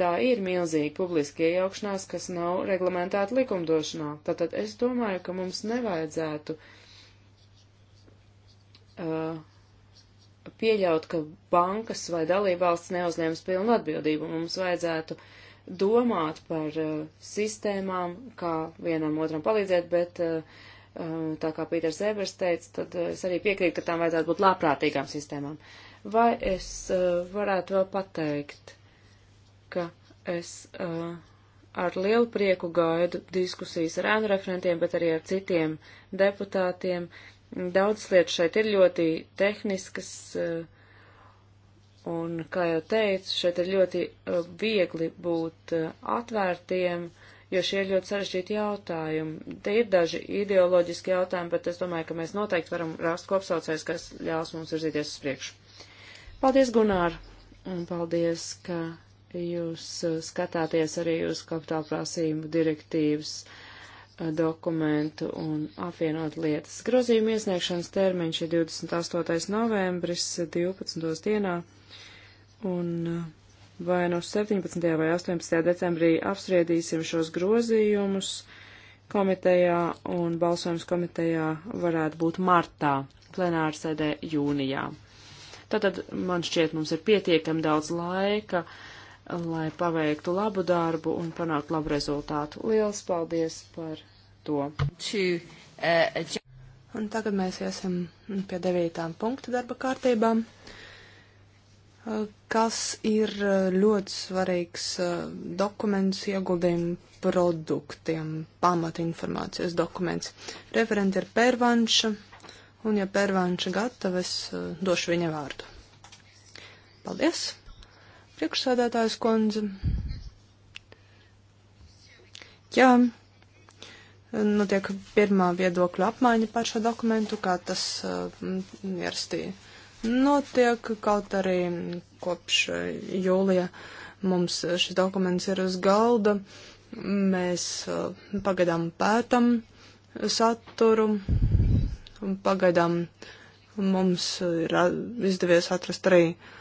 tā ir milzīga publiska iejaukšanās, kas nav reglamentēta likumdošanā. Tātad es domāju, ka mums nevajadzētu uh, pieļaut, ka bankas vai dalībvalsts neuzņems pilnu atbildību. Mums vajadzētu uh, domāt par uh, sistēmām, kā vienam otram palīdzēt, bet uh, tā kā Pīters Ebers teica, tad es arī piekrītu, ka tām vajadzētu būt labprātīgām sistēmām. Vai es uh, varētu vēl pateikt, ka es uh, ar lielu prieku gaidu diskusijas ar ēnu referentiem, bet arī ar citiem deputātiem. Daudz lietas šeit ir ļoti tehniskas. Uh, Un, kā jau teicu, šeit ir ļoti uh, viegli būt uh, atvērtiem, jo šie ir ļoti sarežģīti jautājumi. Te ir daži ideoloģiski jautājumi, bet es domāju, ka mēs noteikti varam rast kopsaucējs, kas ļaus mums virzīties uz priekšu. Paldies, Gunār, un paldies, ka jūs uh, skatāties arī uz kapitāla prasību direktīvas uh, dokumentu un apvienot lietas. Grozījuma iesniegšanas termiņš ir 28. novembris 12. dienā un uh, vai no nu 17. vai 18. decembrī apspriedīsim šos grozījumus komitejā un balsojums komitejā varētu būt martā, plenārsēdē jūnijā. Tātad man šķiet mums ir pietiekami daudz laika lai paveiktu labu darbu un panāktu labu rezultātu. Lielas paldies par to. Uh, un tagad mēs iesim pie devītām punktu darba kārtībām, uh, kas ir uh, ļoti svarīgs dokuments ieguldījumu produktiem, pamatinformācijas dokuments. Referenti ir Pērvanša, un ja Pērvanša gatava, es došu viņa vārdu. Paldies! Priekšsēdētājs kundze. Jā, notiek pirmā viedokļa apmaiņa par šo dokumentu, kā tas uh, ierastī notiek, kaut arī kopš uh, jūlija mums šis dokuments ir uz galda. Mēs uh, pagaidām pētam saturu, pagaidām mums ir izdevies atrast arī uh,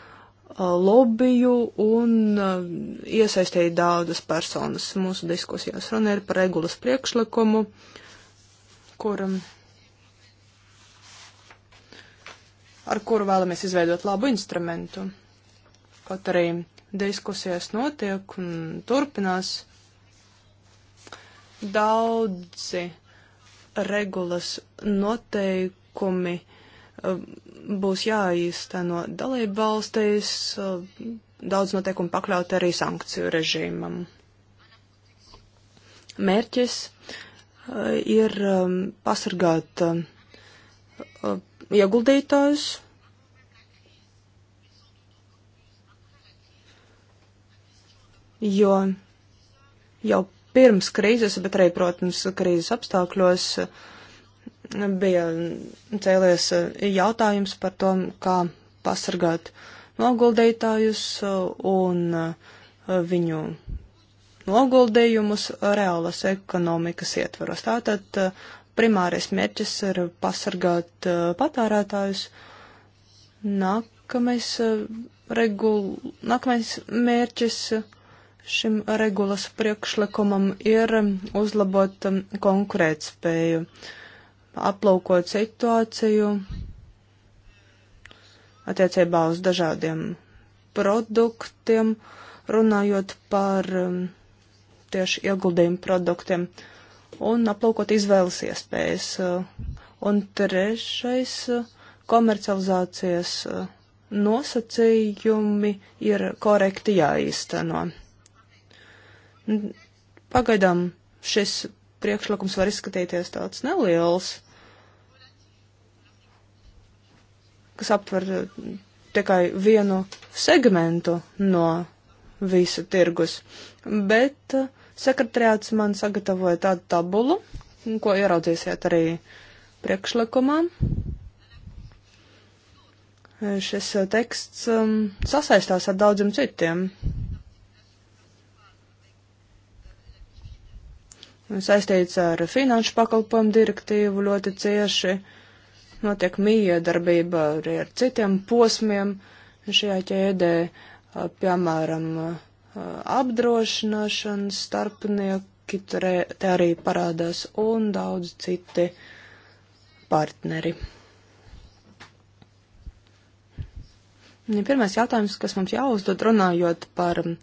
Uh, lobiju un uh, iesaistīja daudzas personas. Mūsu diskusijās runa ir par regulas priekšlikumu, kuram, ar kuru vēlamies izveidot labu instrumentu. Kaut arī diskusijas notiek un turpinās daudzi regulas noteikumi Ehm, būs jāīsteno dalību valstīs, ehm, daudz noteikumu pakļaut arī sankciju režīmam. Mērķis ehm, ir pasargāt ieguldītājus. Jo jau pirms krīzes, bet arī, protams, krīzes apstākļos uh, bija cēlies uh, jautājums par to, kā pasargāt noguldītājus uh, un uh, viņu noguldījumus reālas ekonomikas ietvaros. Tātad primārais mērķis ir pasargāt patērētājus. Nākamais, regul, nākamais mērķis šim regulas priekšlikumam ir uzlabot um, konkurētspēju. spēju aplaukot situāciju attiecībā uz dažādiem produktiem, runājot par um, tieši ieguldījumu produktiem un aplaukot izvēles iespējas. Uh, un trešais uh, - komercializācijas uh, nosacījumi ir korekti jāīsteno. Pagaidām šis priekšlikums var izskatīties tāds neliels, kas aptver eh, tikai vienu segmentu no visa tirgus, bet eh, sekretariāts man sagatavoja tādu tabulu, ko ieraudzīsiet arī priekšlikumā. Eh, šis teksts um, sasaistās ar daudziem citiem saistīts ar finanšu pakalpojumu direktīvu ļoti cieši. Notiek miedarbība arī ar citiem posmiem šajā ķēdē, piemēram, apdrošināšanas starpnieki, te arī parādās un daudz citi partneri. Pirmais jautājums, kas mums jāuzdod runājot par uh,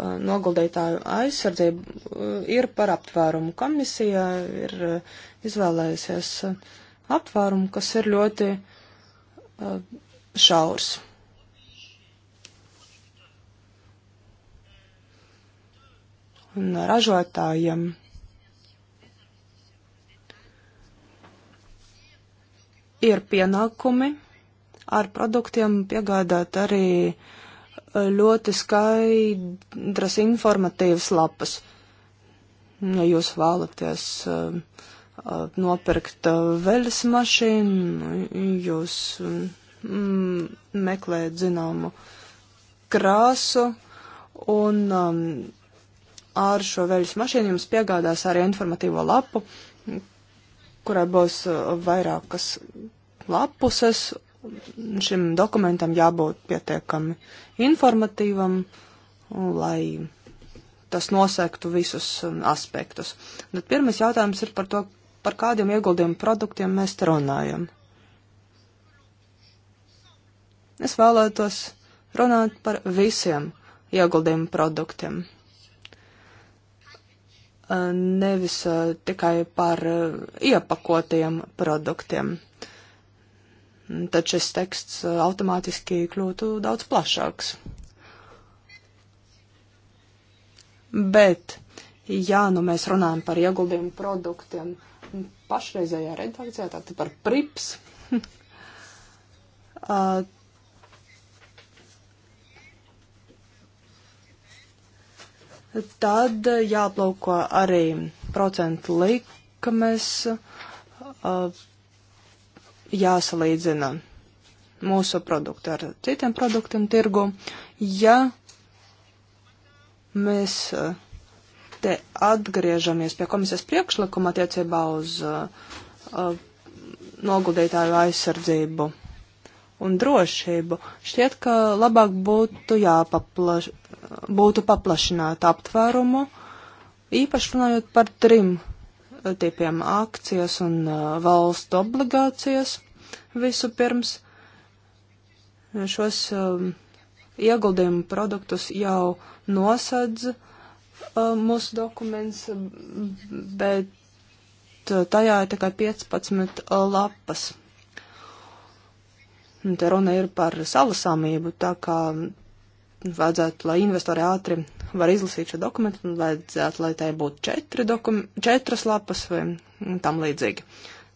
noguldītāju aizsardzību ir par aptvērumu. Komisija ir izvēlējusies aptvērumu, kas ir ļoti šaurs. Un ražotājiem ir pienākumi ar produktiem piegādāt arī uh, ļoti skaidras informatīvas lapas. Ja jūs vēlaties um, uh, nopirkt uh, veļas mašīnu, nu, jūs mm, meklējat zināmu krāsu, un um, ar šo veļas mašīnu jums piegādās arī informatīvo lapu, kurai būs uh, vairākas lapuses, šim dokumentam jābūt pietiekami informatīvam, lai tas nosektu visus um, aspektus. Tad pirmais jautājums ir par to, par kādiem ieguldījumu produktiem mēs te runājam. Es vēlētos runāt par visiem ieguldījumu produktiem. Nevis uh, tikai par uh, iepakotajiem produktiem tad šis teksts uh, automātiski kļūtu daudz plašāks. Bet, ja nu mēs runājam par ieguldījumu produktiem pašreizējā redakcijā, tātad par prips, uh, tad jāaplauko arī procentu likmes, uh, jāsalīdzina mūsu produktu ar citiem produktiem tirgu. Ja mēs eh, te atgriežamies pie komisijas priekšlikuma attiecībā uz uh, noguldītāju aizsardzību un drošību, šķiet, ka labāk būtu jāpaplaš, būtu paplašināt aptvērumu, īpaši runājot par trim tipiem akcijas un valstu obligācijas visu pirms. Šos ieguldījumu produktus jau nosedz mūsu dokuments, bet tajā ir tikai 15 lapas. Un te runa ir par salasāmību, tā kā vajadzētu, lai investori ātri var izlasīt šo dokumentu, un vajadzētu, lai tai būtu četri dokum, četras lapas vai tam līdzīgi.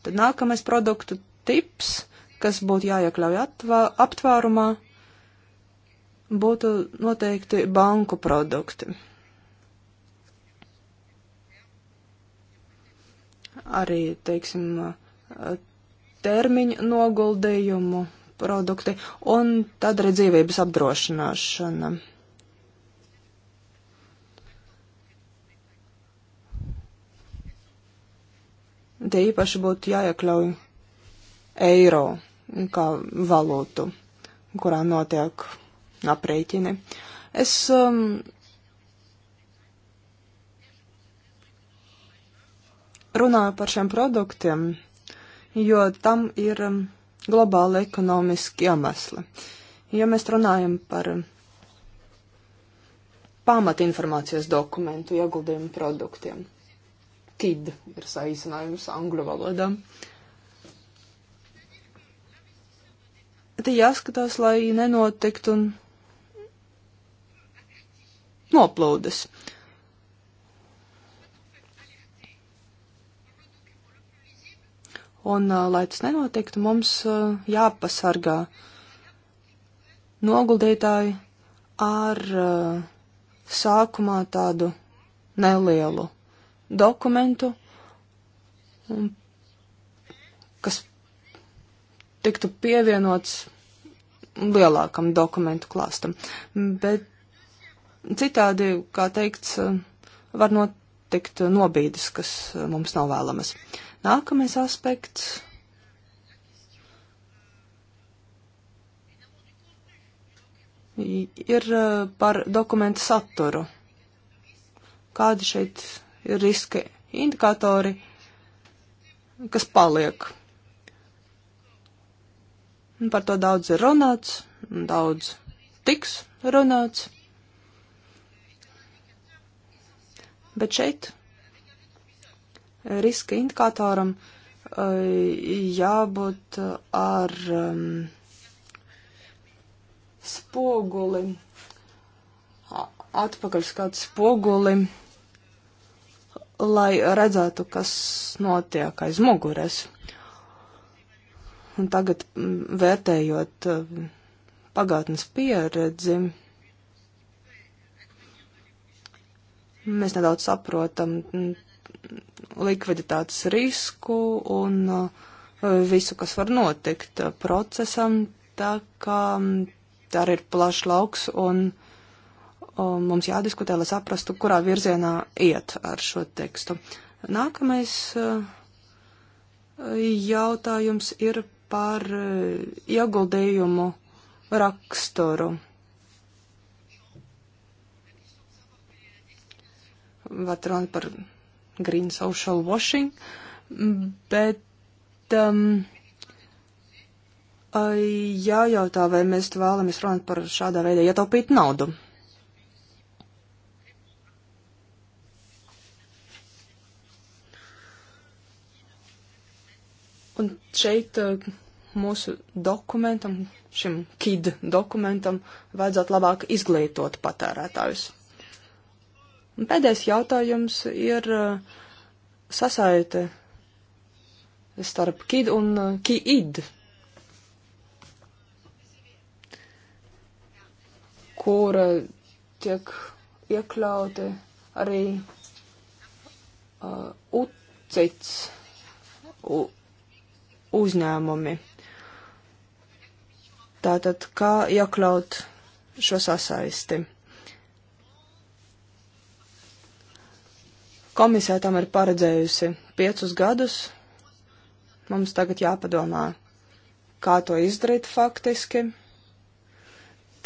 Tad nākamais produktu tips, kas būtu jāiekļauj atvā, aptvērumā, būtu noteikti banku produkti. Arī, teiksim, termiņu noguldījumu produkti, un tad arī dzīvības apdrošināšana. Tie īpaši būtu jāiekļauj eiro kā valūtu, kurā notiek aprēķini. Es um, runāju par šiem produktiem, jo tam ir um, globāli ekonomiski iemesli. Ja mēs runājam par um, pamatinformācijas dokumentu ieguldījumu produktiem, KID ir saīsinājums angļu valodā, te jāskatās, lai nenotiktu noplūdes. Uh, Un, lai tas nenotiktu, mums jāpasargā noguldītāji ar sākumā tādu nelielu dokumentu, kas tiktu pievienots lielākam dokumentu klāstam. Bet citādi, kā teikts, var notikt nobīdes, kas mums nav vēlamas. Nākamais aspekts. Ir uh, par dokumentu saturu. Kādi šeit ir riska indikatori, kas paliek? Un par to daudz ir runāts, daudz tiks runāts. Bet šeit riska indikātoram eh, jābūt eh, ar um, spoguli, atpakaļ skatu spoguli, lai redzētu, kas notiek aiz muguras. Un tagad vērtējot eh, pagātnes pieredzi, mēs nedaudz saprotam likviditātes risku un uh, visu, kas var notikt uh, procesam, tā kā mm, tā arī ir plašs lauks un uh, mums jādiskutē, lai saprastu, kurā virzienā iet ar šo tekstu. Nākamais jautājums ir par ieguldījumu raksturu. Var runāt par green social washing, bet um, jājautā, vai mēs vēlamies runāt par šādā veidā ietaupīt naudu. Un šeit uh, mūsu dokumentam, šim KID dokumentam, vajadzētu labāk izglītot patērētājus. Un pēdējais jautājums ir uh, sasaite starp kid un uh, kiid. kur uh, tiek iekļauti arī uh, UCITS uzņēmumi. Tātad, kā iekļaut šo sasaisti? Komisija tam ir paredzējusi piecus gadus. Mums tagad jāpadomā, kā to izdarīt faktiski.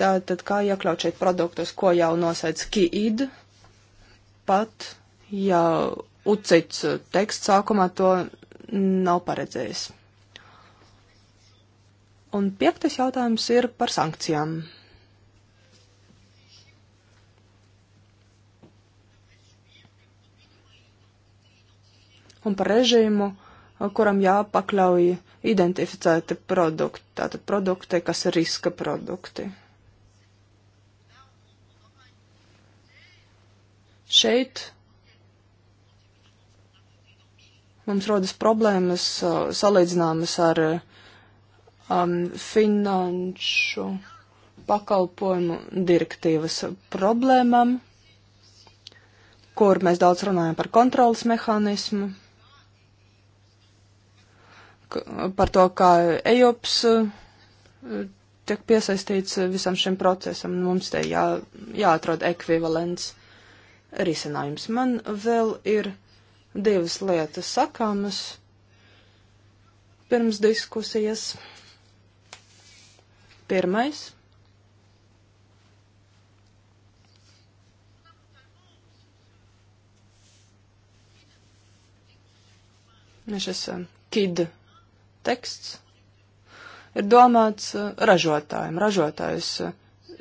Tātad, kā iekļaut šeit produktus, ko jau nosaic KID, pat ja ucits teksts sākumā to nav paredzējis. Un piektais jautājums ir par sankcijām. un par režīmu, kuram jāpakļauj identificēti produkti, tātad produkti, kas ir riska produkti. Šeit mums rodas problēmas salīdzināmas ar um, finanšu pakalpojumu direktīvas problēmām, kur mēs daudz runājam par kontrolas mehānismu par to, kā Ejops eh, tiek piesaistīts visam šim procesam. Mums te jā, jāatrod ekvivalents risinājums. Man vēl ir divas lietas sakāmas pirms diskusijas. Pirmais. šis KID teksts ir domāts uh, ražotājiem. Ražotājs uh,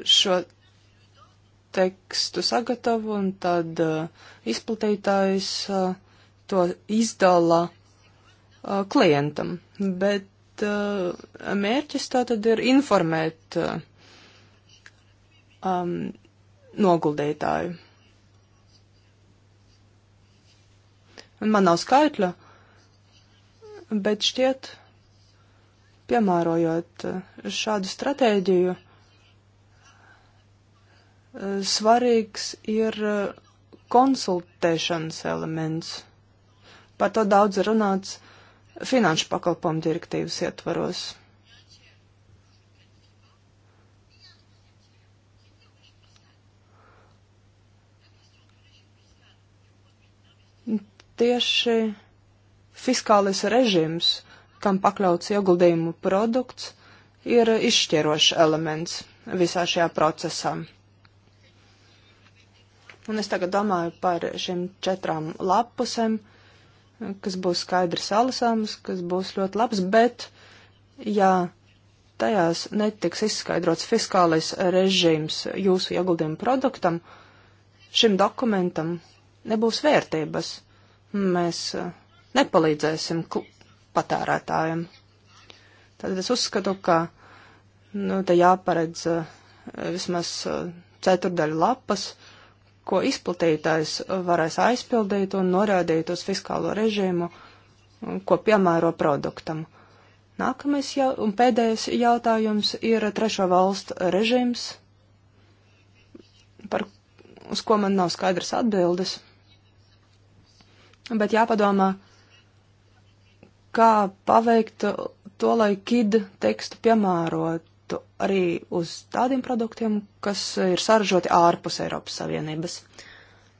šo tekstu sagatavo un tad uh, izplatītājs to izdala klientam. Bet mērķis tā tad ir informēt um, noguldītāju. Man nav skaitļa, bet šķiet, piemērojot eh, šādu stratēģiju, eh, svarīgs ir eh, konsultēšanas elements. Par to daudz runāts finanšu pakalpojumu direktīvas ietvaros. Tieši fiskālais režīms kam pakļauts ieguldījumu produkts, ir izšķirošs elements visā šajā procesā. Un es tagad domāju par šīm četrām lapusēm, kas būs skaidri salasāmas, kas būs ļoti labs, bet, ja tajās netiks izskaidrots fiskālais režīms jūsu ieguldījumu produktam, šim dokumentam nebūs vērtības. Mēs eh, nepalīdzēsim patērētājiem. Tad es uzskatu, ka nu, te jāparedz eh, vismaz eh, ceturdaļa lapas, ko izplatītājs varēs aizpildīt un norādīt uz fiskālo režīmu, ko piemēro produktam. Nākamais jau, un pēdējais jautājums ir trešo valstu režīms, par, uz ko man nav skaidrs atbildes. Bet jāpadomā, kā paveikt to, lai KID tekstu piemērotu arī uz tādiem produktiem, kas ir saražoti ārpus Eiropas Savienības.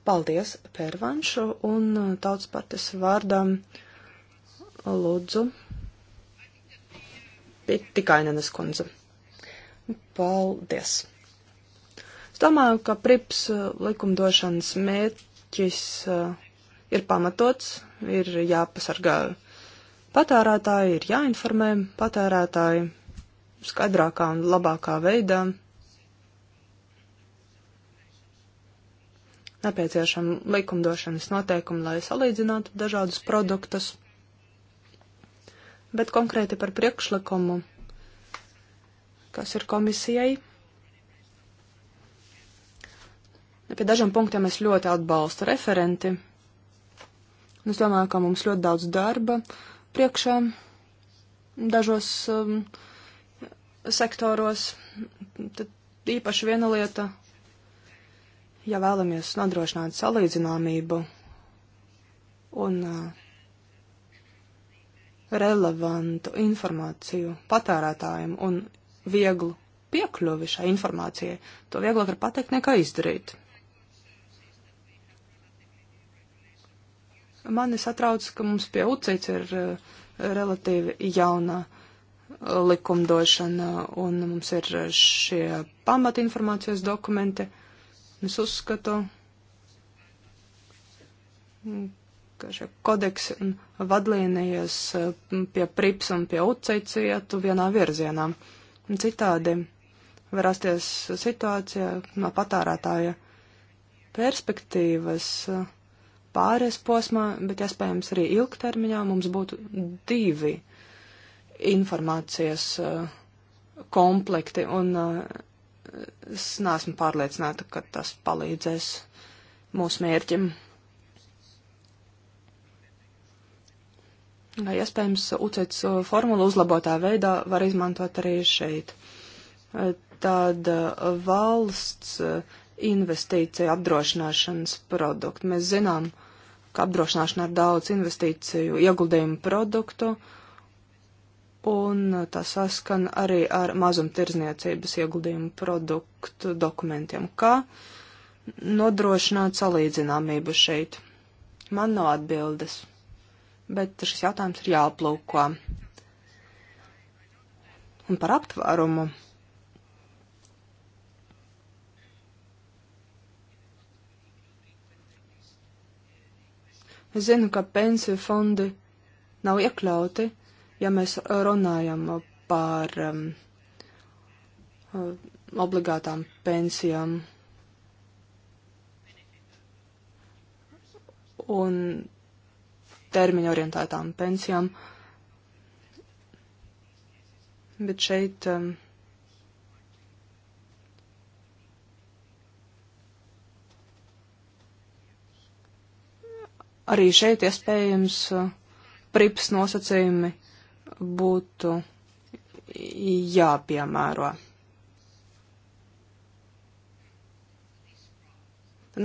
Paldies, Pērvanšu, un tautas partes vārdam lūdzu Pitikainenes kundze. Paldies! Es domāju, ka prips likumdošanas mērķis uh, ir pamatots, ir jāpasargā uh, Patērētāji ir jāinformē, patērētāji skaidrākā un labākā veidā. Nepieciešama likumdošanas noteikuma, lai salīdzinātu dažādus produktus. Bet konkrēti par priekšlikumu, kas ir komisijai. Pie dažiem punktiem es ļoti atbalstu referenti. Es domāju, ka mums ļoti daudz darba priekšā dažos um, sektoros. Tad īpaši viena lieta, ja vēlamies nodrošināt salīdzināmību un uh, relevantu informāciju patērētājiem un vieglu piekļuvi šai informācijai, to vieglāk ir pateikt nekā izdarīt. Mani satrauc, ka mums pie UCITS ir eh, relatīvi jauna eh, likumdošana, un mums ir eh, šie pamatinformācijas dokumenti. Es uzskatu, mm, ka šie kodeksi un vadlīnijas pie prips un pie UCITS ietu vienā virzienā. Citādi var rasties situācija no patārētāja perspektīvas. Uh, pāres posmā, bet iespējams arī ilgtermiņā mums būtu divi informācijas uh, komplekti, un uh, es neesmu pārliecināta, ka tas palīdzēs mūsu mērķim. Vai iespējams UCITS eh, formulu uzlabotā veidā var izmantot arī šeit. Tad valsts uh, investīciju apdrošināšanas produktu. Mēs zinām, ka apdrošināšana ir daudz investīciju ieguldījumu produktu, un tas saskan arī ar mazumtirzniecības ieguldījumu produktu dokumentiem. Kā nodrošināt salīdzināmību šeit? Man nav atbildes, bet šis jautājums ir jāaplūko. Un par aptvērumu Es zinu, ka pensiju fondi nav iekļauti, ja mēs runājam par um, uh, obligātām pensijām. Un termiņu orientētām pensijām. Bet šeit um, Arī šeit iespējams uh, prips nosacījumi būtu jāpiemēro.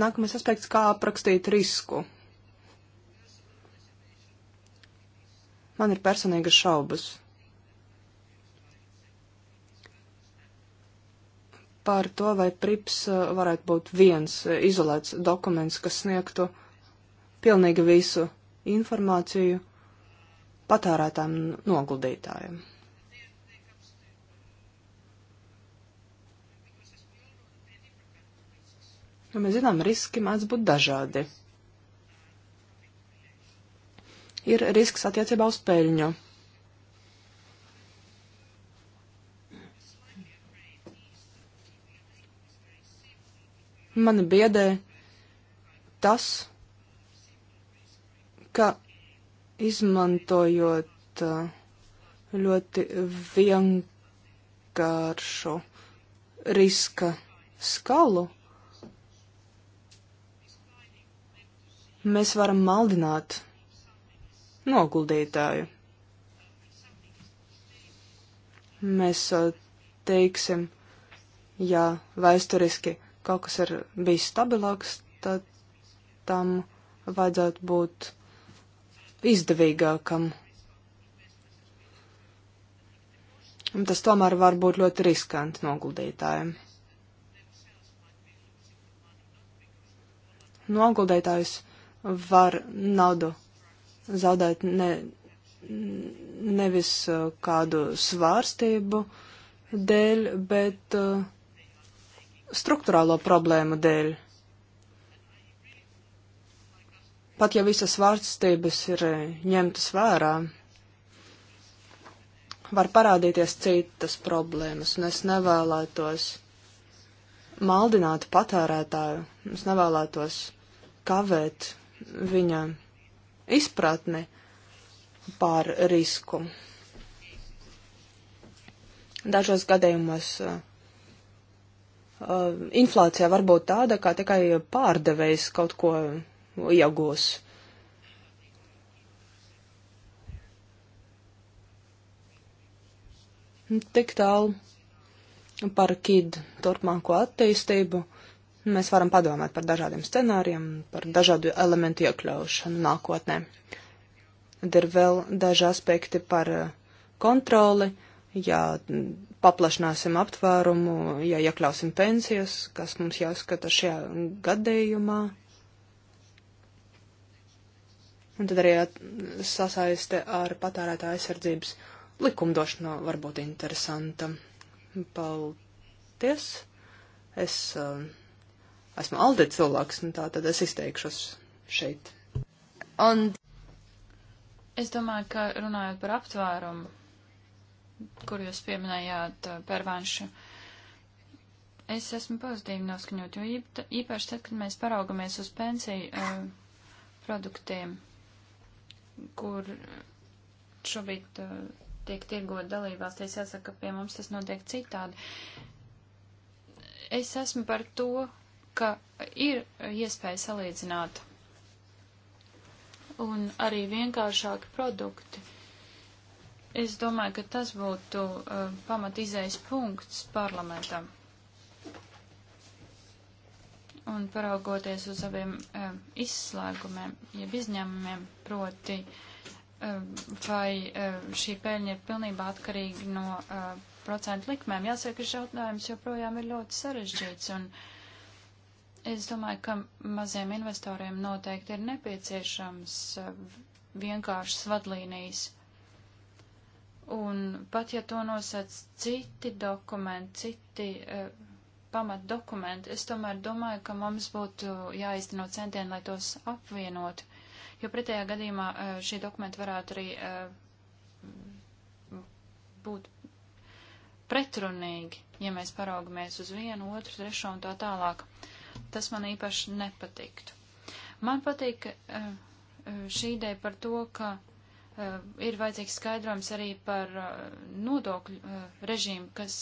Nākamais aspekts, kā aprakstīt risku. Man ir personīgas šaubas par to, vai prips uh, varētu būt viens izolēts dokuments, kas sniegtu uh, pilnīgi visu informāciju patērētājiem un noguldītājiem. Un nu, mēs zinām, riski mēdz būt dažādi. Ir risks attiecībā uz peļņu. Mani biedē tas, ka izmantojot uh, ļoti vienkāršu riska skalu, mēs varam maldināt noguldītāju. Mēs uh, teiksim, ja vēsturiski kaut kas ir bijis stabilāks, tad tam vajadzētu būt izdevīgākam. Un tas tomēr var būt ļoti riskanti noguldītājiem. Noguldītājs var naudu zaudēt ne, nevis uh, kādu svārstību dēļ, bet uh, struktūrālo problēmu dēļ. pat ja visas vārstības ir eh, ņemtas vērā, var parādīties citas problēmas, un es nevēlētos maldināt patērētāju, es nevēlētos kavēt viņa izpratni pār risku. Dažos gadījumos uh, inflācija var būt tāda, kā tikai pārdevējs kaut ko jogos. Tik tālu par KID turpmāko attīstību. Mēs varam padomāt par dažādiem scenārijiem, par dažādu elementu iekļaušanu nākotnē. Tad ir vēl daži aspekti par eh, kontroli, ja paplašināsim aptvērumu, ja iekļausim pensijas, kas mums jāskata šajā gadījumā. Un tad arī sasaiste ar patērētā aizsardzības likumdošanā var būt interesanta. Paldies! Es uh, esmu Alde cilvēks, un tā tad es izteikšos šeit. Un es domāju, ka runājot par aptvērumu, kur jūs pieminējāt uh, pervānšu, es esmu pozitīvi noskaņot, jo īpaši tad, kad mēs paraugamies uz pensiju uh, produktiem kur šobrīd uh, tiek tirgot dalībvalstīs, jāsaka, pie mums tas notiek citādi. Es esmu par to, ka ir iespēja salīdzināt un arī vienkāršāki produkti. Es domāju, ka tas būtu uh, pamat izējas punkts parlamentam un paraugoties uz abiem um, e, izslēgumiem, jeb izņēmumiem, proti, um, vai um, šī peļņa ir pilnībā atkarīga no uh, procentu likmēm, jāsaka, ka šis jautājums joprojām ir ļoti sarežģīts. Un, Es domāju, ka maziem investoriem noteikti ir nepieciešams uh, vienkāršas vadlīnijas, Un pat ja to nosēc citi dokumenti, citi uh, pamat dokumenti, es tomēr domāju, ka mums būtu jāizteno centieni, lai tos apvienot, jo pretējā gadījumā eh, šie dokumenti varētu arī eh, būt pretrunīgi, ja mēs paraugamies uz vienu, otru, trešo un tā tālāk. Tas man īpaši nepatiktu. Man patīk eh, šī ideja par to, ka Eh, ir vajadzīgs skaidrojums arī par eh, nodokļu eh, režīmu, kas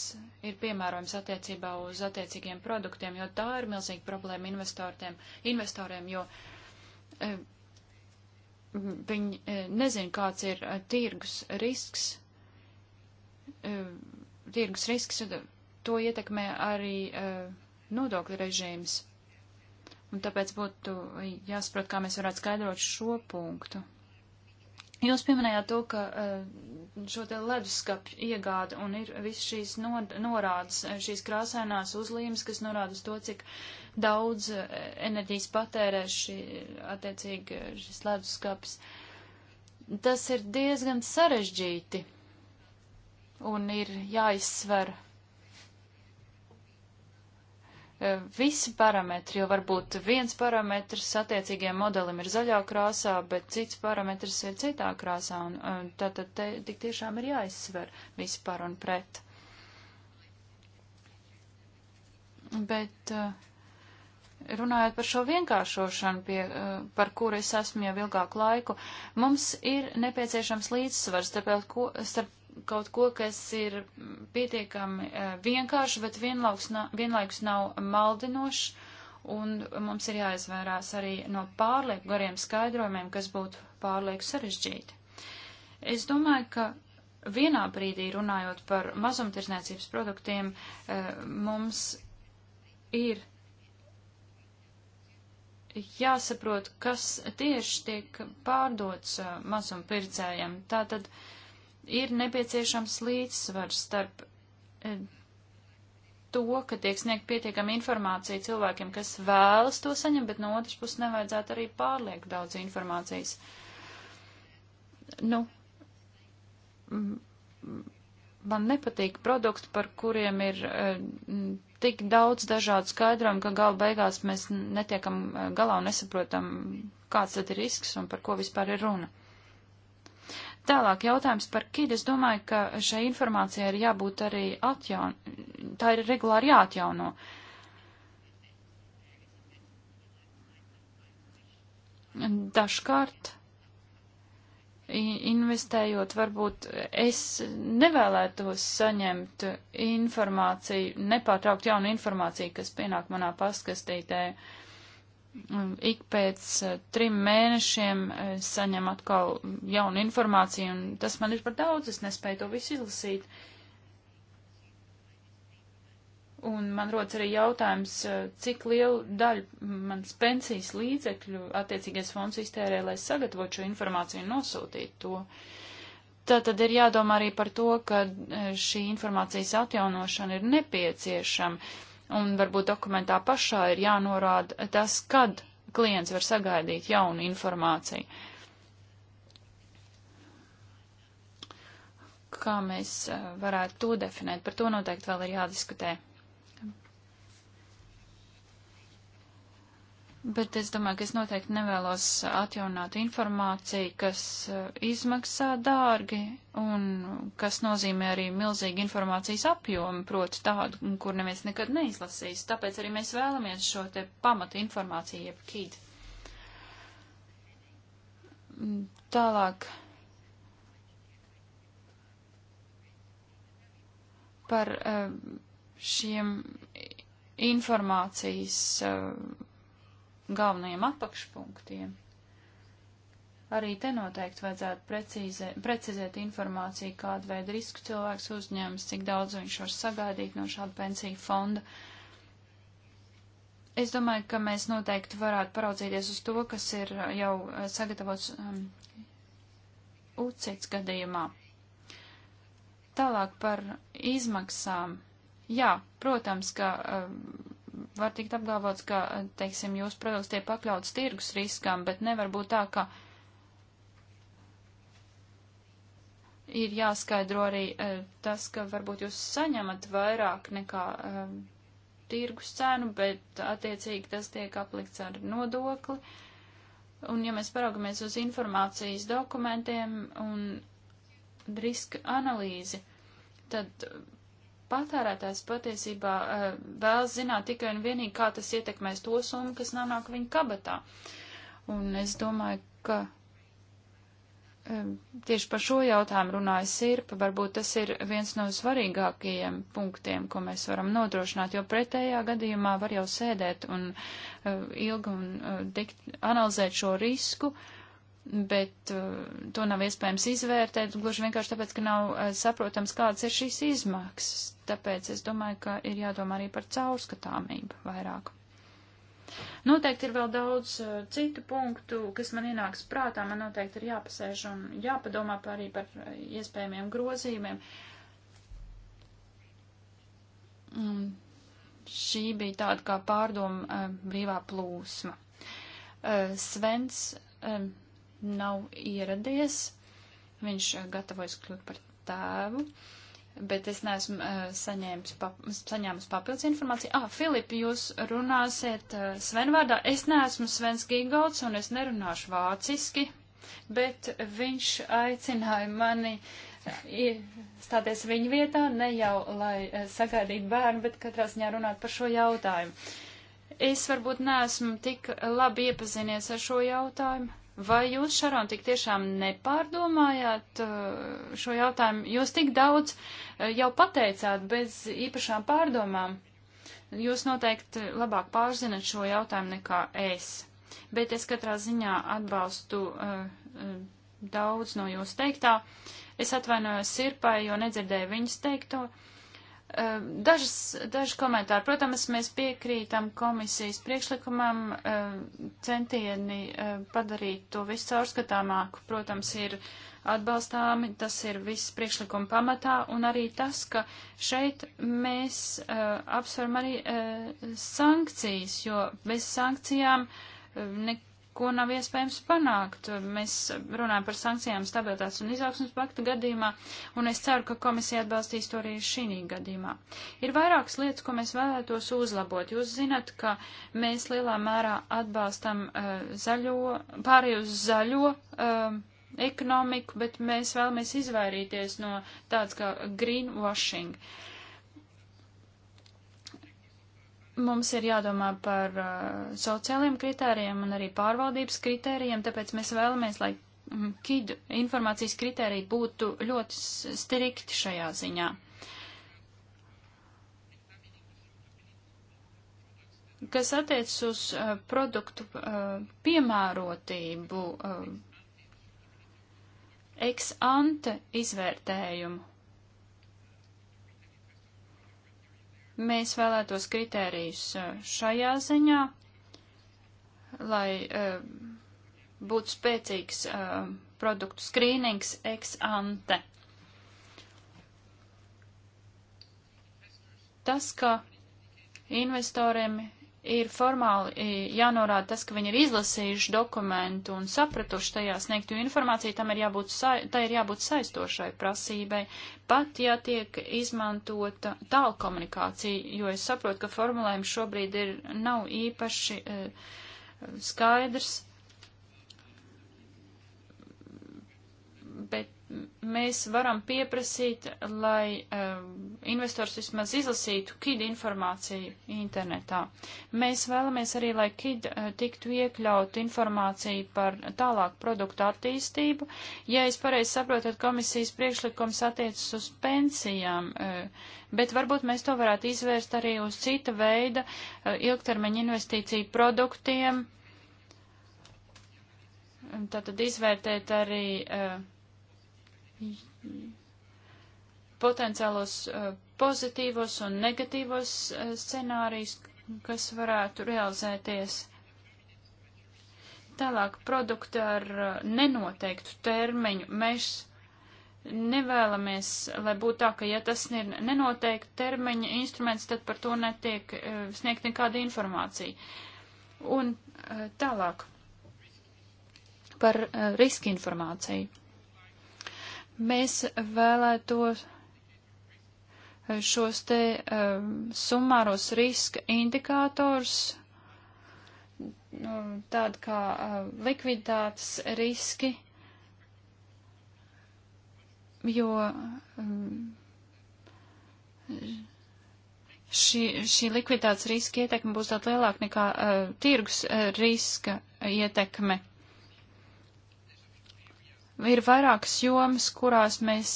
ir piemērojams attiecībā uz attiecīgiem produktiem, jo tā ir milzīga problēma investoriem, jo viņi nezin, kāds ir tirgus risks, tirgus risks, to ietekmē arī nodokļu režīms. Un tāpēc būtu jāsaprot, kā mēs varētu skaidrot šo punktu. Jūs pieminējāt to, ka eh, šo te leduskapju iegāda un ir viss šīs norādes, eh, šīs krāsainās uzlīmes, kas norāda uz to, cik daudz eh, enerģijas patērē šī, attiecīgi, šis leduskaps. Tas ir diezgan sarežģīti un ir jāizsver Eh, visi parametri, jo varbūt viens parametrs attiecīgajam modelim ir zaļā krāsā, bet cits parametrs ir citā krāsā, un, un eh, tātad te tik tiešām ir jāizsver visi par un pret. Bet eh, runājot par šo vienkāršošanu, pie, par kuru es esmu jau ilgāku laiku, mums ir nepieciešams līdzsvars starp, starp kaut ko, kas ir pietiekami eh, vienkārši, bet vienlaikus nav, vienlaikus nav maldinošs, un mums ir jāizvērās arī no pārlieku gariem skaidrojumiem, kas būtu pārlieku sarežģīti. Es domāju, ka vienā brīdī runājot par mazumtirdzniecības produktiem, eh, mums ir jāsaprot, kas tieši tiek pārdots eh, mazumtirdzējiem. Tātad, uh, ir nepieciešams līdzsvars starp e, to, ka tiek sniegt pietiekami informācija cilvēkiem, kas vēlas to saņemt, bet no otras puses nevajadzētu arī pārlieku daudz informācijas. Nu, man nepatīk produkti, par kuriem ir e, tik daudz dažādu skaidrojumu, ka gala beigās mēs netiekam e, galā un nesaprotam, kāds tad ir risks un par ko vispār ir runa. Tālāk jautājums par KID. Es domāju, ka šai informācijai ir jābūt arī atjaun... tā ir regulāri jāatjauno. Dažkārt investējot, varbūt es nevēlētos saņemt informāciju, nepārtraukt jaunu informāciju, kas pienāk manā paskastītē. Uh, Mm, ik pēc eh, trim mēnešiem eh, saņem atkal jaunu informāciju, un tas man ir par daudz, es nespēju to visu izlasīt. Un man rodas arī jautājums, eh, cik lielu daļu manas pensijas līdzekļu attiecīgais fonds iztērē, lai sagatavotu šo informāciju un nosūtītu to. Tā tad ir jādomā arī par to, ka šī informācijas atjaunošana ir nepieciešama un varbūt dokumentā pašā ir jānorāda tas, kad klients var sagaidīt jaunu informāciju. Kā mēs eh, varētu to definēt, par to noteikti vēl ir jādiskutē. Bet es domāju, ka es noteikti nevēlos atjaunāt informāciju, kas eh, izmaksā dārgi un kas nozīmē arī milzīgu informācijas apjomu, proti tādu, kur neviens nekad neizlasīs. Tāpēc arī mēs vēlamies šo te pamatu informāciju, jeb kīd. Tālāk par eh, šiem informācijas eh, galvenajiem apakšpunktiem. Arī te noteikti vajadzētu precīze, precizēt informāciju, kādu veidu risku cilvēks uzņems, cik daudz viņš var sagaidīt no šāda pensiju fonda. Es domāju, ka mēs noteikti varētu paraudzīties uz to, kas ir jau sagatavots um, UCITS gadījumā. Tālāk par izmaksām. Jā, protams, ka um, var tikt apgalvots, ka, teiksim, jūs produkts tiek pakļauts tirgus riskam, bet nevar būt tā, ka ir jāskaidro arī e, tas, ka varbūt jūs saņemat vairāk nekā um, tirgus cenu, bet attiecīgi tas tiek aplikts ar nodokli. Un ja mēs paraugamies uz informācijas dokumentiem un riska analīzi, tad patērētājs patiesībā eh, vēlas zināt tikai un vienīgi, kā tas ietekmēs to summu, kas nonāk viņa kabatā. Un es domāju, ka eh, tieši par šo jautājumu runāja Sirpa, varbūt tas ir viens no svarīgākajiem punktiem, ko mēs varam nodrošināt, jo pretējā gadījumā var jau sēdēt un eh, ilgi un dikt, analizēt šo risku, uh, bet uh, to nav iespējams izvērtēt, gluži vienkārši tāpēc, ka nav uh, saprotams, kādas ir šīs izmaksas. Tāpēc es domāju, ka ir jādomā arī par caurskatāmību vairāk. Noteikti ir vēl daudz uh, citu punktu, kas man ienāks prātā, man noteikti ir jāpasēž un jāpadomā par arī par iespējamiem grozījumiem. Un šī bija tāda kā pārdoma uh, brīvā plūsma. Uh, Svens um, nav ieradies. Viņš eh, gatavojas kļūt par tēvu, bet es neesmu eh, saņēmis, pap, saņēmis papildus informāciju. Ah, Filip, jūs runāsiet eh, Svenvārdā. Es neesmu Svens Gigauts un es nerunāšu vāciski, bet viņš aicināja mani stāties viņa vietā, ne jau lai sagaidītu bērnu, bet katrā ziņā runāt par šo jautājumu. Es varbūt neesmu tik labi iepazinies ar šo jautājumu, Vai jūs, Šaron, tik tiešām nepārdomājāt uh, šo jautājumu? Jūs tik daudz uh, jau pateicāt bez īpašām pārdomām. Jūs noteikti labāk pārzinat šo jautājumu nekā es. Bet es katrā ziņā atbalstu uh, uh daudz no jūsu teiktā. Es atvainojos sirpai, jo nedzirdēju viņas teikto. Uh, Ehm, dažas, daži komentāri. Protams, mēs piekrītam komisijas priekšlikumam, ehm, centieni ehm, padarīt to visu caurskatāmāku. Protams, ir atbalstāmi, tas ir viss priekšlikuma pamatā, un arī tas, ka šeit mēs uh, apsveram arī uh, sankcijas, jo bez sankcijām uh, ne, ko nav iespējams panākt. Mēs runājam par sankcijām stabilitātes un izaugsmas pakta gadījumā, un es ceru, ka komisija atbalstīs to arī šī gadījumā. Ir vairākas lietas, ko mēs vēlētos uzlabot. Jūs zinat, ka mēs lielā mērā atbalstam uh, zaļo, pārēju uz zaļo. Uh, ekonomiku, bet mēs vēlamies izvairīties no tāds kā greenwashing. Uh, Mums ir jādomā par uh, sociāliem kritērijiem un arī pārvaldības kritērijiem, tāpēc mēs vēlamies, lai mm, KID informācijas kritēriji būtu ļoti strikti šajā ziņā. Kas attiec uz uh, produktu uh, piemērotību, uh, ex ante izvērtējumu Mēs vēlētos kritērijus eh, šajā ziņā, lai eh, būtu spēcīgs eh, produktu skrīnings ex ante. Tas, ka investoriem ir formāli jānorāda tas, ka viņi ir izlasījuši dokumentu un sapratuši tajā sniegtu informāciju, tam ir jābūt, sa, tai ir jābūt saistošai prasībai, pat ja tiek izmantota tālkomunikācija, jo es saprotu, ka formulējums šobrīd ir, nav īpaši e, skaidrs. mēs varam pieprasīt, lai um, investors vismaz izlasītu KID informāciju internetā. Mēs vēlamies arī, lai KID uh, tiktu iekļaut informāciju par tālāku produktu attīstību. Ja es pareizi saprotu, tad komisijas priekšlikums attiecas uz pensijām, uh, bet varbūt mēs to varētu izvērst arī uz cita veida uh, ilgtermiņa investīciju produktiem. Tātad izvērtēt arī uh, potenciālos eh, pozitīvos un negatīvos eh, scenārijus, kas varētu realizēties. Tālāk produkti ar eh, nenoteiktu termiņu. Mēs nevēlamies, lai būtu tā, ka ja tas ir nenoteikti termiņa instruments, tad par to netiek sniegt nekāda informācija. Un tālāk par riska informāciju. Mēs vēlētos šos te um, sumāros riska indikātors, nu, tādi kā uh, likviditātes riski, jo um, šī, šī likviditātes riska ietekme būs tāda lielāka nekā uh, tirgus uh, riska ietekme. Ir vairākas jomas, kurās mēs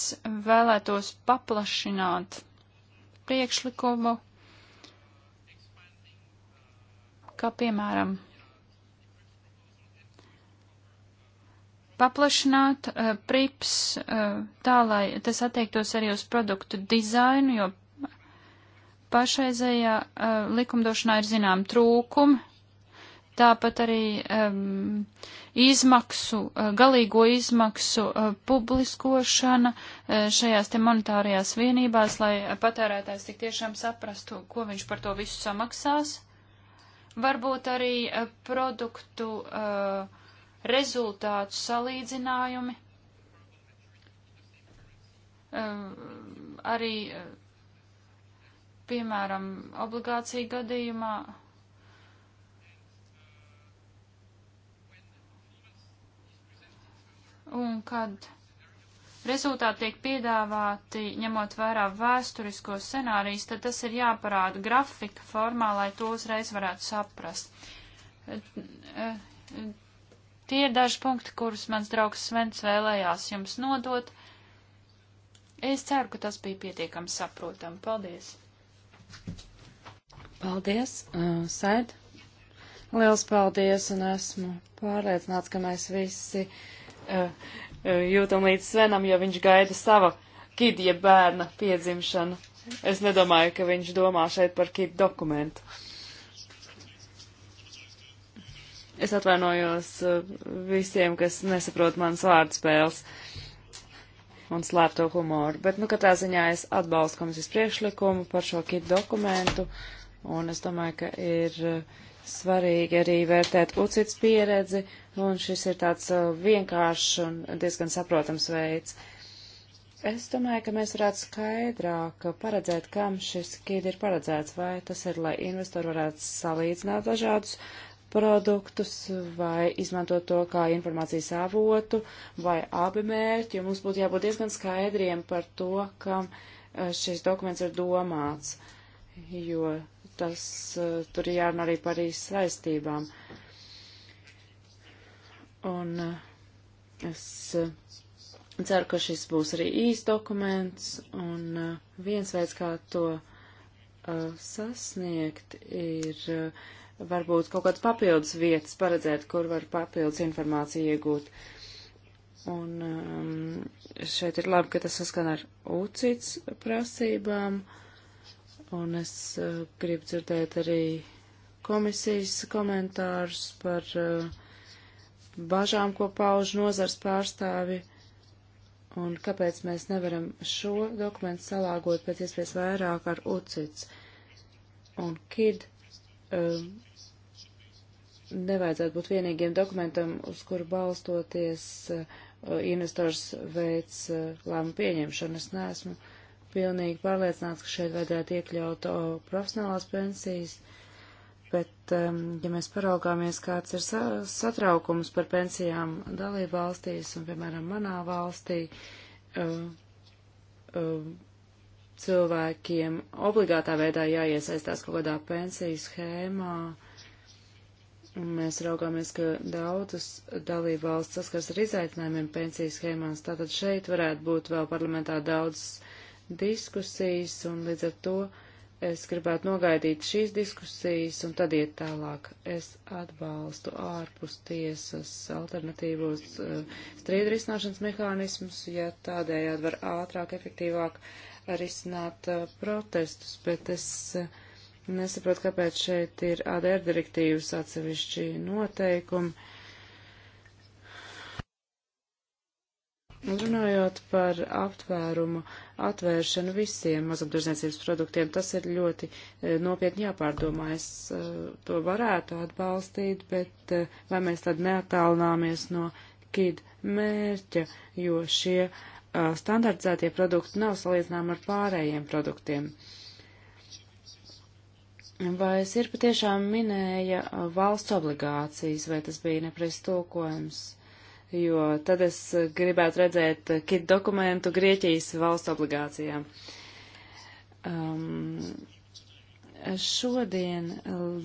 vēlētos paplašināt priekšlikumu, kā piemēram paplašināt uh, prips uh, tā, lai tas attiektos arī uz produktu dizainu, jo pašreizējā uh, likumdošanā ir zinām trūkumi, tāpat arī um, izmaksu, eh, galīgo izmaksu uh, publiskošana uh, šajās te monetārajās vienībās, lai patērētājs tik tiešām saprastu, ko viņš par to visu samaksās. Varbūt arī uh, produktu uh, rezultātu salīdzinājumi. Uh, arī, uh, piemēram, obligācija gadījumā. Uh, un kad rezultāti tiek piedāvāti, ņemot vērā vēsturisko scenārijas, tad tas ir jāparāda grafika formā, lai to uzreiz varētu saprast. Tie ir daži punkti, kurus mans draugs Svens vēlējās jums nodot. Es ceru, ka tas bija pietiekami saprotami. Paldies! Paldies, uh, Said! Liels paldies, un esmu pārliecināts, ka mēs visi uh, Eh, eh, jūtam līdz Svenam, jo viņš gaida sava kidja bērna piedzimšanu. Es nedomāju, ka viņš domā šeit par kid dokumentu. Es atvainojos eh, visiem, kas nesaprot manas vārdspēles un slēpto humoru, bet, nu, katrā ziņā es atbalstu komisijas priekšlikumu par šo kid dokumentu, un es domāju, ka ir svarīgi arī vērtēt UCITS pieredzi, un šis ir tāds uh, vienkāršs un diezgan saprotams veids. Es domāju, ka mēs varētu skaidrāk paredzēt, kam šis skīd ir paredzēts, vai tas ir, lai investori varētu salīdzināt dažādus produktus, vai izmantot to kā informācijas avotu, vai abi mērķi, un mums būtu jābūt diezgan skaidriem par to, kam uh, šis dokuments ir domāts, jo tas eh, tur ir jārunā arī par saistībām. Un eh, es eh, ceru, ka šis būs arī īs dokuments, un viens veids, kā to sasniegt, ir varbūt kaut kādas papildus vietas paredzēt, kur var papildus informāciju iegūt. Un um, šeit ir labi, ka tas saskan ar UCITS prasībām. Uh, un es uh, gribu dzirdēt arī komisijas komentārus par uh, bažām, ko pauž nozars pārstāvi, un kāpēc mēs nevaram šo dokumentu salāgot pēc iespējas vairāk ar UCITS. Un KID uh, nevajadzētu būt vienīgiem dokumentam, uz kuru balstoties investors veids lēmu pieņemšanu. Es neesmu uh, pilnīgi pārliecināts, ka šeit vajadzētu iekļaut o, profesionālās pensijas, bet, um, ja mēs paraugāmies, kāds ir sa satraukums par pensijām dalību valstīs un, piemēram, manā valstī, um, um, cilvēkiem obligātā veidā jāiesaistās kaut kādā pensiju schēmā. Un mēs raugāmies, ka daudzas dalība valsts saskars ar izaicinājumiem pensiju schēmās. Tātad šeit varētu būt vēl parlamentā daudzas diskusijas, un līdz ar to es gribētu nogaidīt šīs diskusijas un tad iet tālāk. Es atbalstu ārpus tiesas alternatīvos eh, strīdu risināšanas mehānismus, ja tādējādi var ātrāk, efektīvāk risināt eh, protestus, bet es eh, nesaprotu, kāpēc šeit ir ADR direktīvas atsevišķi noteikumi. Runājot par aptvērumu, uh, atvēršanu visiem mazumtirdzniecības produktiem. Tas ir ļoti eh, nopietni jāpārdomā. Es eh, to varētu atbalstīt, bet vai eh, mēs tad neatālināmies no KID mērķa, jo šie standartizētie produkti nav salīdzināmi ar pārējiem produktiem. Vai es ir patiešām minēja valsts obligācijas, vai tas bija nepreiz tulkojums? jo tad es gribētu redzēt kit dokumentu Grieķijas valsts obligācijām. Um, šodien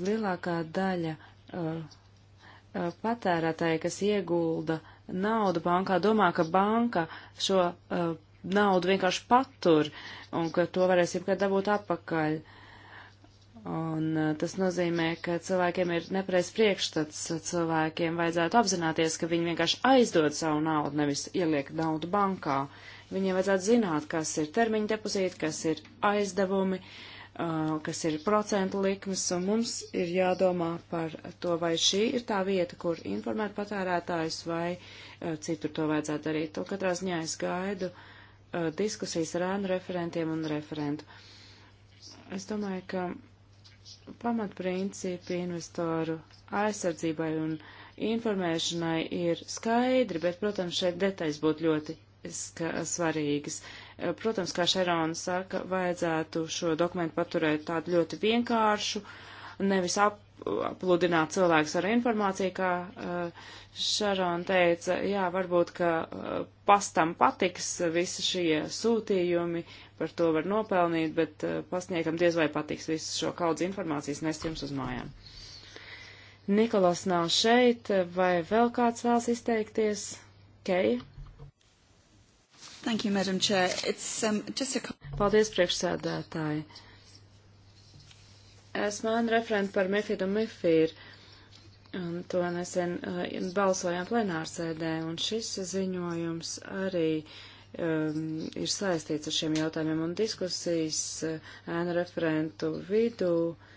lielākā daļa uh, uh patērētāji, kas iegulda naudu bankā, domā, ka banka šo uh, naudu vienkārši patur un ka to varēs jebkad dabūt atpakaļ. Uh, Un uh, tas nozīmē, ka cilvēkiem ir nepreiz priekšstats, uh, cilvēkiem vajadzētu apzināties, ka viņi vienkārši aizdod savu naudu, nevis ieliek naudu bankā. Viņiem vajadzētu zināt, kas ir termiņa depozīti, kas ir aizdevumi, uh, kas ir procentu likmes, un mums ir jādomā par to, vai šī ir tā vieta, kur informēt patērētājus, vai citur to vajadzētu darīt. To katrā ziņā es gaidu diskusijas ar ēnu referentiem un referentu. Es domāju, ka pamatprincipi investoru aizsardzībai un informēšanai ir skaidri, bet, protams, šeit detaļas būtu ļoti svarīgas. Eh, protams, kā Šerona saka, vajadzētu šo dokumentu paturēt tādu ļoti vienkāršu, nevis ap, pludināt cilvēkus ar informāciju, kā uh, Šarona teica, jā, varbūt, ka uh, pastam patiks visi šie sūtījumi, par to var nopelnīt, bet uh, pasniegam diez vai patiks visu šo kaudz informācijas nest jums uz mājām. Nikolas nav šeit, vai vēl kāds vēlas izteikties? Keija? Thank you, Madam Chair. It's um, just a... Paldies, priekšsēdētāji. Uh, Esmu Anna referenta par Mifid un Mifīr. Un to nesen uh, balsojām plenārsēdē, un šis ziņojums arī um, ir saistīts ar šiem jautājumiem, un diskusijas ēnu uh, referentu vidū uh,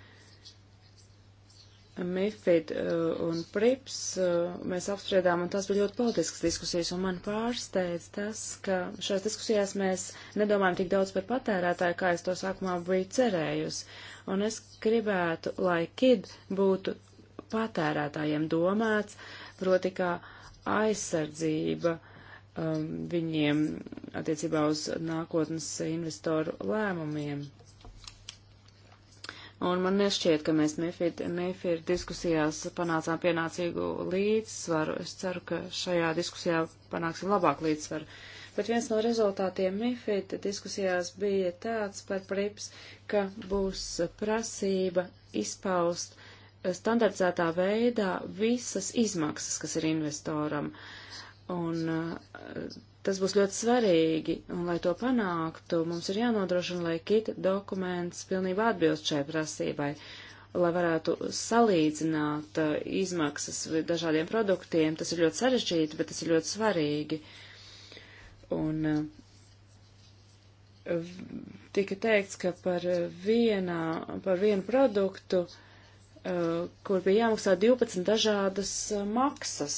MIFID eh, un PRIPS eh, mēs apspriedām, un tās bija ļoti politiskas diskusijas, un man pārsteidz tas, ka šajās diskusijās mēs nedomājam tik daudz par patērētāju, kā es to sākumā biju cerējusi. Un es gribētu, lai KID būtu patērētājiem domāts, proti kā aizsardzība um, viņiem attiecībā uz nākotnes investoru lēmumiem. Un man nešķiet, ka mēs MIFID, MIFID diskusijās panācām pienācīgu līdzsvaru. Es ceru, ka šajā diskusijā panāksim labāku līdzsvaru. Bet viens no rezultātiem MIFID diskusijās bija tāds par prips, ka būs prasība izpaust standartizētā veidā visas izmaksas, kas ir investoram. Un Tas būs ļoti svarīgi, un lai to panāktu, mums ir jānodrošina, lai kita dokuments pilnībā atbilst šai prasībai, lai varētu salīdzināt uh, izmaksas dažādiem produktiem. Tas ir ļoti sarežģīti, bet tas ir ļoti svarīgi. Un uh, tika teikts, ka par, vienā, par vienu produktu uh, kur bija jāmaksā 12 dažādas maksas,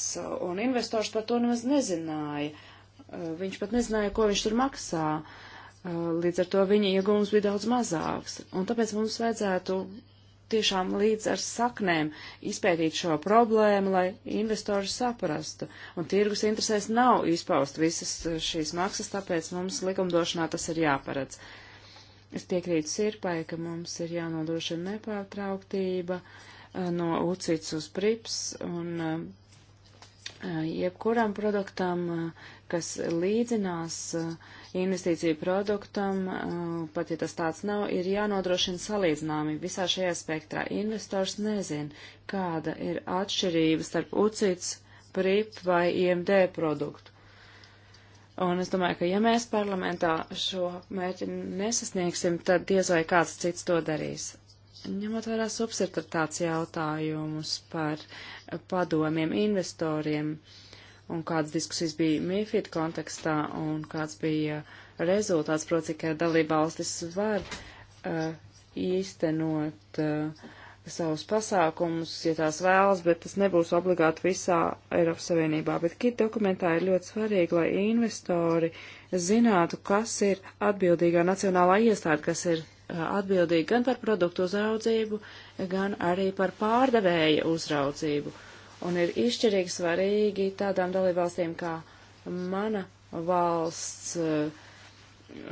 un investors par to nemaz nezināja. Eh, viņš pat nezināja, ko viņš tur maksā. Eh, līdz ar to viņa iegūms bija daudz mazāks. Un tāpēc mums vajadzētu tiešām līdz ar saknēm izpētīt šo problēmu, lai investori saprastu. Un tirgus interesēs nav izpaust visas eh, šīs maksas, tāpēc mums likumdošanā tas ir jāparedz. Es piekrītu Sirpai, ka mums ir jānodrošina nepārtrauktība no ucīts uz prips un jebkuram produktam kas līdzinās eh, investīciju produktam, eh, pat ja tas tāds nav, ir jānodrošina salīdzināmi visā šajā spektrā. Investors nezin, kāda ir atšķirība starp UCITS, PRIP vai IMD produktu. Un es domāju, ka ja mēs parlamentā šo mērķi nesasniegsim, tad diez vai kāds cits to darīs. Ņemot vērā subsidaritāts jautājumus par padomiem investoriem. Uh, un kādas diskusijas bija MIFID kontekstā un kāds bija rezultāts, proti, ka dalībvalstis var uh, īstenot uh, savus pasākumus, ja tās vēlas, bet tas nebūs obligāti visā Eiropas Savienībā. Bet kit dokumentā ir ļoti svarīgi, lai investori zinātu, kas ir atbildīgā nacionālā iestāde, kas ir uh, atbildīga gan par produktu uzraudzību, gan arī par pārdevēja uzraudzību. Uh, un ir izšķirīgi svarīgi tādām dalībvalstīm kā mana valsts eh,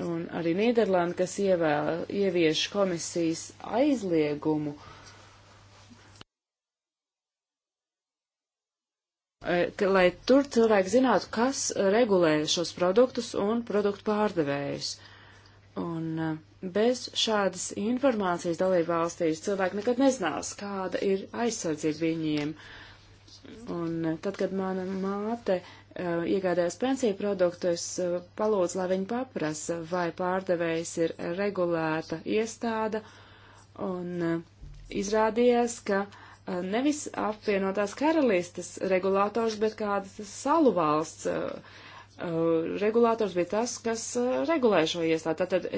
un arī Nīderlanda, kas ievēl, ievieš komisijas aizliegumu. Eh, ka, lai tur cilvēki zinātu, kas regulē šos produktus un produktu pārdevējus. Un eh, bez šādas informācijas dalība valstīs cilvēki nekad nezinās, kāda ir aizsardzība viņiem. Uh, Un eh, tad, kad mana māte uh, iegādājās pensiju produktu, es uh, palūdzu, lai viņi paprasa, vai pārdevējs ir regulēta iestāda, un uh, izrādījās, ka uh, nevis apvienotās karalistes regulators, bet kādas salu valsts uh, uh, regulators bija tas, kas uh, regulē šo iestādi. Tātad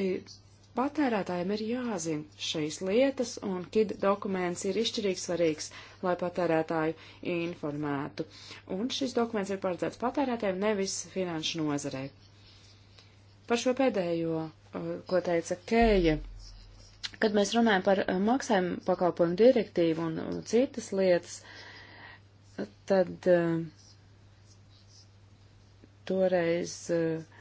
Patērētājiem ir jāzina šīs lietas, un KID dokuments ir izšķirīgi svarīgs, lai patērētāju informētu. Un šis dokuments ir paredzēts patērētājiem, nevis finanšu nozarei. Par šo pēdējo, uh, ko teica Kēja, kad mēs runājam par uh, maksājumu pakalpojumu direktīvu un uh, citas lietas, tad toreiz uh,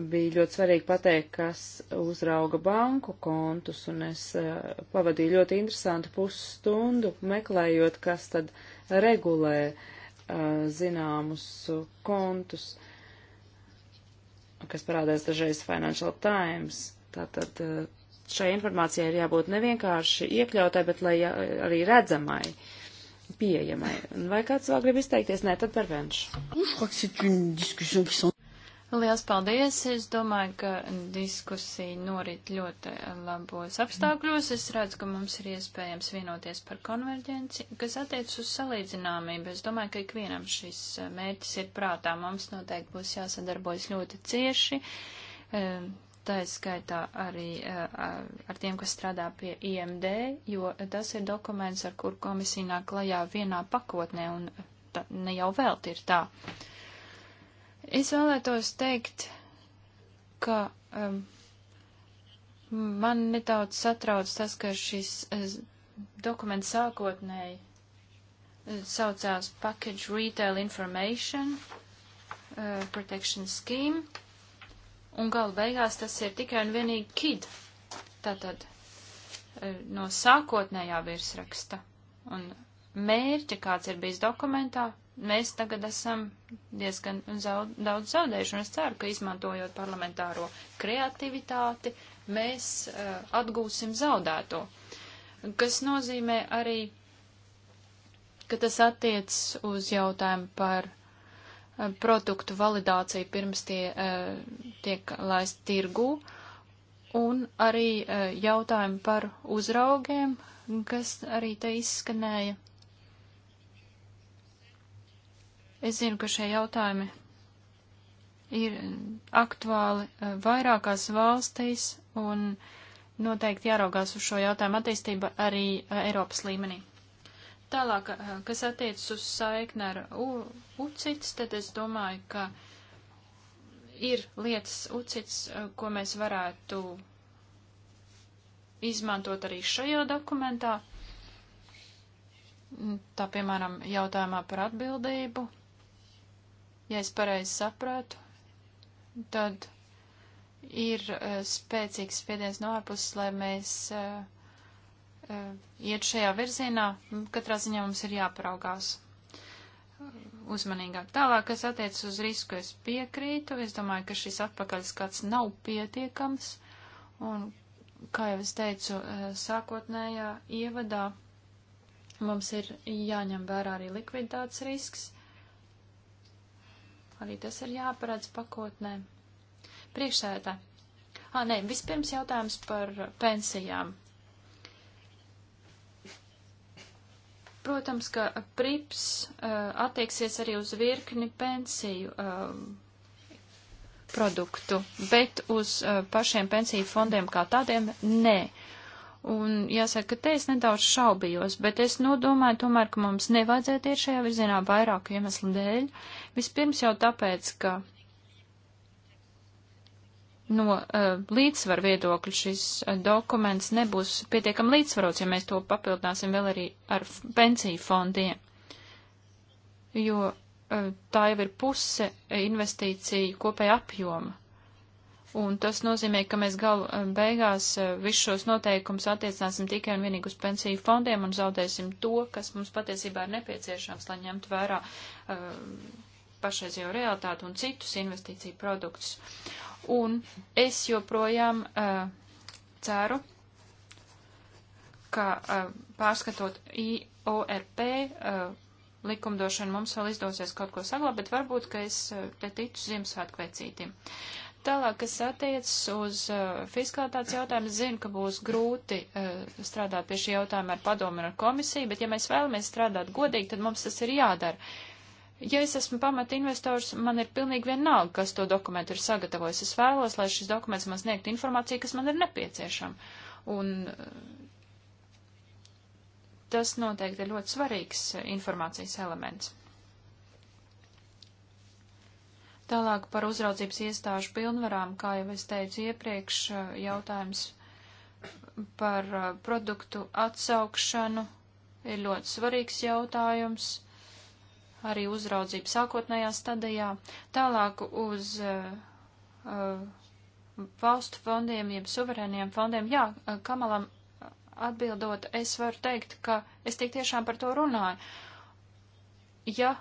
bija ļoti svarīgi pateikt, kas uzrauga banku kontus, un es eh, pavadīju ļoti interesantu pusstundu meklējot, kas tad regulē eh, zināmus kontus, kas parādās dažreiz Financial Times. Tātad eh, šai informācijai ir jābūt nevienkārši iekļautai, bet lai arī redzamai, pieejamai. Vai kāds vēl grib izteikties? Nē, tad par venšu. Liels paldies! Es domāju, ka diskusija norit ļoti labos apstākļos. Es redzu, ka mums ir iespējams vienoties par konverģenci, kas attiec uz salīdzināmību. Es domāju, ka ikvienam šis mērķis ir prātā. Mums noteikti būs jāsadarbojas ļoti cieši. E, tā ir skaitā arī e, ar tiem, kas strādā pie IMD, jo tas ir dokuments, ar kur komisija nāk klajā vienā pakotnē, un ne jau vēl ir tā. Uh, Es vēlētos teikt, ka um, man nedaudz satrauc tas, ka šis es, dokuments sākotnēji uh, saucās Package Retail Information uh, Protection Scheme, un gala beigās tas ir tikai un vienīgi KID, tātad uh, no sākotnējā virsraksta. Un mērķa, kāds ir bijis dokumentā, mēs tagad esam diezgan zaud, daudz zaudējuši, un es ceru, ka izmantojot parlamentāro kreativitāti, mēs uh, atgūsim zaudēto, kas nozīmē arī, ka tas attiec uz jautājumu par uh, produktu validāciju pirms tie uh, tiek laist tirgū, un arī uh, jautājumu par uzraugiem, kas arī te izskanēja Es zinu, ka šie jautājumi ir aktuāli eh, vairākās valstīs un noteikti jāraugās uz šo jautājumu attīstību arī eh, Eiropas līmenī. Tālāk, eh, kas attiecas uz saikni ar UCITS, tad es domāju, ka ir lietas UCITS, ko mēs varētu izmantot arī šajā dokumentā. Tā piemēram jautājumā par atbildību ja es pareizi saprātu, tad ir uh, spēcīgs spiediens no ārpuses, lai mēs uh, uh, iet šajā virzienā. Katrā ziņā mums ir jāparaugās uzmanīgāk. Tālāk, kas attiec uz risku, es piekrītu. Es domāju, ka šis atpakaļskats nav pietiekams. Un, kā jau es teicu, sākotnējā ievadā mums ir jāņem vērā arī likviditātes risks. Arī tas ir jāparedz pakotnē. Priekšsēdā. Ā, nē, vispirms jautājums par pensijām. Protams, ka prips uh, attieksies arī uz virkni pensiju uh, produktu, bet uz uh, pašiem pensiju fondiem kā tādiem nē. Uh, Un jāsaka, ka te es nedaudz šaubījos, bet es nodomāju tomēr, ka mums nevajadzētu iet šajā virzienā vairāku iemeslu dēļ. Vispirms jau tāpēc, ka no uh, eh, līdzsvaru viedokļa šis eh, dokuments nebūs pietiekami līdzsvarots, ja mēs to papildināsim vēl arī ar pensiju fondiem. Jo uh, tā jau ir puse investīciju kopēja apjoma. Un tas nozīmē, ka mēs gal eh, beigās eh, visus šos noteikumus attiecināsim tikai un vienīgi uz pensiju fondiem un zaudēsim to, kas mums patiesībā ir nepieciešams, lai ņemtu vērā uh, pašreizējo realitāti un citus investīciju produktus. Un es joprojām uh, ceru, ka uh, pārskatot IORP likumdošanu mums vēl izdosies kaut ko saglabāt, bet varbūt, ka es te ticu Ziemassvētku vecītiem. Uh, Tālāk, kas attiecas uz uh, fiskalitātes jautājumu, zinu, ka būs grūti uh, strādāt pie šī jautājuma ar padomu un ar komisiju, bet ja mēs vēlamies strādāt godīgi, tad mums tas ir jādara. Ja es esmu pamata investors, man ir pilnīgi vienalga, kas to dokumentu ir sagatavojis. Es vēlos, lai šis dokuments man sniegt informāciju, kas man ir nepieciešama. Un uh, tas noteikti ir ļoti svarīgs informācijas elements. Tālāk par uzraudzības iestāžu pilnvarām, kā jau es teicu iepriekš, jautājums par uh, produktu atsaukšanu ir ļoti svarīgs jautājums, arī uzraudzība sākotnējā stadijā. Tālāk uz uh, uh valstu fondiem, jeb suverēniem fondiem, jā, uh, Kamalam atbildot, es varu teikt, ka es tik tiešām par to runāju. Ja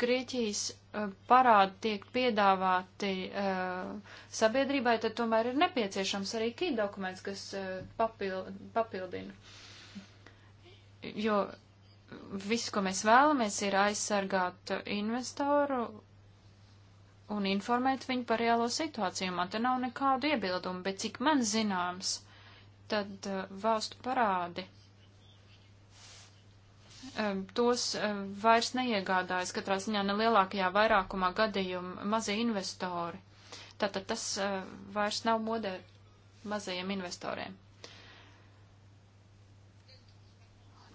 Grieķijas Eh, parādi tiek piedāvāti uh, sabiedrībai, tad tomēr ir nepieciešams arī kī dokuments, kas uh, papil, papildina. Jo viss, ko mēs vēlamies, ir aizsargāt investoru un informēt viņu par reālo situāciju. Man te nav nekādu iebildumu, bet cik man zināms, tad uh, valstu parādi tos vairs neiegādājas katrā ziņā nelielākajā vairākumā gadījumu mazie investori. Tātad tas vairs nav modē mazajiem investoriem.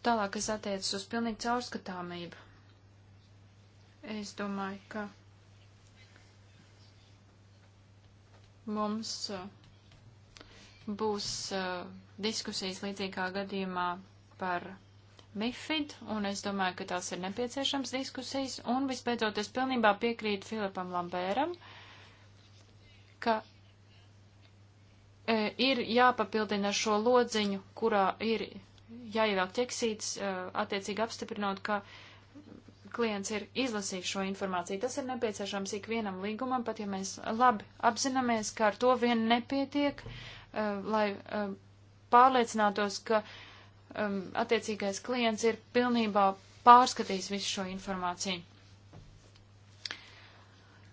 Tālāk, kas attiecas uz pilnīgi caurskatāmību. Es domāju, ka mums būs diskusijas līdzīgā gadījumā par MIFID, un es domāju, ka tās ir nepieciešams diskusijas, un visbeidzot es pilnībā piekrītu Filipam Lambēram, ka e, ir jāpapildina šo lodziņu, kurā ir jāievelk ķeksīts, e, attiecīgi apstiprinot, ka klients ir izlasījis šo informāciju. Tas ir nepieciešams ikvienam līgumam, pat ja mēs labi apzināmies, ka ar to vien nepietiek, e, lai e, pārliecinātos, ka e, um, attiecīgais klients ir pilnībā pārskatījis visu šo informāciju.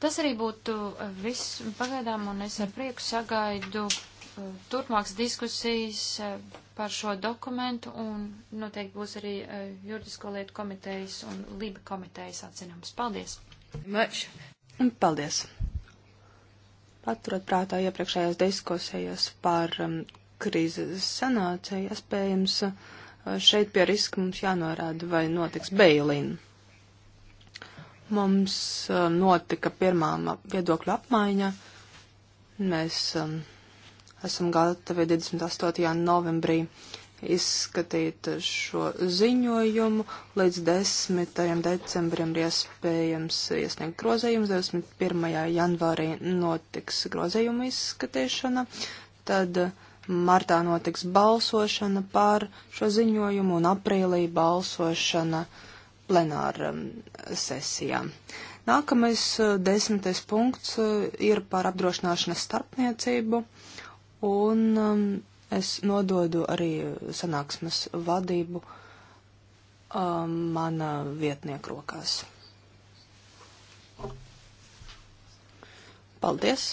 Tas arī būtu uh, viss pagaidām, un es ar prieku sagaidu uh, turpmākas diskusijas uh, par šo dokumentu, un noteikti būs arī juridisko lietu komitejas un lība komitejas atzinums. Paldies! Much. Paldies! Paturot prātā iepriekšējās diskusijas par um, krīzes sanācē, iespējams, šeit pie riska mums jānorāda, vai notiks beilīna. Mums uh, notika pirmā viedokļa apmaiņa. Mēs um, esam gatavi 28. novembrī izskatīt šo ziņojumu. Līdz 10. decembrim ir iespējams iesniegt grozējumus, 21. janvārī notiks grozējuma izskatīšana, tad Martā notiks balsošana par šo ziņojumu un aprīlī balsošana plenāra um, sesijā. Nākamais uh, desmitais punkts uh, ir par apdrošināšanas starpniecību, un um, es nododu arī sanāksmes vadību um, mana vietnieku rokās. Paldies,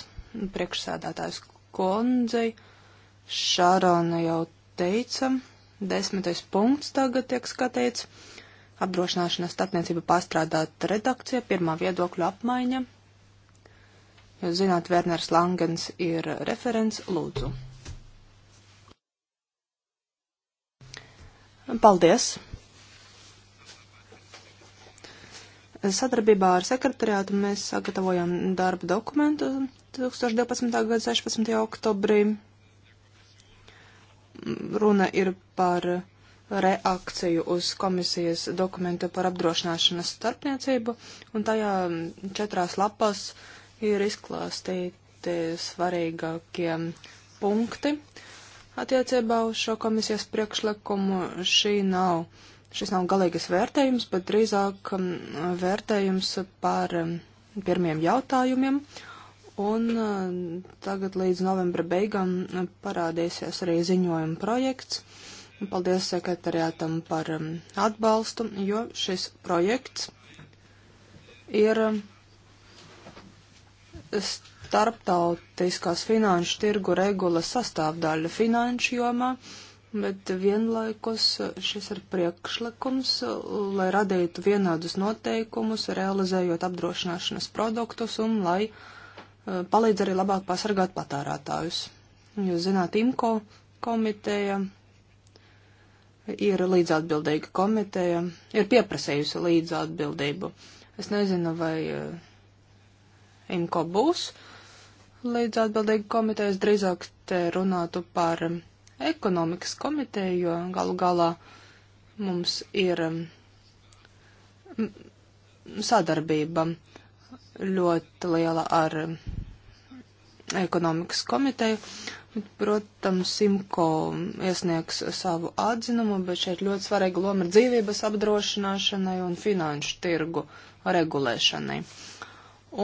priekšsēdētājs Kondzei. Šārona jau teica, desmitais punkts tagad tiek skatīts. Apdrošināšanas starpniecība pārstrādāt redakcija, pirmā viedokļa apmaiņa. Jūs zināt, Werners Langens ir referents, lūdzu. Paldies! Sadarbībā ar sekretariātu mēs sagatavojam darba dokumentu 2012. gada 16. oktobrī runa ir par reakciju uz komisijas dokumentu par apdrošināšanas starpniecību, un tajā četrās lapās ir izklāstīti svarīgākie punkti attiecībā uz šo komisijas priekšlikumu. Šī nav, šis nav galīgas vērtējums, bet drīzāk mm, vērtējums par mm, pirmiem jautājumiem. Uh, Un eh, tagad līdz novembra beigām eh, parādīsies arī ziņojuma projekts. Paldies sekretariātam par eh, atbalstu, jo šis projekts ir starptautiskās finanšu tirgu regula sastāvdaļa finanšu jomā, bet vienlaikus šis ir priekšlikums, lai radītu vienādus noteikumus, realizējot apdrošināšanas produktus un lai uh, Eh, palīdz arī labāk pasargāt patērētājus. Jūs zināt, IMCO komiteja ir līdzatbildīga komiteja, ir pieprasējusi līdzatbildību. Es nezinu, vai eh, IMCO būs līdzatbildīga komiteja, es drīzāk te runātu par eh, ekonomikas komiteju, jo galu galā mums ir sadarbība ļoti liela ar ekonomikas komiteju. Protams, Simko iesniegs savu atzinumu, bet šeit ļoti svarīga loma ir dzīvības apdrošināšanai un finanšu tirgu regulēšanai.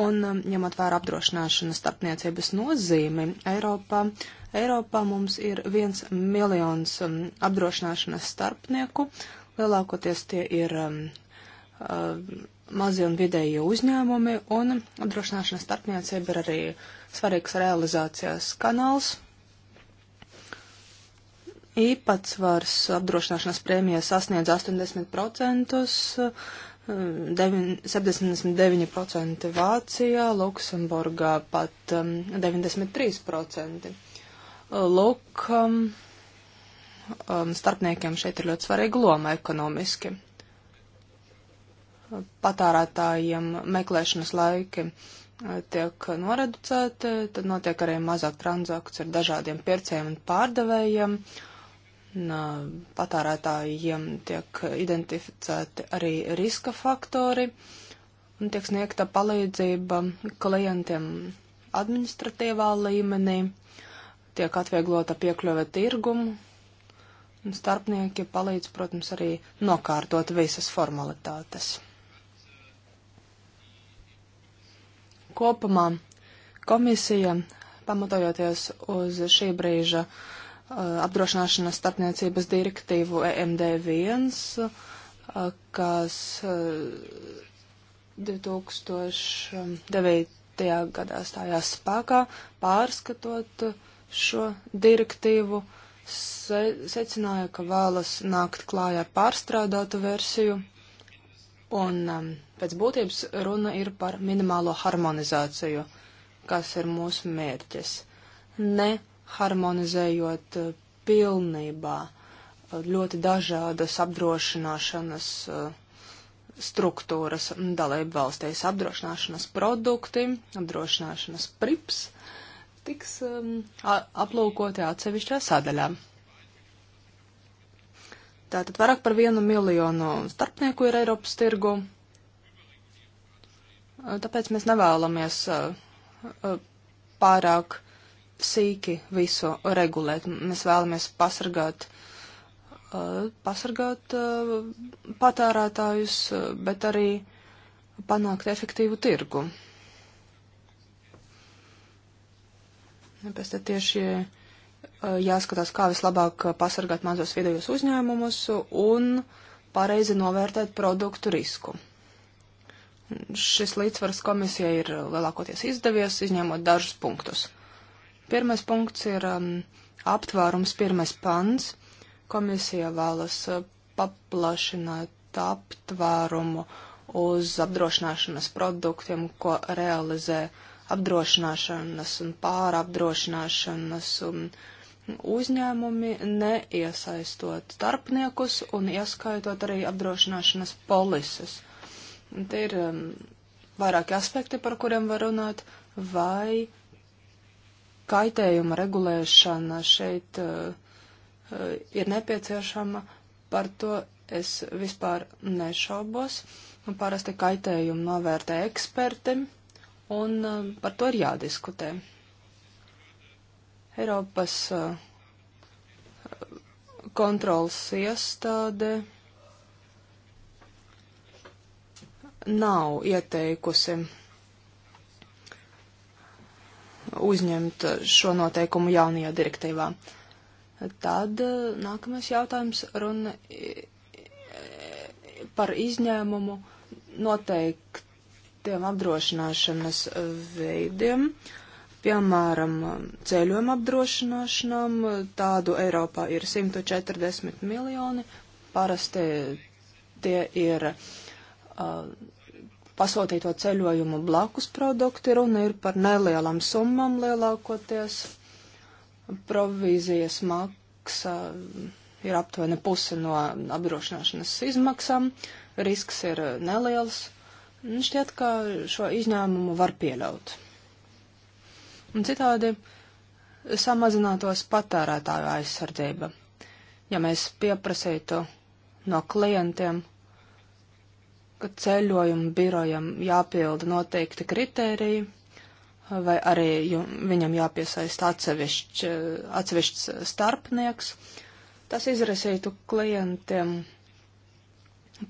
Un, um, ņemot vērā apdrošināšanas starpniecības nozīmi Eiropā, Eiropā mums ir viens miljons um, apdrošināšanas starpnieku. Lielākoties tie ir um, uh, mazi un vidējie uzņēmumi, un apdrošināšanas starpniecība ir arī uh, svarīgs realizācijas kanāls. Īpatsvars apdrošināšanas prēmijas sasniedz 80%, 79% eh, Vācijā, Luksemburgā pat 93%. Eh, Lūk, um, um, starpniekiem šeit ir ļoti svarīga loma ekonomiski. Patārētājiem meklēšanas laiki tiek noreducēti, tad notiek arī mazāk transakciju ar dažādiem pircējiem un pārdevējiem. Un, patērētājiem tiek identificēti arī riska faktori un tiek sniegta palīdzība klientiem administratīvā līmenī, tiek atvieglota piekļuve tirgumu un starpnieki palīdz, protams, arī nokārtot visas formalitātes. Kopumā komisija, pamatojoties uz šī brīža uh, apdrošināšanas starpniecības direktīvu EMD1, uh, kas uh, 2009. gadā stājās spēkā, pārskatot šo direktīvu, se secināja, ka vēlas nākt klājā ar pārstrādātu versiju Un um, pēc būtības runa ir par minimālo harmonizāciju, kas ir mūsu mērķis. Ne harmonizējot uh, pilnībā uh, ļoti dažādas apdrošināšanas uh, struktūras dalību valstīs - apdrošināšanas produkti, apdrošināšanas prips tiks um, aplūkoti atsevišķā sadaļā. Tātad vairāk par vienu miljonu starpnieku ir Eiropas tirgu. Tāpēc mēs nevēlamies pārāk sīki visu regulēt. Mēs vēlamies pasargāt, pasargāt patērētājus, bet arī panākt efektīvu tirgu. Pēc tam tieši Eh, jāskatās, kā vislabāk eh, pasargāt mazos vidējos uzņēmumus un pareizi novērtēt produktu risku. Šis līdzsvars komisija ir lielākoties izdevies, izņemot dažus punktus. Pirmais punkts ir um, aptvērums, pirmais pants. Komisija vēlas eh, paplašināt aptvērumu uz apdrošināšanas produktiem, ko realizē apdrošināšanas un pārapdrošināšanas un um, uh, uzņēmumi neiesaistot starpniekus un ieskaitot arī apdrošināšanas polises. Tie ir um, vairāki aspekti, par kuriem var runāt, vai kaitējuma regulēšana šeit uh, uh ir nepieciešama, par to es vispār nešaubos. Parasti kaitējumu novērtē eksperti, un uh, par to ir jādiskutē. Eiropas eh, kontrols iestāde nav ieteikusi uzņemt šo noteikumu jaunajā direktīvā. Tad eh, nākamais jautājums runa eh, par izņēmumu noteiktiem apdrošināšanas veidiem. Uh, Piemēram, ceļojuma apdrošināšanām tādu Eiropā ir 140 miljoni, parasti tie ir uh, pasūtīto ceļojumu blakus produkti, runa ir par nelielām summām lielākoties. Provīzijas maksa ir aptuveni puse no apdrošināšanas izmaksām, risks ir neliels. Un šķiet, ka šo izņēmumu var pieļaut un citādi samazinātos patērētāju aizsardzība. Ja mēs pieprasītu no klientiem, ka ceļojuma birojam jāpilda noteikti kritēriji, vai arī viņam jāpiesaista atsevišķ, atsevišķs starpnieks, tas izraisītu klientiem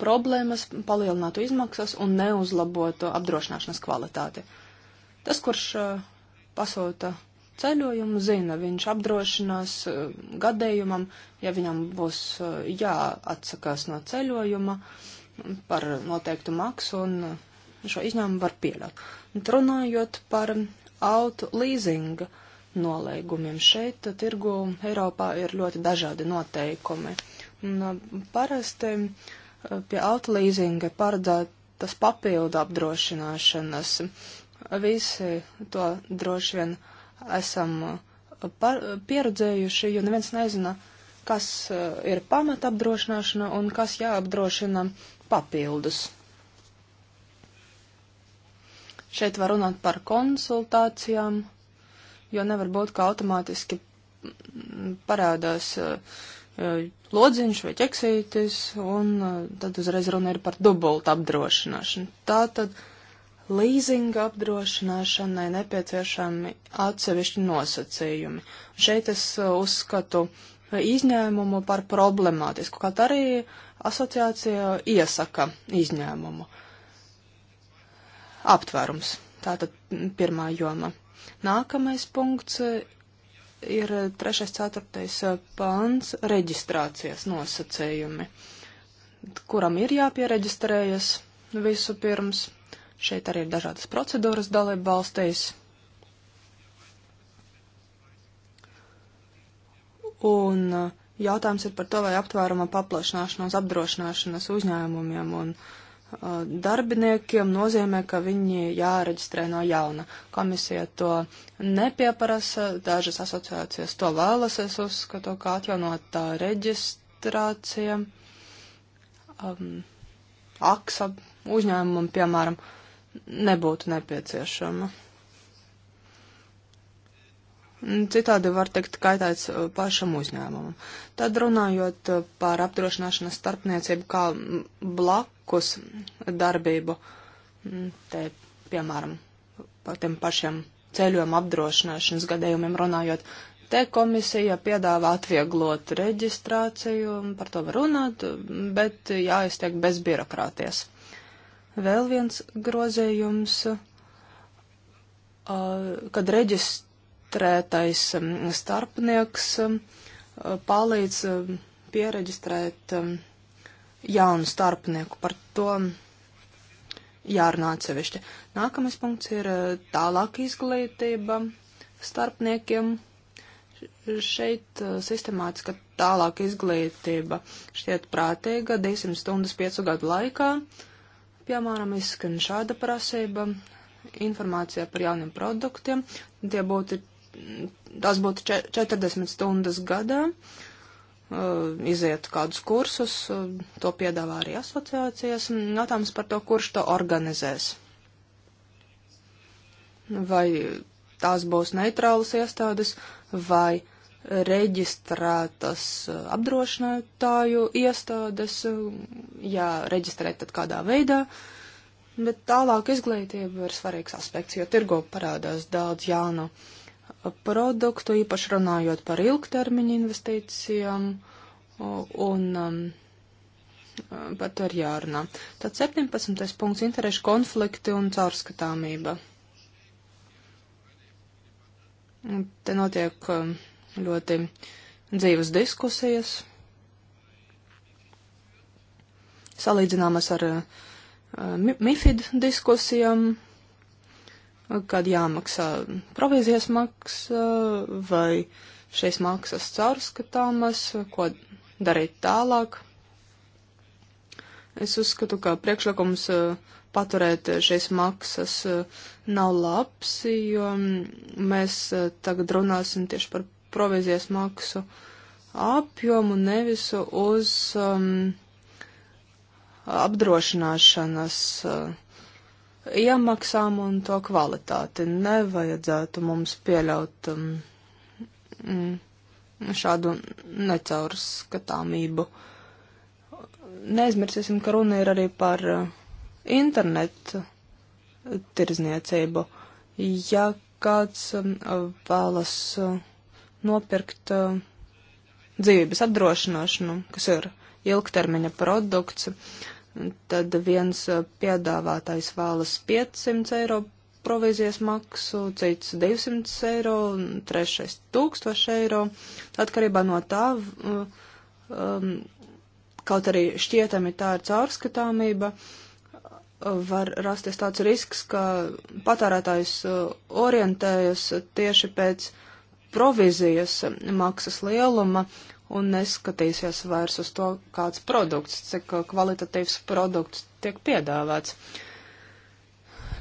problēmas, palielinātu izmaksas un neuzlabotu apdrošināšanas kvalitāti. Tas, kurš uh, pasūta ceļojumu, zina, viņš apdrošinās uh, gadējumam, ja viņam būs uh, jāatsakās no ceļojuma par noteiktu maksu un uh, šo izņēmumu var pieļaut. Runājot par auto leasinga nolēgumiem šeit, tirgu Eiropā ir ļoti dažādi noteikumi. Un, parasti pie auto leasinga paredzētas papildu apdrošināšanas visi to droši vien esam uh, par, pieredzējuši, jo neviens nezina, kas uh, ir pamata apdrošināšana un kas jāapdrošina papildus. Šeit var runāt par konsultācijām, jo nevar būt, ka automātiski mm, parādās uh, lodziņš vai ķeksītis, un tad uzreiz runa ir par dubultu apdrošināšanu. Tā tad līzinga apdrošināšanai nepieciešami atsevišķi nosacījumi. Šeit es uh, uzskatu uh, izņēmumu par problemātisku, kaut arī asociācija iesaka izņēmumu. Aptvērums. Tātad pirmā joma. Nākamais punkts uh, ir 3. 4. pāns reģistrācijas nosacījumi, kuram ir jāpiereģistrējas visu pirms. Šeit arī ir dažādas procedūras dalība valstīs. Un uh, jautājums ir par to, vai aptvēruma paplašināšanos apdrošināšanas uzņēmumiem un uh, darbiniekiem nozīmē, ka viņi jāreģistrē no jauna. Komisija to nepieprasa, dažas asociācijas to vēlas, es uzskatu, ka atjaunot reģistrācija um, aksa uzņēmumam, piemēram, uh, nebūtu nepieciešama. Citādi var teikt kaitēts uh, pašam uzņēmumam. Tad runājot uh, par apdrošināšanas starpniecību kā blakus darbību, mm, te, piemēram, par tiem pašiem ceļojuma apdrošināšanas gadījumiem runājot, te komisija piedāvā atvieglot reģistrāciju, par to var runāt, bet jāiztiek bez birokrātijas. Vēl viens grozējums, uh, kad reģistrētais um, starpnieks um, palīdz um, piereģistrēt jaunu starpnieku. Par to jārunā atsevišķi. Nākamais punkts ir uh, tālāk izglītība starpniekiem. Šeit uh, sistemātiska tālāk izglītība šķiet prātīga 200 stundas 5 gadu laikā. Uh, Piemēram, izskan šāda prasība informācija par jauniem produktiem. Tie būtu, tās būtu 40 stundas gadā, uh, iziet kādus kursus, uh, to piedāvā arī asociācijas, jautājums par to, kurš to organizēs. Vai tās būs neitrālas iestādes vai reģistrētas apdrošinātāju iestādes, jāreģistrē tad kādā veidā, bet tālāk izglītība ir svarīgs aspekts, jo tirgo parādās daudz jaunu produktu, īpaši runājot par ilgtermiņa investīcijām, un um, par to ir jārunā. Tad 17. punkts - interešu konflikti un caurskatāmība. Te notiek um, ļoti dzīves diskusijas, salīdzināmas ar uh, MIFID diskusijām, kad jāmaksā provīzijas maksa vai šīs maksas caurskatāmas, ko darīt tālāk. Es uzskatu, ka priekšlikums eh, paturēt šīs maksas eh, nav labs, jo mm, mēs tagad runāsim tieši par provizijas maksu apjomu, nevis uz um, apdrošināšanas uh, iemaksām un to kvalitāti. Nevajadzētu mums pieļaut um, mm, šādu necaurskatāmību. Neaizmirsīsim, ka runa ir arī par uh, internetu tirzniecību. Ja kāds um, vēlas. Uh, nopirkt uh, dzīvības apdrošināšanu, kas ir ilgtermiņa produkts, tad viens uh, piedāvātājs vēlas 500 eiro provīzijas maksu, cits 200 eiro, trešais 1000 eiro. Atkarībā no tā, uh, um, kaut arī šķietami tā ir caurskatāmība, var rasties tāds risks, ka patērētājs uh, orientējas tieši pēc uh, provizijas maksas lieluma un neskatīsies vairs uz to, kāds produkts, cik kvalitatīvs produkts tiek piedāvāts.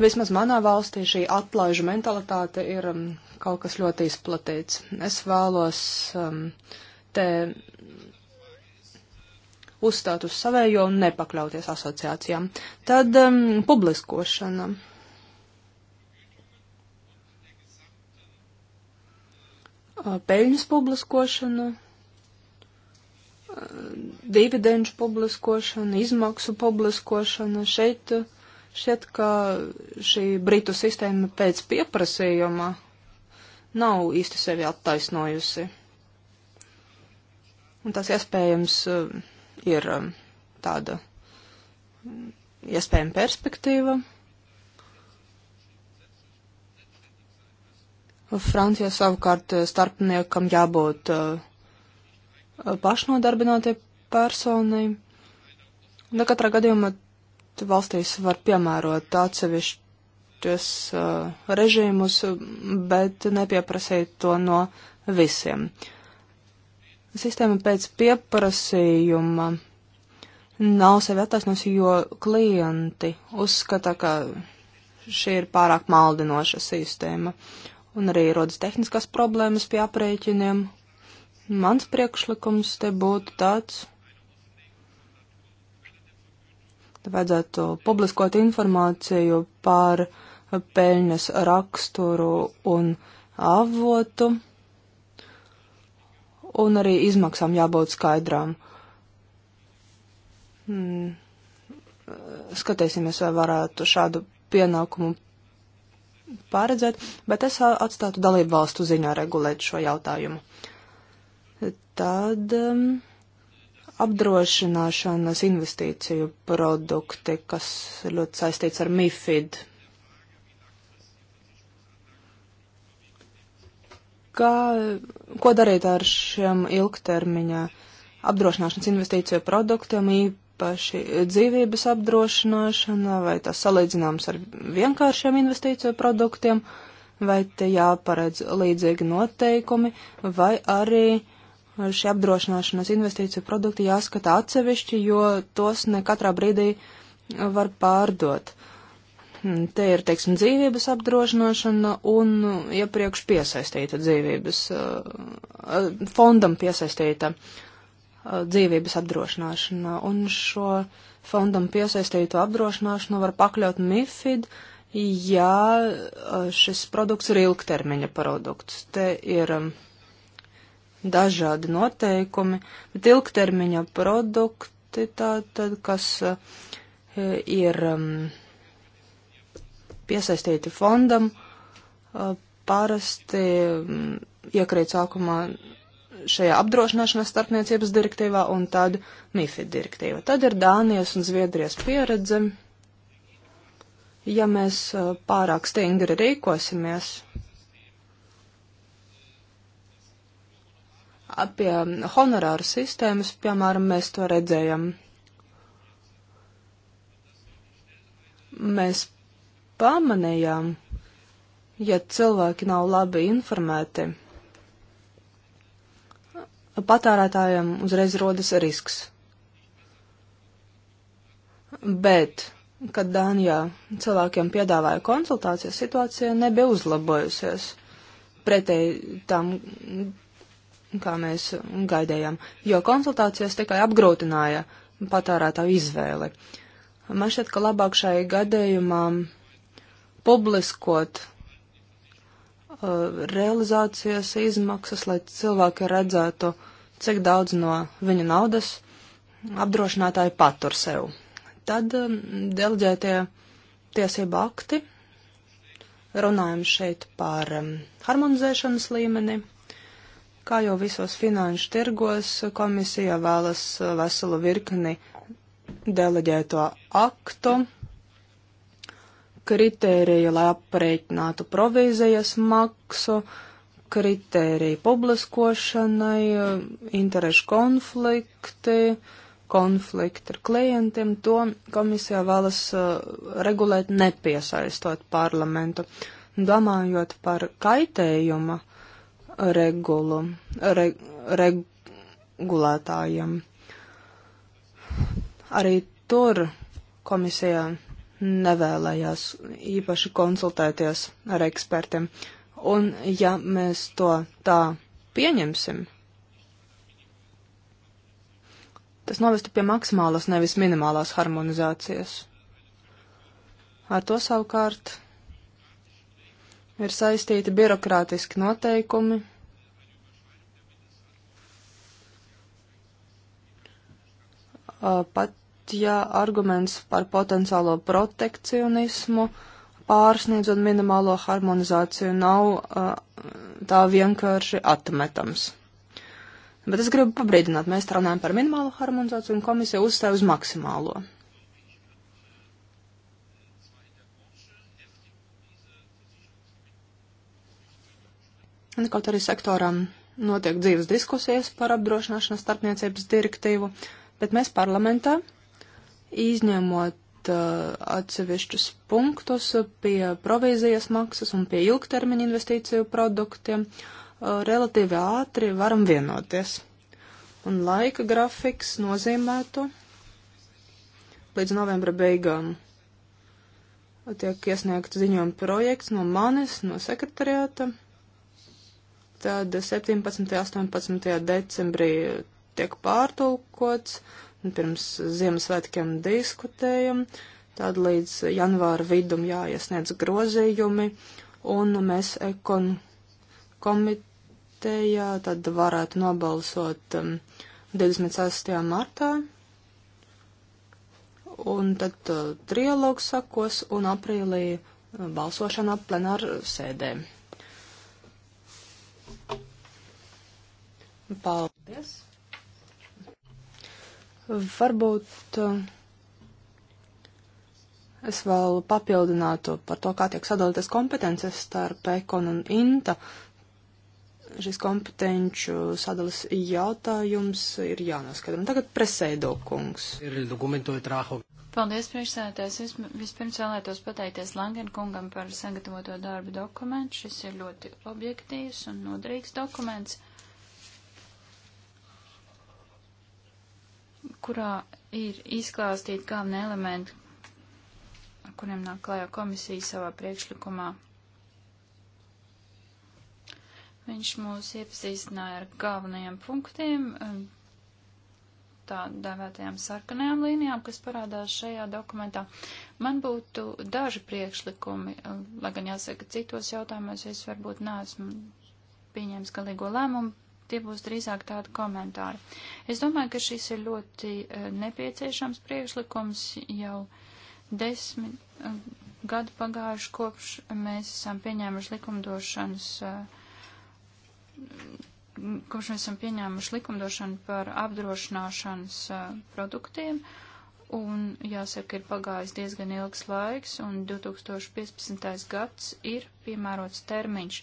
Vismaz manā valstī šī atlaižu mentalitāte ir um, kaut kas ļoti izplatīts. Es vēlos um, te uzstāt uz savējo un nepakļauties asociācijām. Tad um, publiskošana. peļņas publiskošanu, dividendžu publiskošanu, izmaksu publiskošanu. Šeit šķiet, ka šī britu sistēma pēc pieprasījuma nav īsti sevi attaisnojusi. Un tas iespējams ir tāda iespējama perspektīva. Francijā savukārt eh, starpniekam jābūt eh, pašnodarbinātie personai. Ne nu, katrā gadījumā valstīs var piemērot atsevišķus eh, režīmus, bet nepieprasīt to no visiem. Sistēma pēc pieprasījuma nav sevi attaisnosi, jo klienti uzskata, ka šī ir pārāk maldinoša sistēma un arī rodas tehniskās problēmas pie aprēķiniem. Mans priekšlikums te būtu tāds. Vajadzētu publiskot informāciju par peļņas raksturu un avotu, un arī izmaksām jābūt skaidrām. Hmm. Skatīsimies, vai varētu šādu pienākumu paredzēt, bet es atstātu dalību valstu ziņā regulēt šo jautājumu. Tad um, apdrošināšanas investīciju produkti, kas ļoti saistīts ar MIFID. Kā, ko darīt ar šiem ilgtermiņā apdrošināšanas investīciju produktiem, īpaši dzīvības apdrošināšana, vai tas salīdzināms ar vienkāršiem investīciju produktiem, vai te jāparedz līdzīgi noteikumi, vai arī šie apdrošināšanas investīciju produkti jāskata atsevišķi, jo tos ne katrā brīdī var pārdot. Te ir, teiksim, dzīvības apdrošināšana un iepriekš piesaistīta dzīvības, eh, fondam piesaistīta uh, Uh, dzīvības apdrošināšana, un šo fondam piesaistīto apdrošināšanu var pakļaut MIFID, ja uh, šis produkts ir ilgtermiņa produkts. Te ir um, dažādi noteikumi, bet ilgtermiņa produkti tātad, kas uh, ir um, piesaistīti fondam, parasti um, iekrīt sākumā šajā apdrošināšanās starpniecības direktīvā un tad MIFID direktīva. Tad ir Dānijas un Zviedrijas pieredze. Ja mēs uh, pārāk stingri rīkosimies, pie honorāru sistēmas, piemēram, mēs to redzējam. Mēs pamanījām, ja cilvēki nav labi informēti patērētājiem uzreiz rodas risks. Bet, kad Dānijā cilvēkiem piedāvāja konsultācijas, situācija nebija uzlabojusies pretēji tam, kā mēs gaidījām, jo konsultācijas tikai apgrūtināja patērētāju izvēli. Man šķiet, ka labāk šai gadījumam publiskot Uh, realizācijas izmaksas, lai cilvēki redzētu, cik daudz no viņa naudas apdrošinātāji patur sev. Tad um, deleģētie tiesība akti, runājam šeit par um, harmonizēšanas līmeni. Kā jau visos finanšu tirgos, komisija vēlas veselu virkni deleģēto aktu. Mm kritērija, lai aprēķinātu provīzijas maksu, kritērija publiskošanai, interešu konflikti, konflikti ar klientiem, to komisija vēlas uh, regulēt nepiesaistot parlamentu. Domājot par kaitējuma regulu, re, regulētājiem, arī tur komisija nevēlējās īpaši konsultēties ar ekspertiem. Un ja mēs to tā pieņemsim, tas novestu pie maksimālas, nevis minimālās harmonizācijas. Ar to savukārt ir saistīti birokrātiski noteikumi. Pat pat ja arguments par potenciālo protekcionismu pārsniedzot minimālo harmonizāciju nav uh, tā vienkārši atmetams. Bet es gribu pabrīdināt, mēs runājam par minimālo harmonizāciju un komisija uzstāja uz maksimālo. Un kaut arī sektoram notiek dzīves diskusijas par apdrošināšanas starpniecības direktīvu, bet mēs parlamentā izņemot uh, atsevišķus punktus pie provīzijas maksas un pie ilgtermiņa investīciju produktiem, uh, relatīvi ātri varam vienoties. Un laika grafiks nozīmētu līdz novembra beigām tiek iesniegts ziņojuma projekts no manis, no sekretariāta. Tad 17. un 18. decembrī tiek pārtulkots, Pirms Ziemassvētkiem diskutējam, tad līdz janvāra vidum jāiesniedz grozījumi, un mēs ekon komitejā tad varētu nobalsot um, 26. martā. Un tad uh, trialogs sakos un aprīlī uh, balsošanā plenāra sēdē. Paldies! Varbūt eh, es vēl papildinātu par to, kā tiek sadalītas kompetences starp Ekon un Inta. Šis kompetenču sadalas jautājums ir jānoskatra. Un tagad presēdo kungs. Paldies, priekšsēdētājs. Vispirms vēlētos pateikties Langen kungam par sagatavoto darbu dokumentu. Šis ir ļoti objektīvs un noderīgs dokuments. kurā ir izklāstīti galveni elementi, ar kuriem nāk klājā komisija savā priekšlikumā. Viņš mūs iepazīstināja ar galvenajiem punktiem, eh, tā dēvētajām sarkanajām līnijām, kas parādās šajā dokumentā. Man būtu daži priekšlikumi, eh, lai gan jāsaka, citos jautājumos es varbūt neesmu pieņēmis galīgo lēmumu, tie būs drīzāk tādi komentāri. Es domāju, ka šis ir ļoti eh, nepieciešams priekšlikums jau desmit eh, gadu pagājuši kopš mēs esam pieņēmuši likumdošanas, eh, kopš mēs esam pieņēmuši likumdošanu par apdrošināšanas produktiem. Un jāsaka, ir pagājis diezgan ilgs laiks, un 2015. gads ir piemērots termiņš.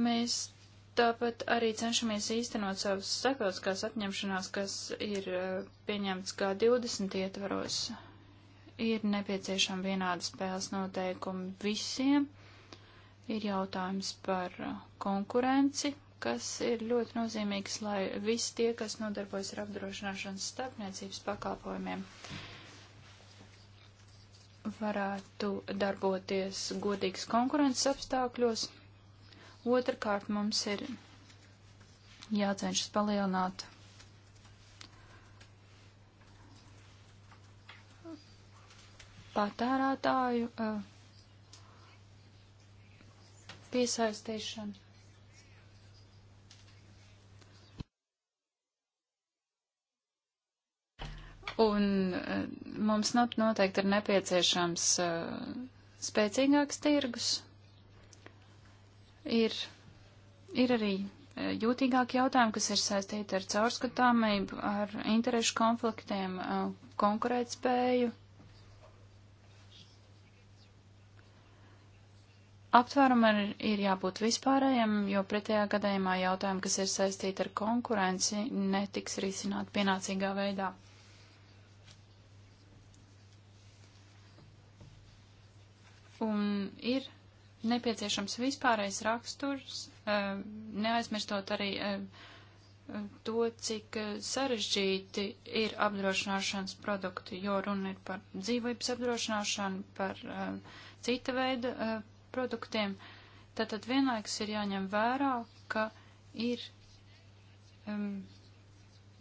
Mēs Tāpat arī cenšamies īstenot savas sakauskās apņemšanās, kas ir eh, pieņemts kā 20 ietvaros. Ir nepieciešama vienāda spēles noteikumi visiem. Ir jautājums par eh, konkurenci, kas ir ļoti nozīmīgs, lai visi tie, kas nodarbojas ar apdrošināšanas starpniecības pakalpojumiem, varētu darboties godīgas konkurences apstākļos Otrakārt mums ir jācenšas palielināt patērētāju uh, piesaistīšanu. Un uh, mums noteikti ir nepieciešams uh, spēcīgāks tirgus, Ir, ir arī e, jūtīgāki jautājumi, kas ir saistīti ar caurskatāmību, ar interešu konfliktiem, e, konkurētspēju. Aptvērumam ir, ir jābūt vispārējiem, jo pretējā gadījumā jautājumi, kas ir saistīti ar konkurenci, netiks risināt pienācīgā veidā. Un ir nepieciešams vispārējais raksturs, eh, neaizmirstot arī eh, to, cik eh, sarežģīti ir apdrošināšanas produkti, jo runa ir par dzīvības apdrošināšanu, par cita veida produktiem. Tātad vienlaiks ir jāņem vērā, ka ir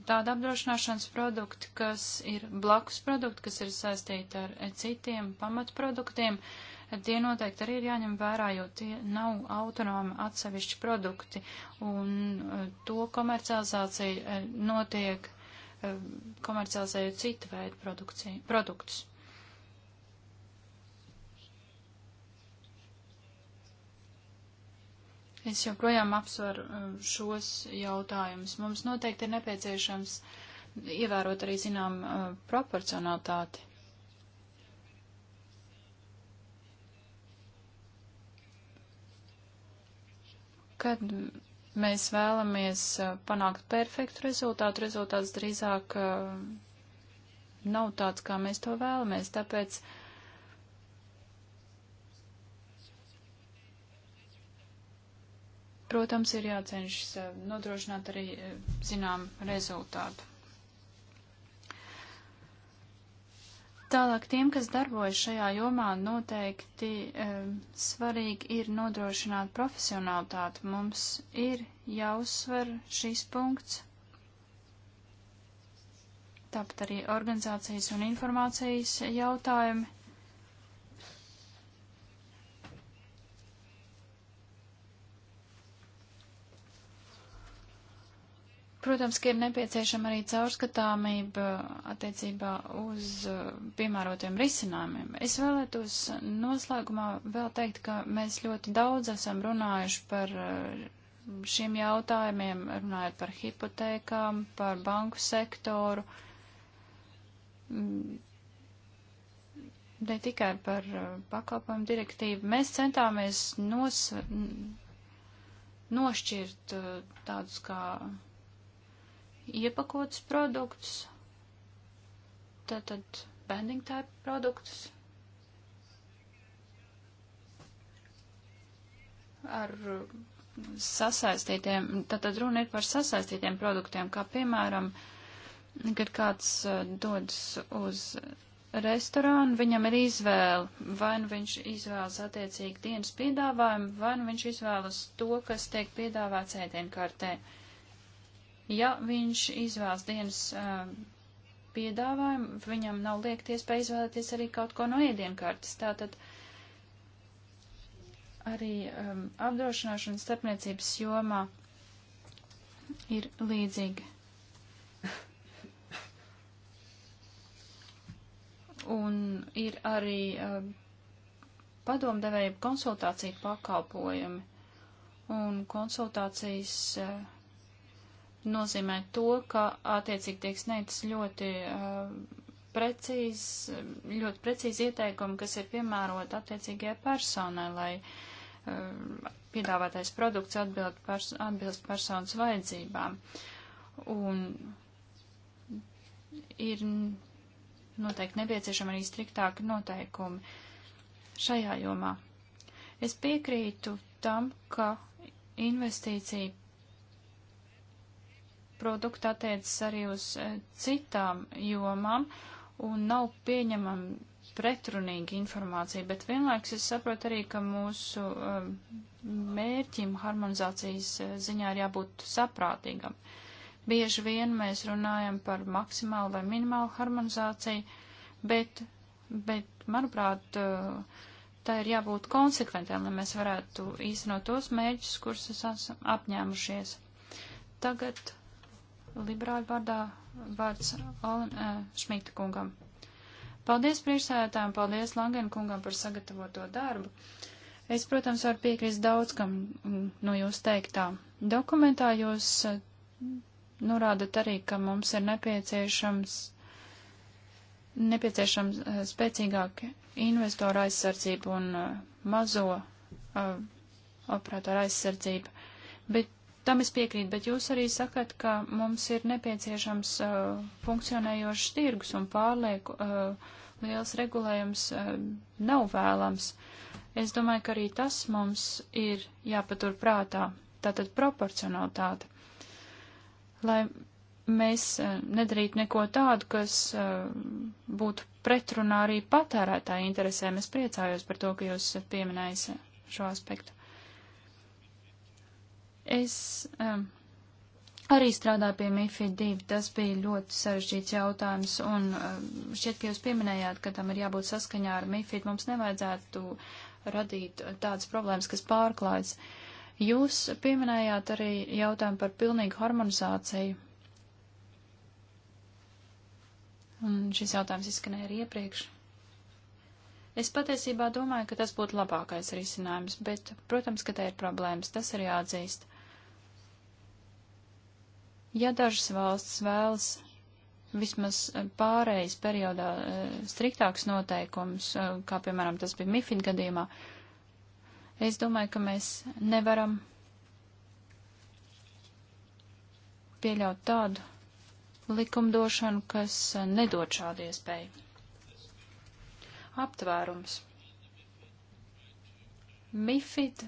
tāda apdrošināšanas produkti, kas ir blakus produkti, kas ir saistīti ar citiem pamatproduktiem. produktiem tie noteikti arī ir jāņem vērā, jo tie nav autonomi atsevišķi produkti, un eh, to komercializācija eh, notiek eh, komercializējot citu veidu produktus. Es joprojām apsveru šos jautājumus. Mums noteikti ir nepieciešams ievērot arī, zinām, proporcionalitāti. Kad mēs vēlamies uh, panākt perfektu rezultātu, rezultāts drīzāk uh, nav tāds, kā mēs to vēlamies. Tāpēc Protams, ir jācenšas uh, nodrošināt arī zinām rezultātu. Tālāk tiem, kas darbojas šajā jomā, noteikti um, e, svarīgi ir nodrošināt profesionālitāti. Mums ir jāuzsver šis punkts. Tāpat arī organizācijas un informācijas jautājumi. Protams, ka ir nepieciešama arī caurskatāmība attiecībā uz uh, piemērotiem risinājumiem. Es vēlētos noslēgumā vēl teikt, ka mēs ļoti daudz esam runājuši par uh, šiem jautājumiem, runājot par hipotekām, par banku sektoru, mm, ne tikai par uh, pakalpojumu direktīvu. Mēs centāmies nos, nošķirt tādus kā iepakotus produktus, tātad bending type produktus ar sasaistītiem, tātad runa ir par sasaistītiem produktiem, kā piemēram, kad kāds dodas uz restorānu, viņam ir izvēle, vai nu viņš izvēlas attiecīgi dienas piedāvājumu, vai nu viņš izvēlas to, kas tiek piedāvāts ēdienkartē. Uh, Ja viņš izvēlas dienas uh, piedāvājumu, viņam nav liekt iespēja izvēlēties arī kaut ko no ēdienkartes. Tātad arī um, apdrošināšanas starpniecības jomā ir līdzīgi. Un ir arī um, padomdevēja konsultācija pakalpojumi un konsultācijas. Uh, nozīmē to, ka attiecīgi tiek sniegts ļoti uh, precīzi, ļoti precīzi ieteikumi, kas ir piemēroti attiecīgajai personai, lai uh, piedāvātais produkts atbild pers atbilst personas vajadzībām. Un ir noteikti nepieciešami arī striktāki noteikumi šajā jomā. Es piekrītu tam, ka investīcija produkti attiecas arī uz e, citām jomām un nav pieņemama pretrunīga informācija, bet vienlaiks es saprotu arī, ka mūsu e, mērķim harmonizācijas e, ziņā ir jābūt saprātīgam. Bieži vien mēs runājam par maksimālu vai minimālu harmonizāciju, bet, bet manuprāt, tā ir jābūt konsekventiem, lai mēs varētu īstenot tos mērķus, kurus esam apņēmušies. Tagad liberāļu vārdā vārds Olin uh, eh, Šmita kungam. Paldies priekšsēdētājiem, paldies Langen kungam par sagatavoto darbu. Es, protams, varu piekrist daudz, kam mm, no jūs teiktā. Dokumentā jūs uh, norādat arī, ka mums ir nepieciešams nepieciešams uh, eh, spēcīgāka investora aizsardzība un uh, mazo uh, operatora aizsardzība. Bet Tam es piekrītu, bet jūs arī sakat, ka mums ir nepieciešams uh, funkcionējošs tirgus un pārlieku uh, liels regulējums uh, nav vēlams. Es domāju, ka arī tas mums ir jāpatur prātā, tātad proporcionalitāte, lai mēs uh, nedarītu neko tādu, kas uh, būtu pretrunā arī patērētāju interesēm. Es priecājos par to, ka jūs uh, pieminējat uh, šo aspektu. Es um, arī strādāju pie MIFID 2, tas bija ļoti sarežģīts jautājums, un um, šķiet, ka jūs pieminējāt, ka tam ir jābūt saskaņā ar MIFID, mums nevajadzētu radīt tādas problēmas, kas pārklājas. Jūs pieminējāt arī jautājumu par pilnīgu harmonizāciju. Un šis jautājums izskanēja arī iepriekš. Es patiesībā domāju, ka tas būtu labākais risinājums, bet, protams, ka te ir problēmas, tas ir jāatzīst. Ja dažas valstis vēlas vismaz eh, pārējais periodā eh, striktāks noteikums, eh, kā piemēram tas bija Mifid gadījumā, es domāju, ka mēs nevaram pieļaut tādu likumdošanu, kas nedod šādu iespēju. Aptvērums. Mifid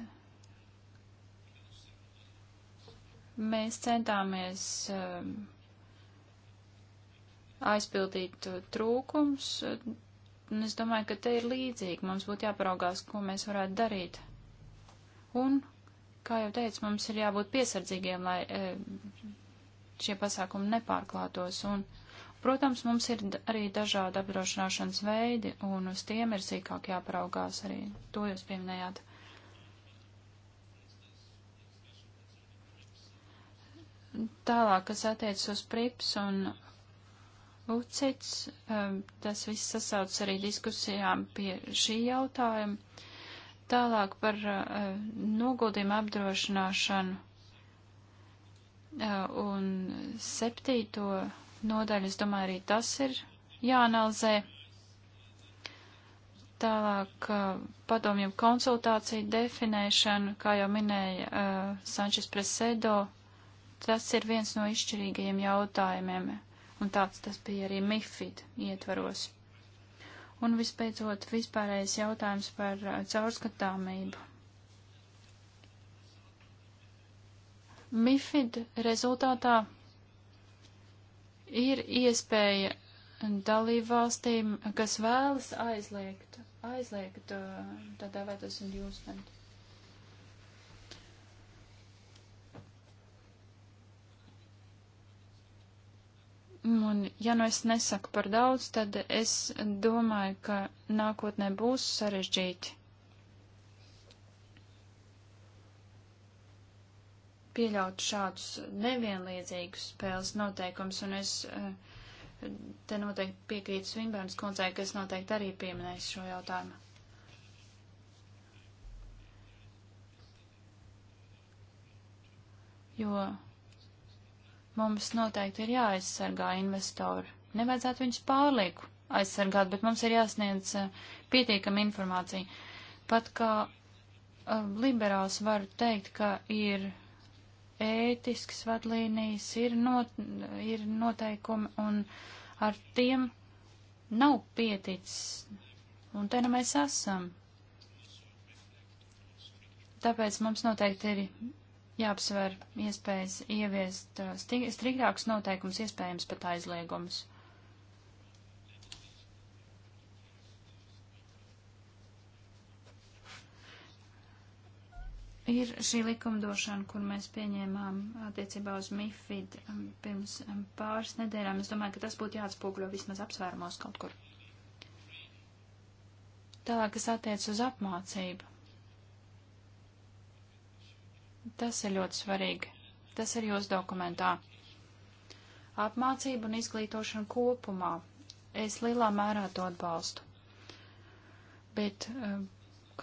Mēs centāmies um, aizpildīt trūkums, un es domāju, ka te ir līdzīgi. Mums būtu jāparaugās, ko mēs varētu darīt. Un, kā jau teicu, mums ir jābūt piesardzīgiem, lai eh, šie pasākumi nepārklātos. Un, protams, mums ir arī dažādi apdrošināšanas veidi, un uz tiem ir sīkāk jāparaugās arī. To jūs pieminējāt. Tālāk, kas attiecas uz prips un ucits, um, tas viss sasauc arī diskusijām pie šī jautājuma. Tālāk par uh, noguldījumu apdrošināšanu uh, un septīto nodaļu, es domāju, arī tas ir jāanalizē. Tālāk uh, padomju konsultāciju definēšanu, kā jau minēja uh, Sančes Presedo, tas ir viens no izšķirīgajiem jautājumiem, un tāds tas bija arī MIFID ietvaros. Un visbeidzot, vispārējais jautājums par uh, caurskatāmību. MIFID rezultātā ir iespēja dalībvalstīm, kas vēlas aizliegt, aizliegt tādā vai tas ir jūs. Bent. Un, ja nu es nesaku par daudz, tad es domāju, ka nākotnē būs sarežģīti. Pieļaut šādus nevienlīdzīgus spēles noteikumus, un es eh, te noteikti piekrītu Svinbērnas kundzei, ka es noteikti arī pieminēšu šo jautājumu. Jo Mums noteikti ir jāaizsargā investori. Nevajadzētu viņus pārlieku aizsargāt, bet mums ir jāsniedz eh, pietiekama informācija. Pat kā eh, liberāls var teikt, ka ir ētisks vadlīnijas, ir, not, ir noteikumi, un ar tiem nav pieticis. Un te nu mēs esam. Tāpēc mums noteikti ir jāapsver iespējas ieviest uh, striktākus noteikumus, iespējams pat aizliegumus. Ir šī likumdošana, kur mēs pieņēmām attiecībā uz MIFID um, pirms um, pāris nedēļām. Es domāju, ka tas būtu jāatspūgļo vismaz apsvērumos kaut kur. Tālāk, kas attiec uz apmācību. Tas ir ļoti svarīgi. Tas ir jūsu dokumentā. Apmācība un izglītošana kopumā. Es lielā mērā to atbalstu. Bet, eh,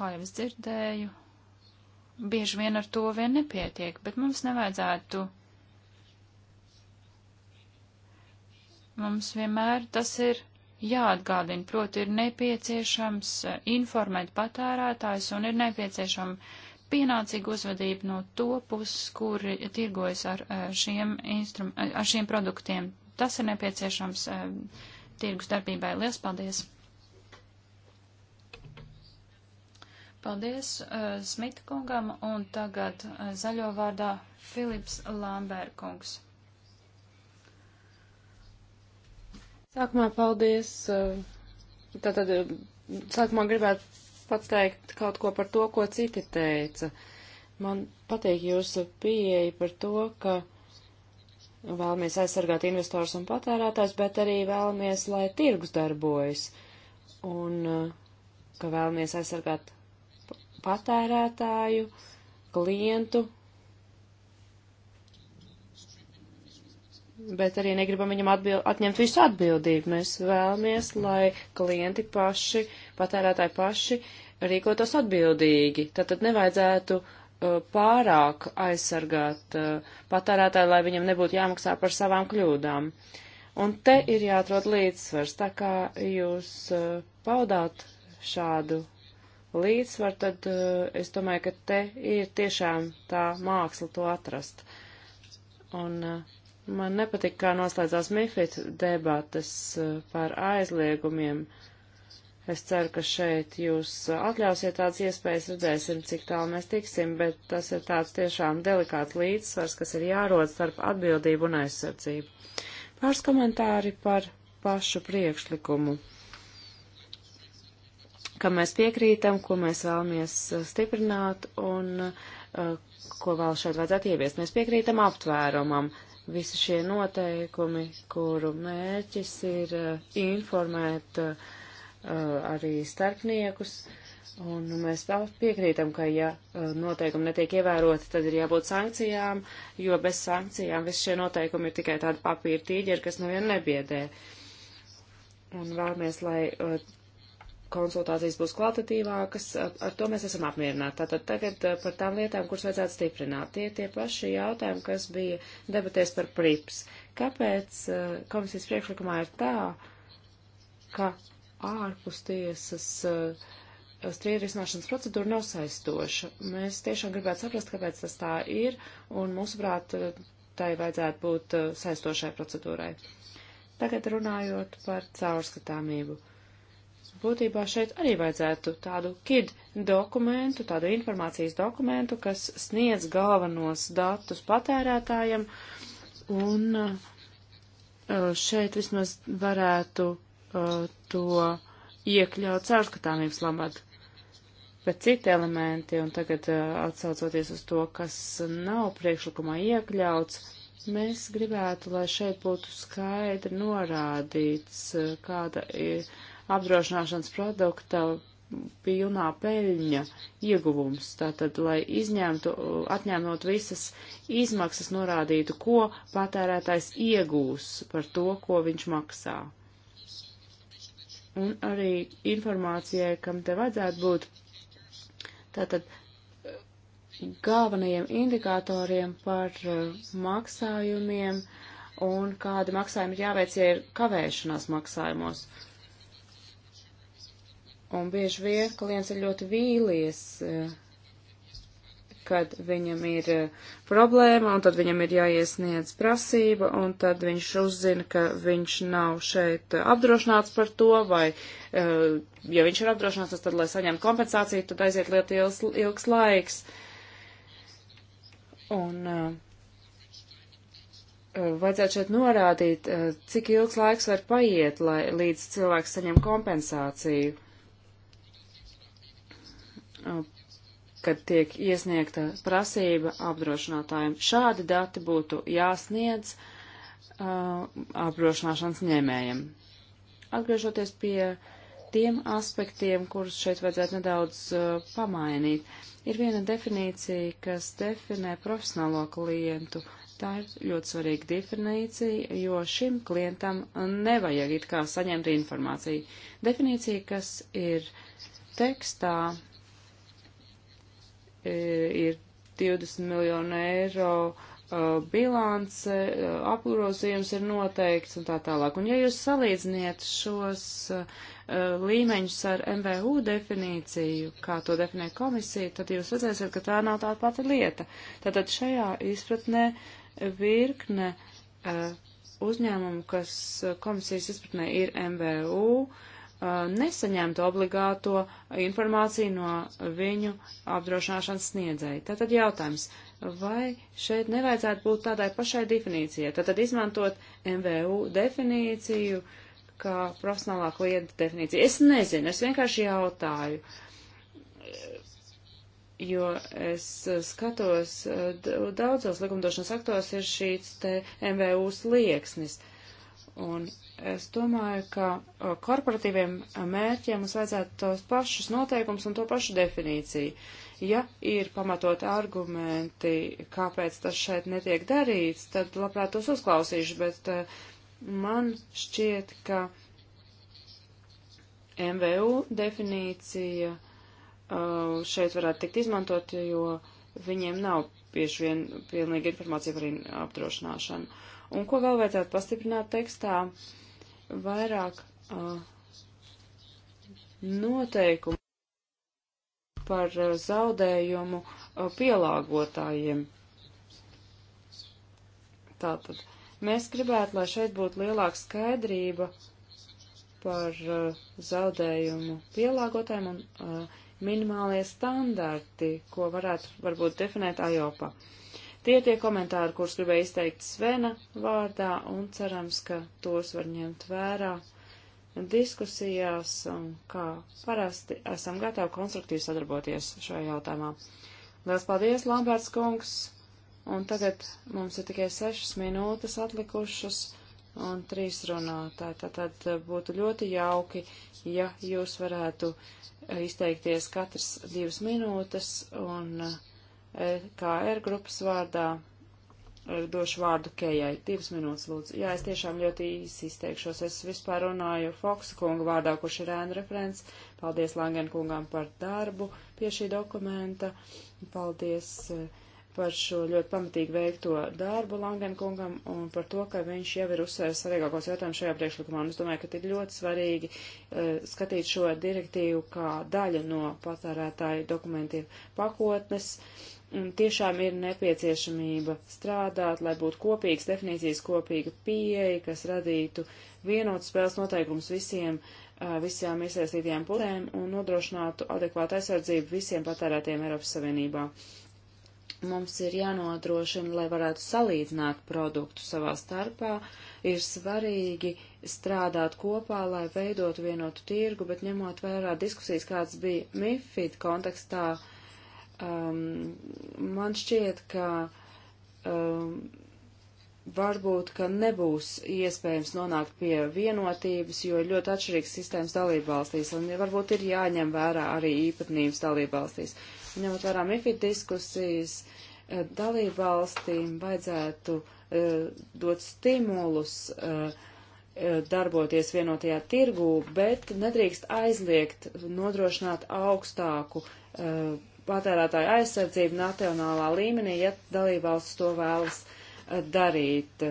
kā jau es dzirdēju, bieži vien ar to vien nepietiek, bet mums nevajadzētu. Mums vienmēr tas ir jāatgādina, proti ir nepieciešams eh, informēt patērētājs un ir nepieciešama pienācīgu uzvedību no to puses, kuri tirgojas ar eh, šiem, instrum, eh, ar šiem produktiem. Tas ir nepieciešams eh, tirgus darbībai. Lielas paldies! Paldies uh, Smita kungam un tagad uh, zaļo vārdā Filips Lambērkungs. Sākumā paldies. Uh, tātad sākumā gribētu pats teikt kaut ko par to, ko citi teica. Man patīk jūsu pieeja par to, ka vēlamies aizsargāt investors un patērētājs, bet arī vēlamies, lai tirgus darbojas un ka vēlamies aizsargāt patērētāju, klientu, Bet arī negribam viņam atbild, atņemt visu atbildību. Mēs vēlamies, lai klienti paši patērētāji paši rīkotos atbildīgi. Tātad nevajadzētu uh, pārāk aizsargāt uh, patērētāju, lai viņam nebūtu jāmaksā par savām kļūdām. Un te ir jāatrod līdzsvars. Tā kā jūs uh, paudāt šādu līdzsvaru, tad es domāju, ka te ir tiešām tā māksla to atrast. Un man nepatika, kā noslēdzās MIFID debatas par aizliegumiem. Uh, Es ceru, ka šeit jūs atļausiet tādas iespējas, redzēsim, cik tālu mēs tiksim, bet tas ir tāds tiešām delikāts līdzsvars, kas ir jārod starp atbildību un aizsardzību. Pāris komentāri par pašu priekšlikumu. Kam mēs piekrītam, ko mēs vēlamies uh, stiprināt un uh, ko vēl šeit vajadzētu ieviest. Mēs piekrītam aptvērumam, visi šie noteikumi, kuru mērķis ir uh, informēt uh, Uh, arī starpniekus. Un mēs piekrītam, ka ja uh, noteikumi netiek ievēroti, tad ir jābūt sankcijām, jo bez sankcijām visi šie noteikumi ir tikai tāda papīra tīģeri, kas nevienu nu nebiedē. Un vēlamies, lai uh, konsultācijas būs kvalitatīvākas, ar to mēs esam apmierināti. Tātad tagad par tām lietām, kuras vajadzētu stiprināt. Tie tie paši jautājumi, kas bija debatēs par prips. Kāpēc komisijas priekšlikumā ir tā, ka ārpus tiesas eh, strīdu risināšanas procedūra nav saistoša. Mēs tiešām gribētu saprast, kāpēc tas tā ir, un mūsuprāt, tai vajadzētu būt eh, saistošai procedūrai. Tagad runājot par caurskatāmību. Būtībā šeit arī vajadzētu tādu KID dokumentu, tādu informācijas dokumentu, kas sniedz galvenos datus patērētājiem, un eh, šeit vismaz varētu Uh, to iekļaut caurskatāmības labad. Bet citi elementi, un tagad uh, atsaucoties uz to, kas nav priekšlikumā iekļauts, mēs gribētu, lai šeit būtu skaidri norādīts, uh, kāda ir apdrošināšanas produkta pilnā peļņa ieguvums. Tātad, lai izņemtu, atņemot visas izmaksas, norādītu, ko patērētājs iegūs par to, ko viņš maksā un arī informācijai, kam te vajadzētu būt. Tātad eh, galvenajiem indikatoriem par eh, maksājumiem un kādi maksājumi ir jāveic, ja ir kavēšanās maksājumos. Un bieži vien klients ir ļoti vīlies. Uh, kad viņam ir eh, problēma, un tad viņam ir jāiesniedz prasība, un tad viņš uzzina, ka viņš nav šeit apdrošināts par to, vai, eh, ja viņš ir apdrošināts, tad, lai saņemtu kompensāciju, tad aiziet lieta ilgs, ilgs laiks. Un eh, vajadzētu šeit norādīt, cik ilgs laiks var paiet, lai līdz cilvēks saņem kompensāciju kad tiek iesniegta prasība apdrošinātājiem. Šādi dati būtu jāsniedz uh, apdrošināšanas ņēmējiem. Atgriežoties pie tiem aspektiem, kurus šeit vajadzētu nedaudz uh, pamainīt, ir viena definīcija, kas definē profesionālo klientu. Tā ir ļoti svarīga definīcija, jo šim klientam nevajag it kā saņemt informāciju. Definīcija, kas ir tekstā, E, ir 20 miljonu eiro e, bilance, e, apgrozījums ir noteikts un tā tālāk. Un ja jūs salīdziniet šos uh, līmeņus ar MVU definīciju, kā to definē komisija, tad jūs redzēsiet, ka tā nav tā pati lieta. Tātad šajā izpratnē virkne uh, uzņēmumu, kas komisijas izpratnē ir MVU, uh, Uh, nesaņemtu obligāto informāciju no viņu apdrošināšanas sniedzēja. Tātad jautājums, vai šeit nevajadzētu būt tādai pašai definīcijai? Tātad izmantot MVU definīciju kā profesionālā klienta definīciju. Es nezinu, es vienkārši jautāju, jo es skatos, daudzos likumdošanas aktos ir šīs te MVU slieksnis. Uh, Un es domāju, ka korporatīviem mērķiem mums vajadzētu tos pašus noteikumus un to pašu definīciju. Ja ir pamatot argumenti, kāpēc tas šeit netiek darīts, tad labprāt tos uzklausīšu, bet e, man šķiet, ka MVU definīcija šeit varētu tikt izmantot, jo viņiem nav bieži vien pilnīga informācija par apdrošināšanu. Un ko vēl vajadzētu pastiprināt tekstā? Vairāk uh, noteikumu par uh, zaudējumu uh, pielāgotājiem. Tātad mēs gribētu, lai šeit būtu lielāka skaidrība par uh, zaudējumu pielāgotājiem un uh, minimālie standarti, ko varētu varbūt definēt AJOPA. Uh, Tie tie komentāri, kurus gribēju izteikt Svena vārdā, un cerams, ka tos var ņemt vērā diskusijās, un kā parasti esam gatavi konstruktīvi sadarboties šajā jautājumā. Lielas paldies, Lamberts kungs! Un tagad mums ir tikai sešas minūtes atlikušas un trīs runātāji. Tātad eh, būtu ļoti jauki, ja jūs varētu eh, izteikties katrs divas minūtes un uh, E KR grupas vārdā došu vārdu Kejai. Divas minūtes, lūdzu. Jā, es tiešām ļoti īsi izteikšos. Es vispār runāju Foksa kunga vārdā, kurš ir ēna referents. Paldies Langen kungām par darbu pie šī dokumenta. Paldies eh, par šo ļoti pamatīgi veikto darbu Langen kungam un par to, ka viņš jau ir uzsvērs svarīgākos jautājumus šajā priekšlikumā. Un es domāju, ka ir ļoti svarīgi uh, skatīt šo direktīvu kā daļu no patērētāju dokumentiem pakotnes. Uh, Un tiešām ir nepieciešamība strādāt, lai būtu kopīgas definīcijas, kopīga pieeja, kas radītu vienotu spēles noteikumus visiem, visām iesaistītajām pusēm un nodrošinātu adekvātu aizsardzību visiem patērētiem Eiropas Savienībā. Mums ir jānodrošina, lai varētu salīdzināt produktu savā starpā, ir svarīgi strādāt kopā, lai veidot vienotu tirgu, bet ņemot vērā diskusijas, kāds bija MIFID kontekstā, uh, um, man šķiet, ka um, varbūt, ka nebūs iespējams nonākt pie vienotības, jo ir ļoti atšķirīgs sistēmas dalībvalstīs, un varbūt ir jāņem vērā arī īpatnības dalībvalstīs. Ņemot vērā MIFID diskusijas, eh, dalībvalstīm vajadzētu uh, dot stimulus uh, darboties vienotajā tirgū, bet nedrīkst aizliegt nodrošināt augstāku uh, patērētāju aizsardzību nacionālā līmenī, ja dalībvalsts to vēlas eh, darīt.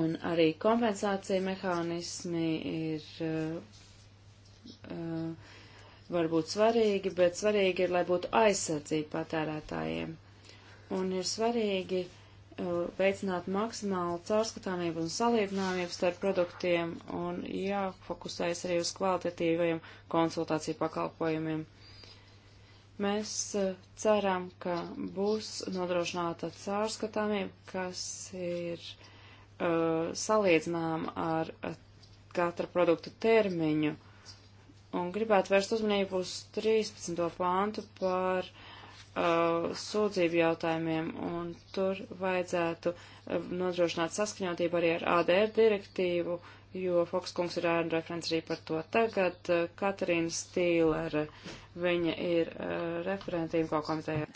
Un arī kompensācija mehānismi ir uh, varbūt svarīgi, bet svarīgi ir, lai būtu aizsardzība patērētājiem. Un ir svarīgi uh, veicināt maksimālu caurskatāmību un salīdzināmību starp produktiem un jāfokusējas arī uz kvalitatīviem konsultāciju pakalpojumiem. Uh, Mēs eh, ceram, ka būs nodrošināta caurskatāmība, kas ir uh, eh, salīdzināma ar eh, katra produkta termiņu. Un gribētu vērst uzmanību uz 13. pāntu par uh, sūdzību jautājumiem, un tur vajadzētu nodrošināt saskaņotību arī ar ADR direktīvu, uh, jo Fokskungs ir ārnu referents arī par to. Tagad Katrīna Stīlere, viņa ir uh, referentīm ko komitējā.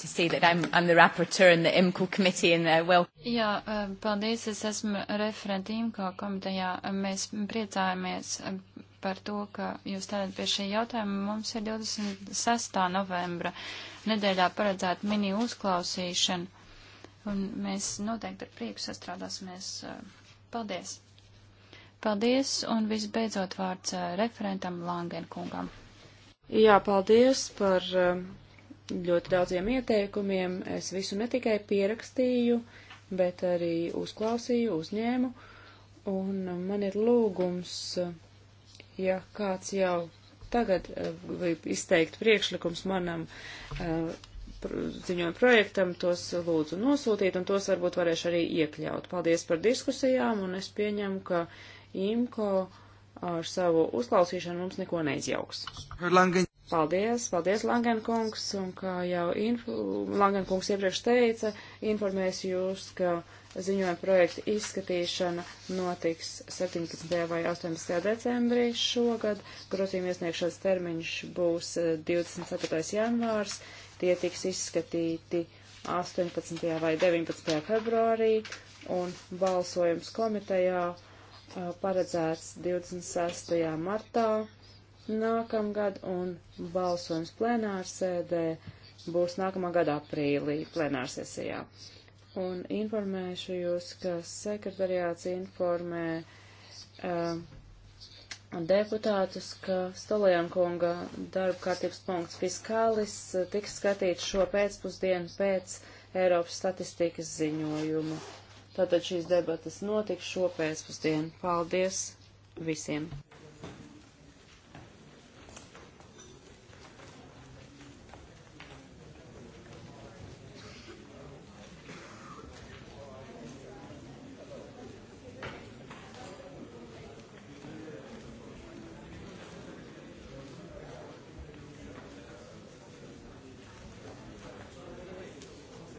Well... Jā, paldies, es esmu referentīm ko komitējā. Mēs priecājamies par to, ka jūs tādāt pie šī jautājuma. Mums ir 26. novembra nedēļā paredzēta mini uzklausīšana, un mēs noteikti ar prieku sastrādāsimies. Paldies! Paldies, un visbeidzot vārds eh, referentam Langenkungam. Jā, paldies par eh, ļoti daudziem ieteikumiem. Es visu ne tikai pierakstīju, bet arī uzklausīju, uzņēmu. Un man ir lūgums, eh, ja kāds jau tagad izteikt priekšlikums manam ziņojuma projektam, tos lūdzu nosūtīt, un tos varbūt varēšu arī iekļaut. Paldies par diskusijām, un es pieņemu, ka IMCO ar savu uzklausīšanu mums neko neizjauks. Langen. Paldies, paldies, Langenkungs, un kā jau info, Langenkungs iepriekš teica, informēs jūs, ka ziņojuma projekta izskatīšana notiks 17. vai 18. decembrī šogad. Grozījuma iesniegšanas termiņš būs 24. Eh, janvārs. Tie tiks izskatīti 18. vai 19. februārī, un balsojums komitejā paredzēts 26. martā nākamgad, un balsojums plenārsēdē būs nākamā gada aprīlī plenārsesijā. Un informēšu jūs, ka sekretariāts informē uh, deputātus, ka Stolajankunga darba kārtības punkts fiskālis tiks skatīts šo pēcpusdienu pēc Eiropas statistikas ziņojuma. Tātad šīs debatas notiks šo pēcpusdienu. Paldies visiem!